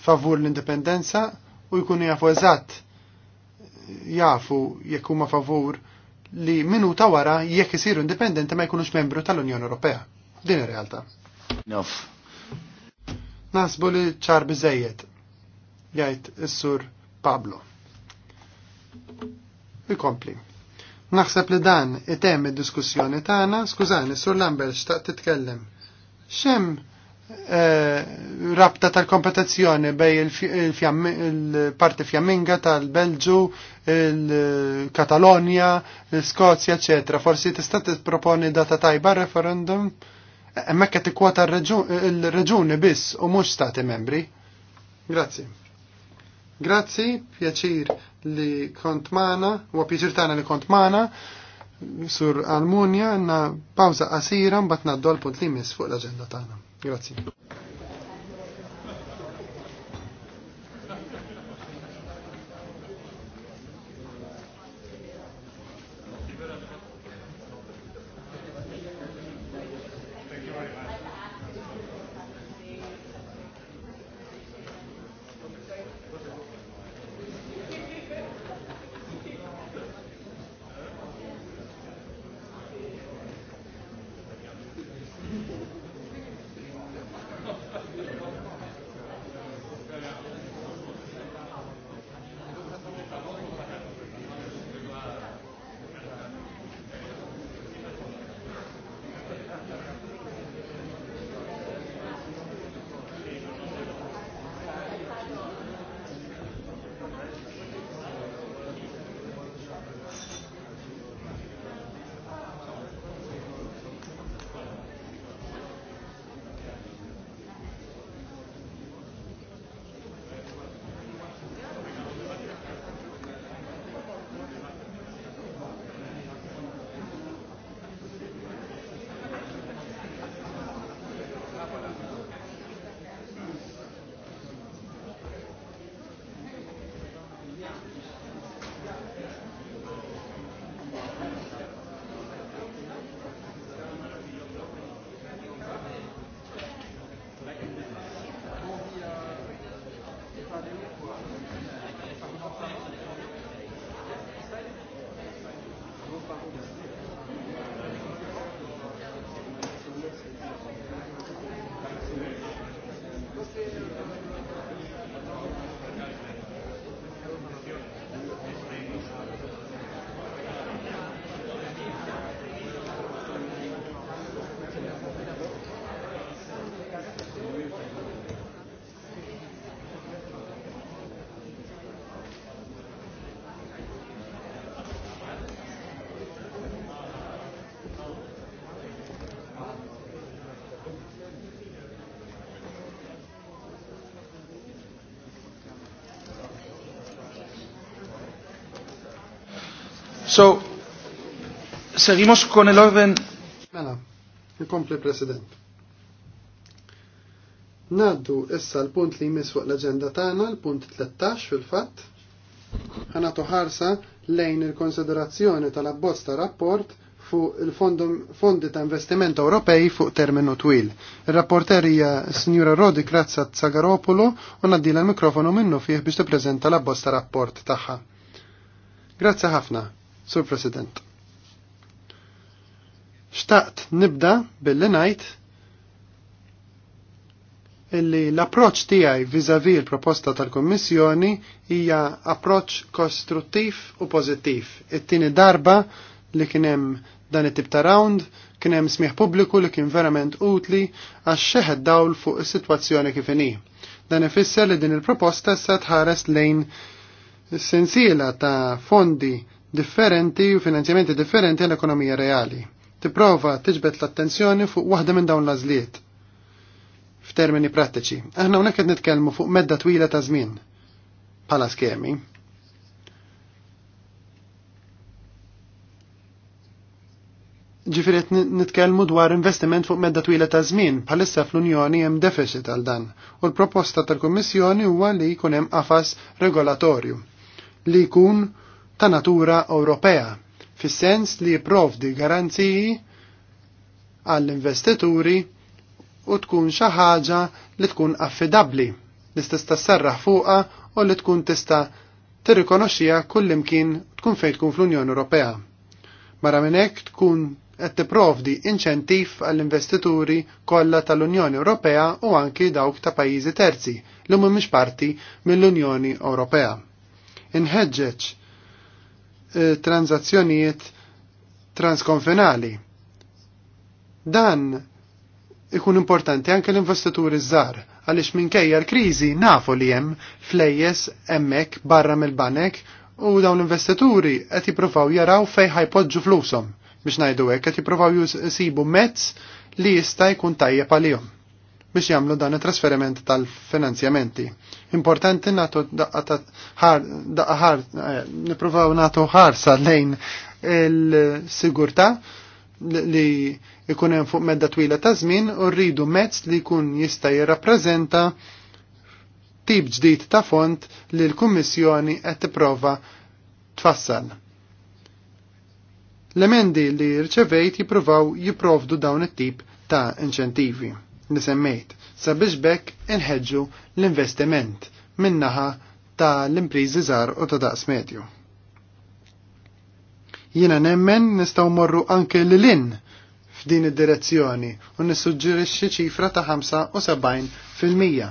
Speaker 3: favur l-indipendenza u jkunu jafu eżatt jafu jekk huma favur li minuta wara jekk isiru indipendenti ma jkunux membru tal-Unjoni Ewropea. Din ir-realtà. Nof. Nasbu li ċar biżejjed jgħid is-sur Pablo. Ikompli. Naħseb li dan itemm id-diskussjoni tagħna, skużani, sur Lambert xtaqt titkellem. X'hemm Eh, rabta tal-kompetizzjoni bej il-parti fjamminga tal-Belġu, il-Katalonja, il eh, skozja ecc. Forsi tista' tipproponi data tajba referendum? Eh, hemmhekk qed ikkwota l-reġuni biss u mhux stati membri. Grazzi. Grazzi, pjaċir li kont mana, u pjaċir tagħna li kont mana, sur Almunja, na pawza qasira mbagħad ngħaddu għall punt li jmiss fuq l-aġenda tagħna. Grazie. So, seguimos con el orden. Mela, nikompli President. Naddu issa l-punt li jmiss fuq l-agenda tagħna, l-punt 13 fil-fatt. Ħanatu ħarsa lejn il-konsiderazzjoni tal-abbozz ta' rapport fuq il-fondi ta' investiment Ewropej fuq terminu twil. Il-rapporterija Signora Rodi Krazza Zagaropolo u naddila l-mikrofonu minnu fih biex tippreżenta l-abbozz ta' rapport tagħha. Grazzi ħafna. Sur President. Xtaqt nibda billi ngħid illi l-approċ tiegħi vis-a-vis l-proposta tal-Kommissjoni hija approċ kostruttiv u pozittiv. It-tieni darba li kien hemm dan it-tip ta' round kien hemm smieħ pubbliku li kien verament utli għax xeħed dawl fuq is-sitwazzjoni kif inhi. Dan ifisser li din il-proposta se tħares lejn sensiela ta' fondi differenti u finanzjamenti differenti għall-ekonomija reali. Tipprova tiġbed l-attenzjoni fuq waħda minn dawn l-għażliet f'termini prattiċi. Aħna hawnhekk qed nitkellmu fuq medda twila ta' żmien bħala skemi. Ġifieri qed nitkellmu dwar investiment fuq medda twila ta' żmien bħalissa fl-Unjoni hemm deficit għal dan u l-proposta tal-Kummissjoni huwa li jkun hemm qafas regolatorju li jkun ta' natura Ewropea, fis-sens li jipprovdi garanziji għall-investituri u tkun xi ħaġa li tkun affidabbli li tista' serraħ fuqha u li tkun tista' tirrikonoxxiha kullimkien tkun fejn tkun fl-Unjoni Ewropea. Mara minn hekk tkun qed tipprovdi inċentiv għall-investituri kollha tal-Unjoni Ewropea u anki dawk ta' pajjiżi terzi li mhumiex parti mill-Unjoni Ewropea. Inħeġġeġ Eh, tranzazzjonijiet transkonfinali. Dan ikun importanti anke l-investituri żgħar għaliex minkejja l-kriżi nafu li hemm flejjes hemmhekk barra mill-banek u dawn l-investituri qed jippruvaw jaraw fejn ħajpoġġu flushom biex ngħidu hekk qed jippruvaw jisibu mezz li jista' jkun tajjeb għalihom biex jagħmlu dan it-trasferiment tal-finanzjamenti. Importanti natu daqqa ħar eh, nippruvaw nagħtu ħarsa lejn il-sigurtà li ikunem hemm fuq medda twila ta' żmien u rridu mezz li jkun jista' jirrappreżenta tip ġdid ta' font li l-Kummissjoni qed tipprova tfassal. L-emendi li rċevejt jippruvaw jipprovdu dawn it-tip ta' inċentivi li semmejt sabiex bekk inħeġġu l-investiment minnaħa ta' l-imprizi żgħar u ta' daqs medju. Jiena nemmen nistgħu morru anke lil in f'din id-direzzjoni u nissuġġerixxi ċifra ta' 75 fil-mija.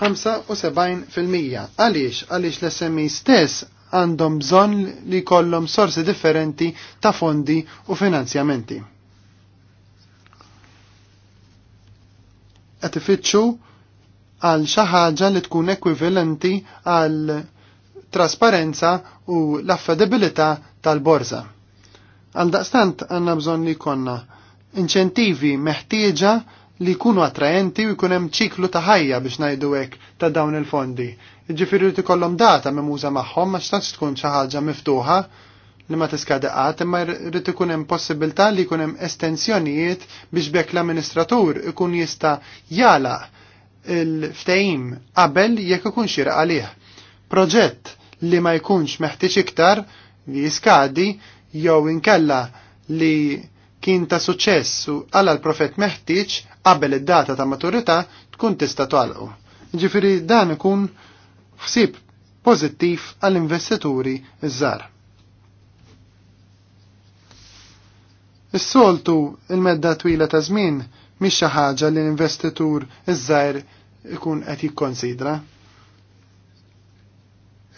Speaker 3: 75% għaliex għaliex l-SMI stess għandhom bżonn li kollhom sorsi differenti ta' fondi u finanzjamenti. Qed ifittxu għal xi ħaġa li tkun ekwivalenti għal trasparenza u l-affedibilità tal-borza. Għal daqstant għandna bżonn li konna inċentivi meħtieġa li jkunu attraenti u jkun hemm ċiklu ta' ħajja biex ngħidu hekk ta' dawn il-fondi. Jiġifieri li tikollhom data memuża magħhom ma x'tax tkun xi ħaġa miftuħa li ma tiskadi qatt imma jrid ikun hemm possibilità li jkun hemm estensjonijiet biex bekk l-amministratur ikun jista' jalaq il-ftehim qabel jekk ikun xira għalih. Proġett li ma jkunx meħtieġ iktar li jiskadi jew inkella li kien ta' suċess għala l-profet meħtieġ qabel id-data ta' maturità tkun tista' twalqu. Ġifieri dan ikun ħsieb pożittiv għall-investituri iż-żar. Is-soltu il-medda twila ta' żmien mhix xi ħaġa li l-investitur iż-żgħir ikun qed jikkonsidra.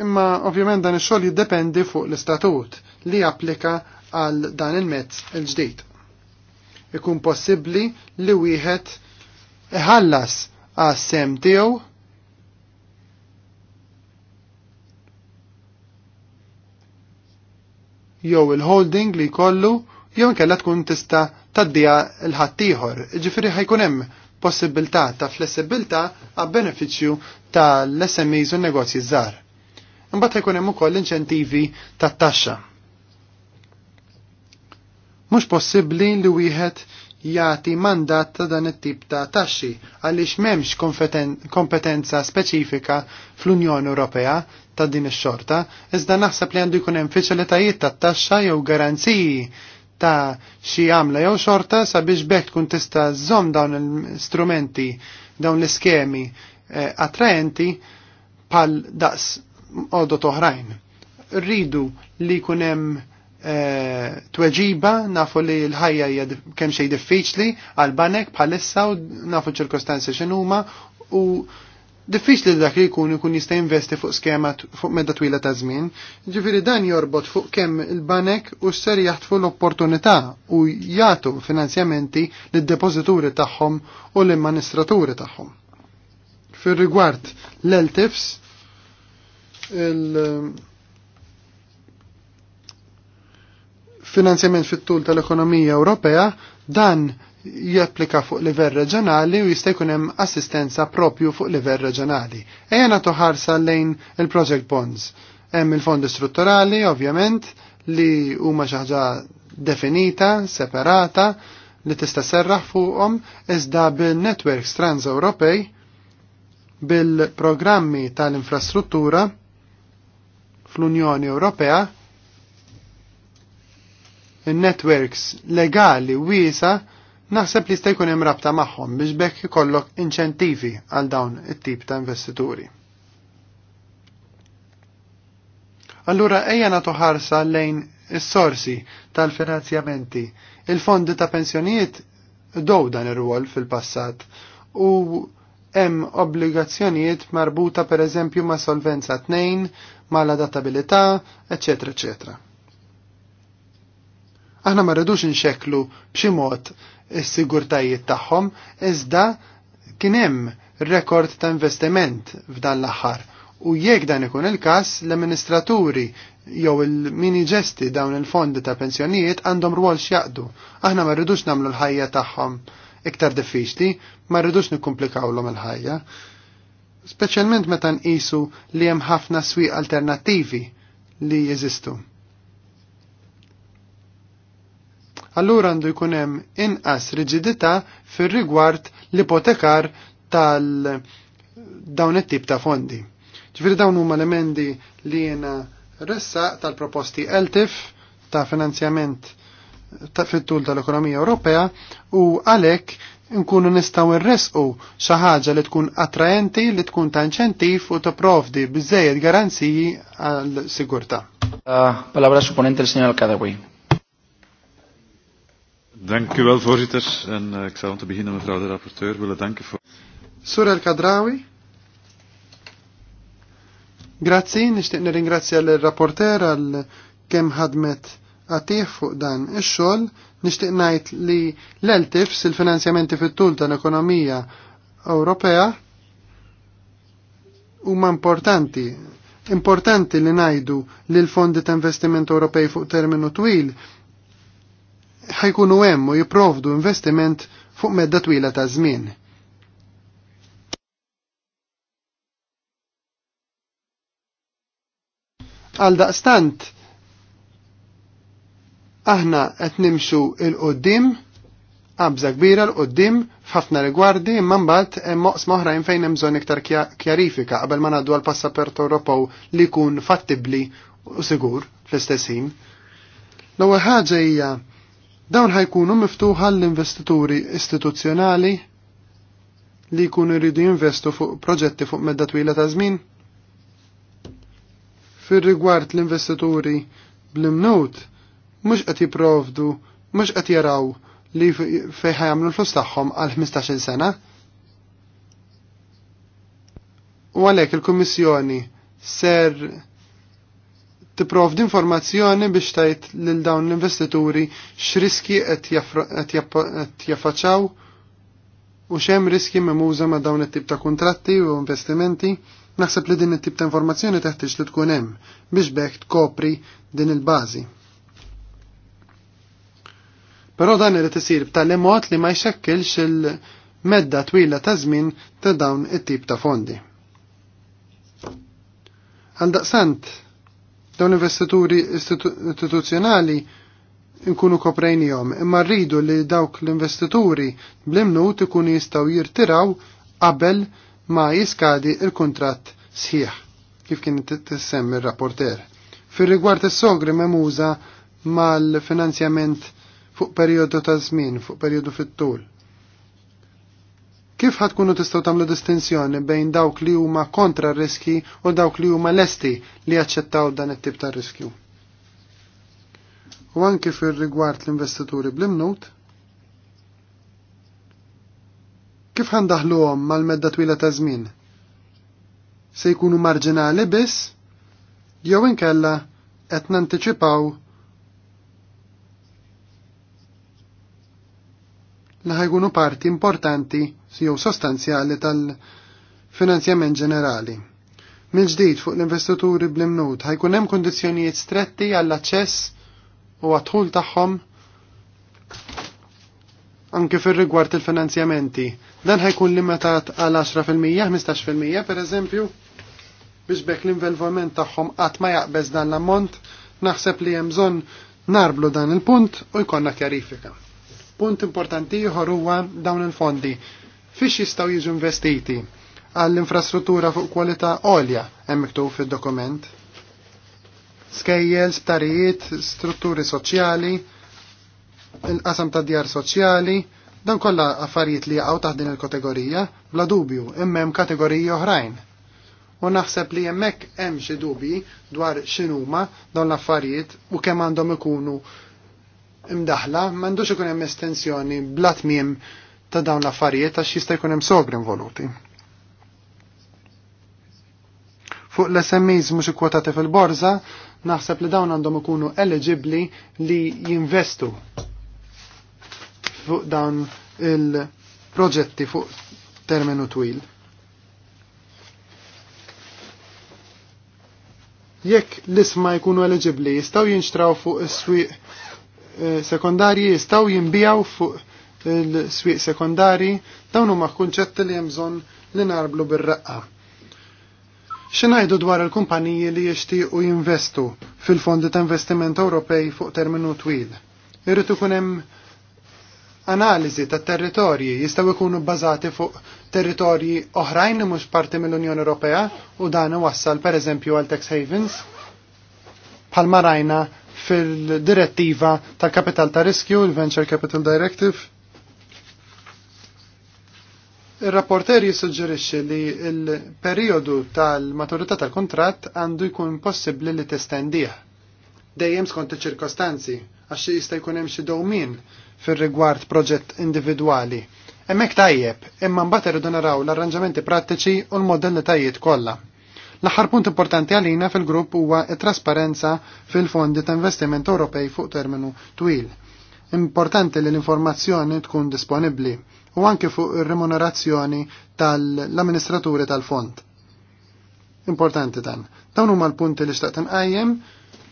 Speaker 3: Imma ovvjament dan ix-xogħol jiddependi fuq l-istatut li applika għal dan il-mezz il-ġdid ikun possibbli li wieħed iħallas għas sem tiegħu jew il-holding li jkollu jew inkella tkun tista' taddija l-ħaddieħor. Ġifieri ħajkun hemm possibilità ta' flessibilità għab beneficju tal-SMEs u negozji żgħar. Imbagħad ħajkun hemm ukoll inċentivi tat-taxxa. Mhux possibbli li wieħed jagħti mandat ta' dan it-tip ta' taxxi għaliex m'hemmx kompetenza speċifika fl-Unjoni Ewropea ta' din ix-xorta, iżda naħseb li għandu jkun hemm faċilitajiet tat-taxxa jew garanziji ta' xi għamla jew xorta sabiex bekk tkun tista' żomm dawn l-istrumenti, dawn l-iskemi eh, attraenti pal daqs għodot oħrajn. Rridu li jkun hemm tweġiba nafu li l-ħajja hija kemm xejn diffiċli għal banek bħalissa u nafu ċirkostanzi x'inhuma u diffiċli dak li jkun ikun jista' investi fuq skema fuq medda twila ta' żmien. Ġifieri dan jorbot fuq kemm il-banek u ser jaħtfu l-opportunità u jagħtu finanzjamenti lid-depożituri tagħhom u l-amministraturi tagħhom. Fir-rigward l-LTIFs il- finanzjament fit-tul tal-ekonomija Ewropea dan japplika fuq livell reġjonali u jista' jkun hemm assistenza propju fuq livell reġjonali. Ejja nagħtu ħarsa lejn il-project bonds. Hemm il-fondi strutturali ovvjament li huma xi ħaġa definita, separata li tista' serraħ fuqhom iżda bil-networks trans-Ewropej bil-programmi tal-infrastruttura fl-Unjoni Ewropea in-networks legali wiesa naħseb li stajkun jkun hemm rabta magħhom biex bekk ikollok inċentivi għal dawn it-tip ta' investituri. Allura ejja nagħtu ħarsa lejn is-sorsi tal-finanzjamenti. Il-fondi ta' pensjonijiet dow dan ir-rwol fil-passat u hemm obbligazzjonijiet marbuta pereżempju ma' solvenza tnejn, ma' la databilità, eċetera, eċetera. Aħna ma rridux nxeklu b'xi mod is-sigurtajiet tagħhom, iżda kien hemm rekord ta' investiment f'dan l-aħħar. U jekk dan ikun il-każ, l-amministraturi jew il-mini ġesti dawn il-fondi ta' pensjonijiet għandhom rwol x'jaqdu. Aħna ma rridux nagħmlu l-ħajja tagħhom iktar diffiċli, ma rridux nikkumplikawlhom il-ħajja. Speċjalment meta nqisu li hemm ħafna swieq alternattivi li jeżistu. allura għandu jkun hemm inqas riġidità fir-rigward l-ipotekar tal dawn it-tip ta' fondi. Ġifieri dawn huma l-emendi li jiena ressaq tal-proposti LTIF ta' finanzjament ta' fit-tul tal-ekonomija Ewropea u għalhekk nkunu nistaw nresqu xi ħaġa li tkun attraenti li tkun ta' inċentiv u provdi bizzejed garanziji għal sigurtà. Uh, palabra suponente il signor Alcadawi.
Speaker 1: Dank u wel, voorzitter. En uh, ik zou om te beginnen mevrouw de rapporteur willen danken voor...
Speaker 3: Sur El Kadrawi. Grazzi, nishtiq nirringrazzja l rapporteur għal kem hadmet għatih fuq dan ix-xogħol, nixtieq ngħid li l-eltifs il-finanzjamenti fit-tul tal-ekonomija Ewropea huma importanti. Importanti li ngħidu li l-fondi ta' investiment Ewropej fuq terminu twil ħajkunu hemm u jipprovdu investiment fuq medda twila ta' żmien. Għal daqstant, aħna qed nimxu il-qoddim qabża kbira l-qoddim f'ħafna rigwardi imma mbagħad hemm moqs oħrajn fejn hemm bżonn iktar kjarifika qabel ma ngħaddu għall passaport Ewropew li jkun fattibbli u sigur fl-istess ħin. L-ewwel ħaġa hija Dawn ħajkunu miftuħa l-investituri istituzzjonali li jkunu jridu jinvestu fuq proġetti fuq medda twila ta' żmien. Fir-rigward l-investituri bl-imnut, mhux qed jipprovdu, mhux qed jaraw li fejn ħajamlu l-flus tagħhom għal 15-il sena. U għalhekk il-Kummissjoni ser tipprovdi informazzjoni biex tajt lil dawn l-investituri x'riski qed jaffaċaw u xem riski memuża ma' dawn it-tip ta' kontratti u investimenti. Naħseb li din it-tip ta' informazzjoni teħtieġ li tkun hemm biex bekk tkopri din il-bażi. Però dan irid isir b'tali mod li ma jxekkilx il-medda twila ta' żmien ta' dawn it-tip ta' fondi. Għaldaqsant, Dawn investituri istituzzjonali nkunu koprejnijom, imma rridu li dawk l-investituri bl-imnut ikunu jistaw jirtiraw qabel ma jiskadi il-kontrat sħiħ, kif kien tissem il-rapporter. Fir rigward is-sogri memuża mal-finanzjament fuq periodu ta' żmien, fuq periodu fit-tul. Kif kunu tistgħu tagħmlu distinzjoni bejn dawk li huma kontra riski u dawk li huma lesti li jaċċettaw dan it-tip ta' riskju? U anki fir-rigward l-investituri bl-imnut, kif ħan daħluhom mal-medda twila ta' żmien? Se jkunu marġinali biss jew inkella qed nantiċipaw? li ħajkunu parti importanti jew sostanzjali tal-finanzjament ġenerali. Mill-ġdid fuq l-investituri bl-imnut ħajkun hemm kondizzjonijiet stretti għall-aċċess u għadħul tagħhom anke fir rigward il-finanzjamenti. Dan ħajkun limitat għal 10%, 15% per eżempju, biex bekk l-involvament tagħhom qatt ma jaqbeż dan l-ammont, naħseb li hemm bżonn narblu dan il-punt u jkollna kjarifika. Punt importanti ieħor huwa dawn il-fondi. Fiex jistgħu jiġu investiti għall-infrastruttura fuq kwalità għolja hemm miktub fid-dokument. Skejjel, tarijiet, strutturi soċjali, il-qasam ta' djar soċjali, dan kollha affarijiet li jaqgħu taħt din il-kategorija, bla dubju, imma hemm kategoriji oħrajn. U naħseb li hemmhekk hemm xi dubji dwar x'inhuma dawn l-affarijiet u kemm għandhom ikunu imdaħla m'għandux ikun hemm estensjoni bla tmiem ta' dawn l-affarijiet għax jista' jkun hemm sogri involuti. Fuq l-SMEs mhux ikkwotati fil-borża, naħseb li dawn għandhom ikunu eligibli li jinvestu fuq dawn il-proġetti fuq terminu twil. Jekk l-isma jkunu eligibli, jistaw jinxtraw fuq is-swieq Eh, sekondarji jistgħu jinbijaw fuq il-swieq sekundarji dawn huma kunċetti li hemm bżonn li narblu bil raqqa Xinajdu dwar il-kumpaniji li jixtiequ jinvestu fil-fondi ta' investiment Ewropej fuq terminu twil. Irrid ikun hemm analiżi ta' territorji jistgħu jkunu bbażati fuq territorji oħrajn li mhux parti mill-Unjoni Ewropea u dan per pereżempju għal tax havens bħal marajna fil-direttiva tal-kapital ta' riskju, il-Venture Capital Directive. Il-rapporter jissuġġerixxi li il-periodu tal-maturità tal kontrat għandu jkun possibli li testendih dejjem skont il ċirkostanzi għax jista' jkun hemm xi dowmin fir-rigward proġett individwali. Hemmhekk tajjeb, imma mbagħad irridu naraw l-arranġamenti prattiċi u l-modelli tajjeb kollha. L-aħħar punt importanti għalina fil-grupp huwa trasparenza fil-fondi ta' investiment Ewropej fuq terminu twil. Importanti li l-informazzjoni tkun disponibbli u anke fuq ir-remunerazzjoni tal-amministraturi tal-fond. Importanti dan. Dawn huma l-punti li xtaqt nqajjem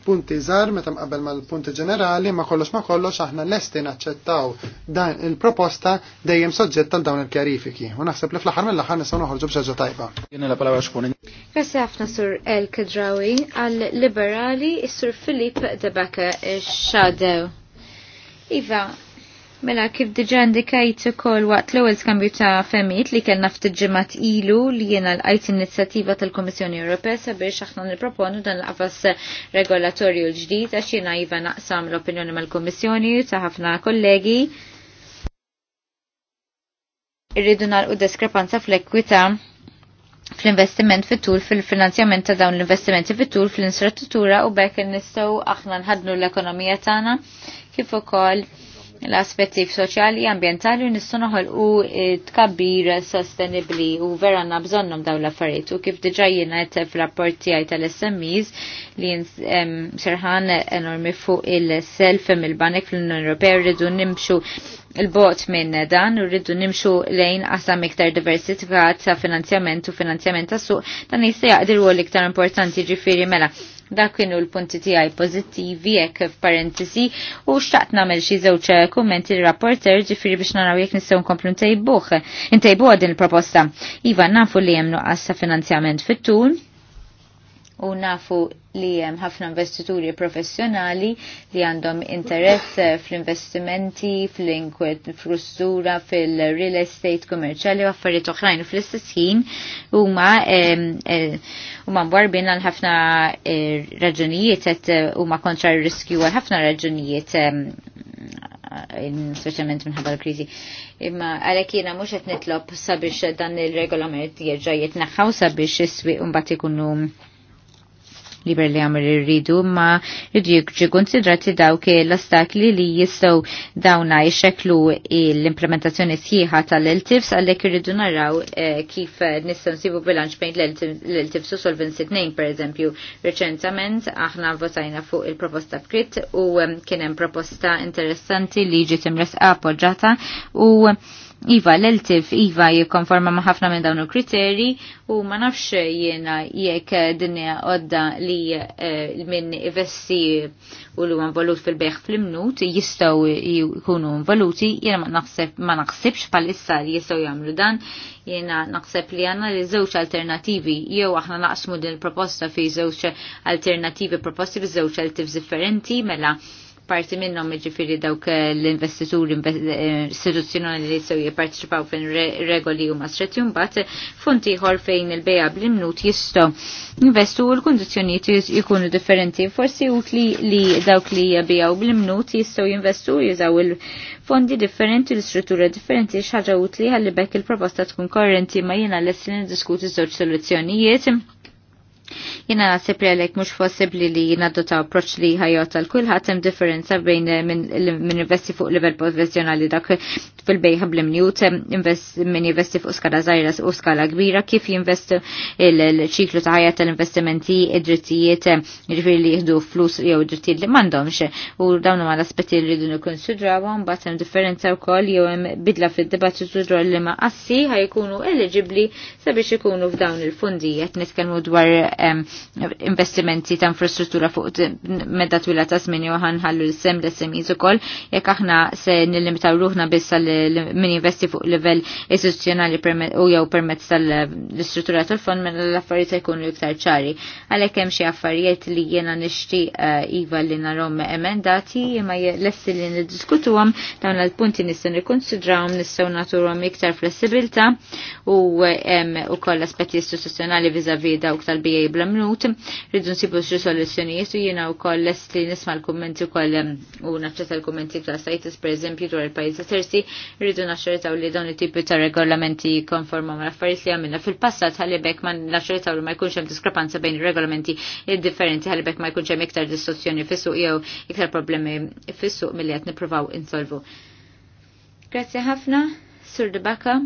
Speaker 3: punti żgħar meta mqabel mal-punti ġenerali ma kollox ma kollox aħna lesti naċċettaw dan il-proposta dejjem soġġett tal dawn il-kjarifiki u naħseb li fl-aħħar mill-aħħar nistgħu noħorġu b'xaġa tajba.
Speaker 4: Grazie ħafna sur El Kedrawi għal-Liberali is-Sur Filip Debaka Shadow. Iva, Mela kif diġa indikajt ukoll waqt l-ewwel skambju ta' femijiet li kellna ftit ġimgħat ilu li jena l għajt inizjattiva tal-Kummissjoni Ewropea sabiex aħna nipproponu dan l-qafas regolatorju l-ġdid għax jena iva naqsam l-opinjoni mal-Kummissjoni ta' ħafna kollegi. Irridu nagħlqu diskrepanza fl-ekwità fl-investiment fit-tul fil-finanzjament ta' dawn l-investimenti fit-tul fl-infrastruttura u bekk nistgħu aħna nħadnu l-ekonomija tagħna kif ukoll l-aspetti soċjali, ambientali u nistgħu noħolqu tkabbir sostenibbli u vera għandna bżonnhom dawn l-affarijiet u kif diġà jiena qed fl-rapport tiegħi tal-SMEs li serħan enormi fuq il-self mil banek fl-Unjoni Ewropea rridu nimxu il-bot minn dan u rridu nimxu lejn qasam iktar diversifikat ta' finanzjament u finanzjament ta' suq dan jista' jaqdir u l-iktar importanti ġifiri mela Dak kienu l-punti tiegħi pożittivi hekk f'parentesi u xtaqt nagħmel xi żewġ eh, kummenti l-rapporter ġifieri biex naraw jekk nistgħu nkomplu ntejbuh. Intejbuha din il-proposta. Iva nafu li hemm nuqqas ta' finanzjament fit-tul u nafu li hemm ħafna investituri professjonali li għandhom interess eh, fl-investimenti, fl-infrastruttura, fil-real estate kummerċjali u affarijiet oħrajn fl-istess ħin huma huma mbarbin għal ħafna eh, raġunijiet qed eh, huma kontra r-riskju għal ħafna raġunijiet specialment minħabba l-kriżi. Imma għalhekk jiena mhux qed nitlob sabiex dan il-regolament jerġa' jitnaħħaw sabiex is un-bati ikunu liber li għamr irridu ma jidġi konsidrati dawk l-ostakli li jistaw dawna jxeklu l-implementazzjoni sħiħa tal-LTIFs għallek irridu naraw eh, kif nistaw nsibu bilanċ bejn l-LTIFs u Solvency 2 per eżempju. Reċentament aħna votajna fuq il-proposta b'krit u kienem proposta interessanti li ġiet imresqa appoġġata u Iva, l-eltif, Iva jikonforma ma ħafna minn dawn il-kriteri u ma nafx jena jek dinja għodda li eh, minn ivessi u li involut fil-beħ fl-imnut jistaw jkunu involuti jena ma naħsebx pal-issa li jistaw jamlu dan jena naħseb li għanna li zewċ alternativi jew aħna naqsmu din il proposta fi zewċ alternativi proposti fi zewċ differenti mela parti minnom ġifiri dawk eh, l-investituri eh, istituzzjonali li sew jipparteċipaw fin regoli u masretjum mbagħad, eh, fond ħor fejn il-beja bl-imnut jisto investu u l-kondizjoniet jikunu differenti forsi u li dawk li jabijaw bl-imnut jistgħu jinvestu jużaw il-fondi differenti l-struttura differenti xaġa u li għallibek il-proposta tkun korrenti ma jena l-essin diskuti zoċ soluzzjonijiet Jina nasib għalek mux possibli li jina dota approċ li ħajot għal kullħat hemm differenza bejn eh, minn investi fuq level professjonali dak fil-bejħa bl-imnjut minn investi fuq skala zaħira u skala kbira kif jinvestu il-ċiklu ta' ħajja tal-investimenti id-drittijiet eh, ġifiri li jihdu flus jew drittijiet li mandomx u dawn huma l-aspetti li rridu nikkonsidrawhom mbagħad hemm differenza wkoll jew hemm bidla fid-dibattitu dwar li ma' assi ħajkunu eligibbli sabiex ikunu f'dawn il-fundi nitkellmu dwar investimenti ta' infrastruttura fuq medda twila ta' żmien jew ħanħallu l-sem l-SMEs ukoll jekk aħna se nil-limitaw ruħna biss min investi fuq livell istituzzjonali u jew permezz tal-istruttura tal-fond minn mela l-affarijiet jkunu iktar ċari. Għalhekk hemm xi affarijiet li jiena nixtieq eh, iva li narhom emendati imma lessi li niddiskutuhom dawn l-punti nistgħu nikkonsidrawhom nistgħu naturhom iktar flessibilta u eh, hemm ukoll aspetti istituzzjonali viżavi dawk tal bija jiblamlu kontenut, rridu nsibu xi soluzzjonijiet u jiena wkoll lest li nisma' l-kummenti wkoll u naċċetta l kommenti ta' sajtis pereżempju dwar il ta' Tersi, rridu u li dawn it-tipi ta' regolamenti konforma ma' affarijiet li għamilna fil-passat bekk ma naxxertaw li ma jkunx hemm diskrepanza bejn regolamenti differenti bekk ma jkunx hemm iktar distruzzjoni fissu jew iktar problemi fissu suq milli qed nippruvaw insolvu. Grazzi ħafna, Sur Baka,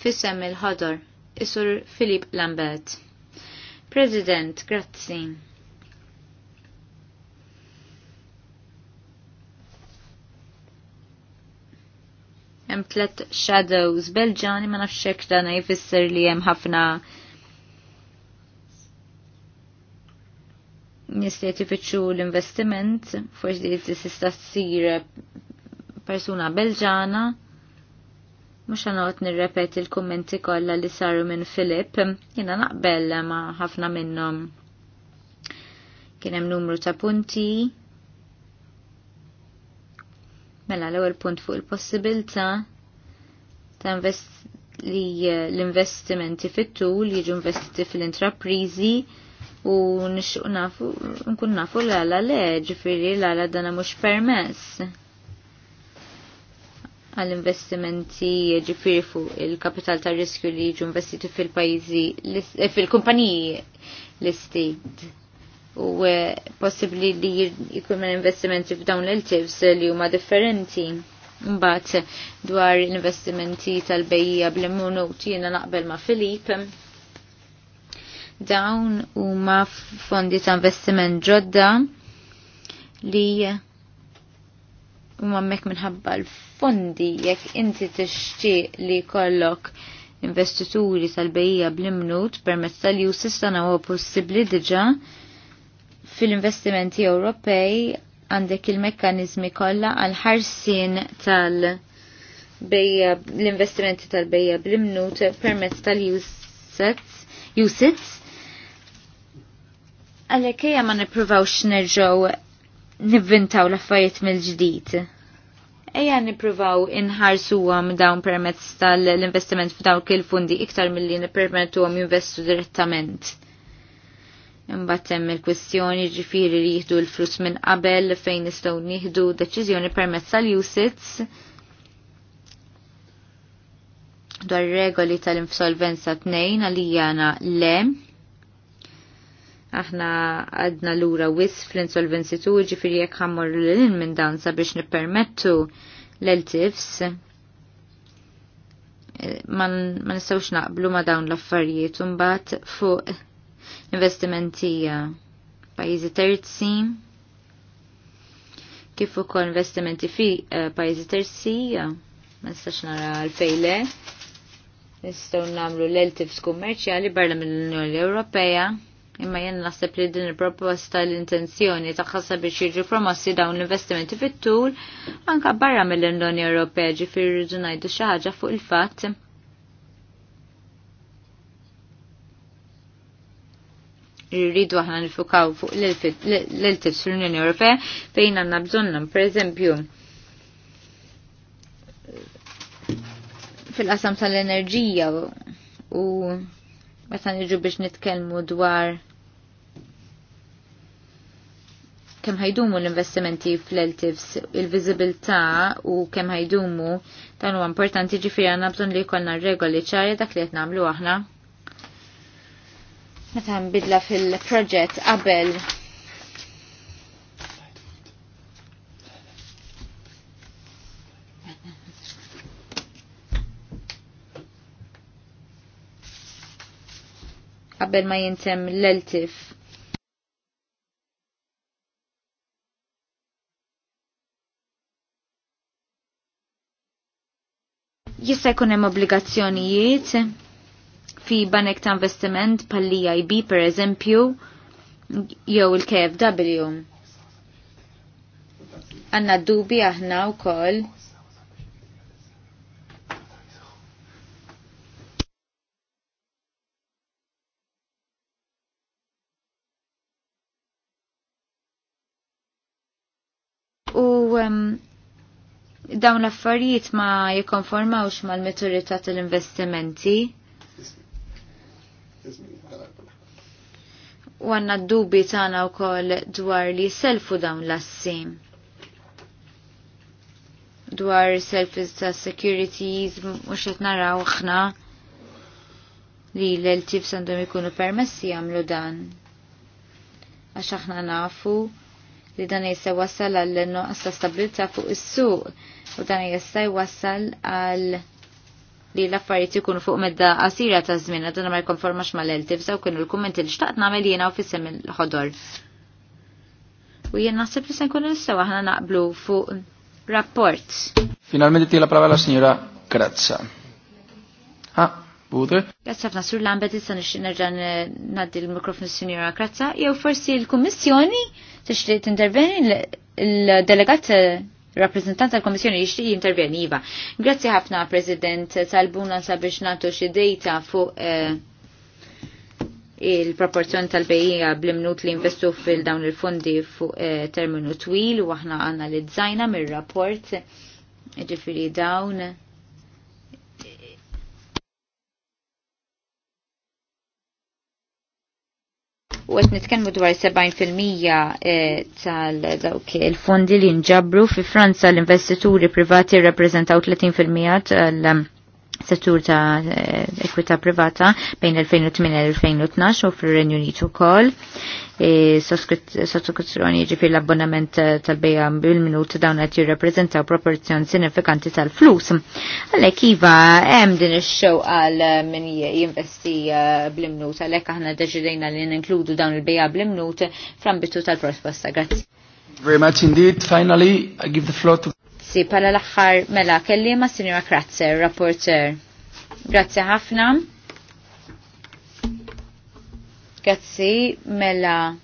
Speaker 4: fissem il-ħodor, Isur Filip Lambert. President, grazzi. Hemm tlet shadows Belġani ma nafx hekk dan jfisser li hemm ħafna nistiet tifittxu l-investiment, forsi tista' ssir persuna Belġana Mux għanot nirrepet il-kommenti kolla li saru minn Filip, jina naqbel ma ħafna minnom. Kienem numru ta' punti. Mela l-ewel punt fuq il-possibilta ta' li eh, l-investimenti fit-tul jiġu investiti fil-intraprizi u nixuq nafu, nkun nafu l-għala leġ, firri l-għala dana mux permess għall-investimenti ġifiri fu il-kapital ta' riskju li ġu investiti fil pajzi eh, fil-kumpaniji l-istit. U eh, possibli li jikun investimenti f'dawn l tibs li huma differenti. Mbagħad dwar investimenti tal-bejja bl-immunuti jiena naqbel ma' Filip. Dawn huma fondi ta' investiment ġodda li u um, mammek minħabba l-fondi jekk inti tixtieq li kollok investituri tal-bejja bl-imnut permezz tal-jusis tana huwa possibbli diġà fil-investimenti Ewropej għandek il-mekkanizmi kollha għal ħarsien tal- bejja l-investimenti tal-bejja bl-imnut permezz tal-usits usits għalek ma nipprovawx nerġgħu nivvintaw l-affarijiet mill-ġdid. Ejja nipruvaw inħarsu għam dawn permezz tal-investiment f'dawk il-fundi iktar mill-li nipermettu għam jinvestu direttament. Imbattem il kwistjoni ġifiri li jihdu l-flus minn qabel fejn nistaw nieħdu deċiżjoni permezz tal-usits dwar regoli tal-insolvenza 2 għalijana le aħna għadna l-ura wis fl-insolvenzi tu ġifiri jek ħammur l-lin minn dawn sabiex nipermettu l-eltifs eh, ma nistawx naqblu ma dawn l-affarijiet unbat fuq investimenti eh, pajizi terzi kif ukoll investimenti fi eh, pajizi terzi ma nistax nara l-fejle nistgħu nagħmlu l-eltifs kummerċjali barra mill-Unjoni Ewropea Imma jenna naħseb li din il-proposta l-intenzjoni ta' xassa biex jiġu promossi dawn l-investimenti fit-tul anka barra mill-Unjoni Ewropea ġifir rridu ngħidu xi ħaġa fuq il-fatt irridu aħna nifukaw fuq l iltif sull unjoni Ewropea fejn għandna bżonnhom pereżempju fil-qasam tal-enerġija u meta niġu biex nitkellmu dwar kemm ħajdumu l-investimenti fl-LTIFs, il-viżibilità u kemm ħajdumu dan huwa importanti ġifiri għanna bżon li jkollna regoli ċari dak li qed nagħmlu aħna. Meta nbidla fil-proġett qabel qabel ma jintem l-eltif Jista' jkun hemm obbligazzjonijiet fi banek ta' investiment pal-EIB per eżempju jew il-KFW. Għanna dubi aħna u koll dawn l-affarijiet ma jikonformawx mal-maturità tal-investimenti. U għanna d-dubi tana u koll dwar li selfu dawn l-assi. Dwar selfies ta' securities, mux qed naraw xna li l-tifs għandhom ikunu permessi għamlu dan. Għax aħna nafu li dan jista' jwassal għal nuqqas ta' stabilità fuq is-suq u dan jista' jwassal għal li l-affarijiet ikunu fuq medda qasira ta' żmien għadna ma jkonformax mal-eltifs sew kienu l-kummenti li xtaqt nagħmel jiena u fissem il-ħodor. U jien naħseb li se nkunu nistgħu aħna naqblu fuq rapport.
Speaker 1: Finalment tila
Speaker 2: prava la signora Grazza. Bude.
Speaker 4: Grazie ħafna sur Lambert issa nixtieq nerġa' ngħaddi l-mikrofon s sinjora Krazza. Jew forsi l-Kummissjoni tixtieq interveni, l-delegat eh, rappresentant tal-Komissjoni jixtieq jinterveni jiva. Grazzi ħafna President talbuna sabiex nagħtu xi dejta fuq eh, il-proporzjon tal-bejja bl-imnut li investu fil-dawn il-fondi fuq eh, terminu twil u aħna analizzajna mir-rapport ġifiri dawn u għet nitkenmu dwar 70% eh, tal-dawk il-fondi li nġabru fi Franza l-investituri privati rappresentaw 30% tal- settur ta' eh, ekwita privata bejn 2008-2012 u fil-Renju Unitu kol. E, Soskrizzjoni ġifi l-abbonament tal-bejja bil-minut dawn qed jirrappreżentaw proporzjon sinifikanti tal-flus. Għalhekk iva hemm din ix-xew għal min jinvesti eh, bl minut għalhekk aħna deċidejna li ninkludu dawn il-bejja bl minut fl-ambitu tal-prosposta. Grazzi.
Speaker 3: Very much indeed. Finally, I give the floor to
Speaker 4: Grazzi, pala l-axħar mela ma Sinjora Kratzer, rapporter. Grazzi ħafna. Grazzi, mela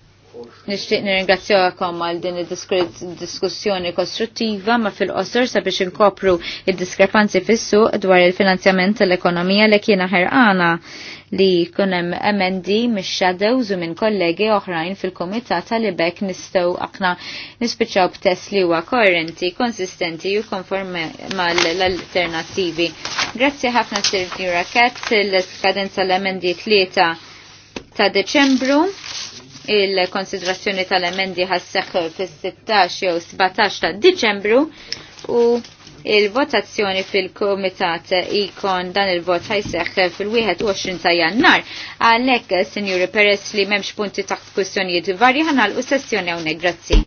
Speaker 4: nishtiq nirringrazzjawkom għal din id-diskussjoni kostruttiva ma fil-qosor sabiex inkopru id-diskrepanzi fis-suq dwar il-finanzjament tal-ekonomija li kiena ħerqana li kunem emendi mis shadows u minn kollegi oħrajn fil-komitat li bekk nistaw aqna nispiċaw b'test li huwa koerenti, konsistenti u konformi mal-alternativi. Grazzi ħafna Sirvi Raket, l-skadenza l-emendi tlieta ta' Deċembru il-konsidrazzjoni tal-emendi ħassak fis-16 jew 17 ta' Diċembru u il-votazzjoni fil-komitat ikon dan il-vot ħajseħ fil-21 ta' jannar. Għalek, Sinjuri, peress li memx punti taħt kwistjonijiet varri ħanal u sessjoni għawne, grazzi.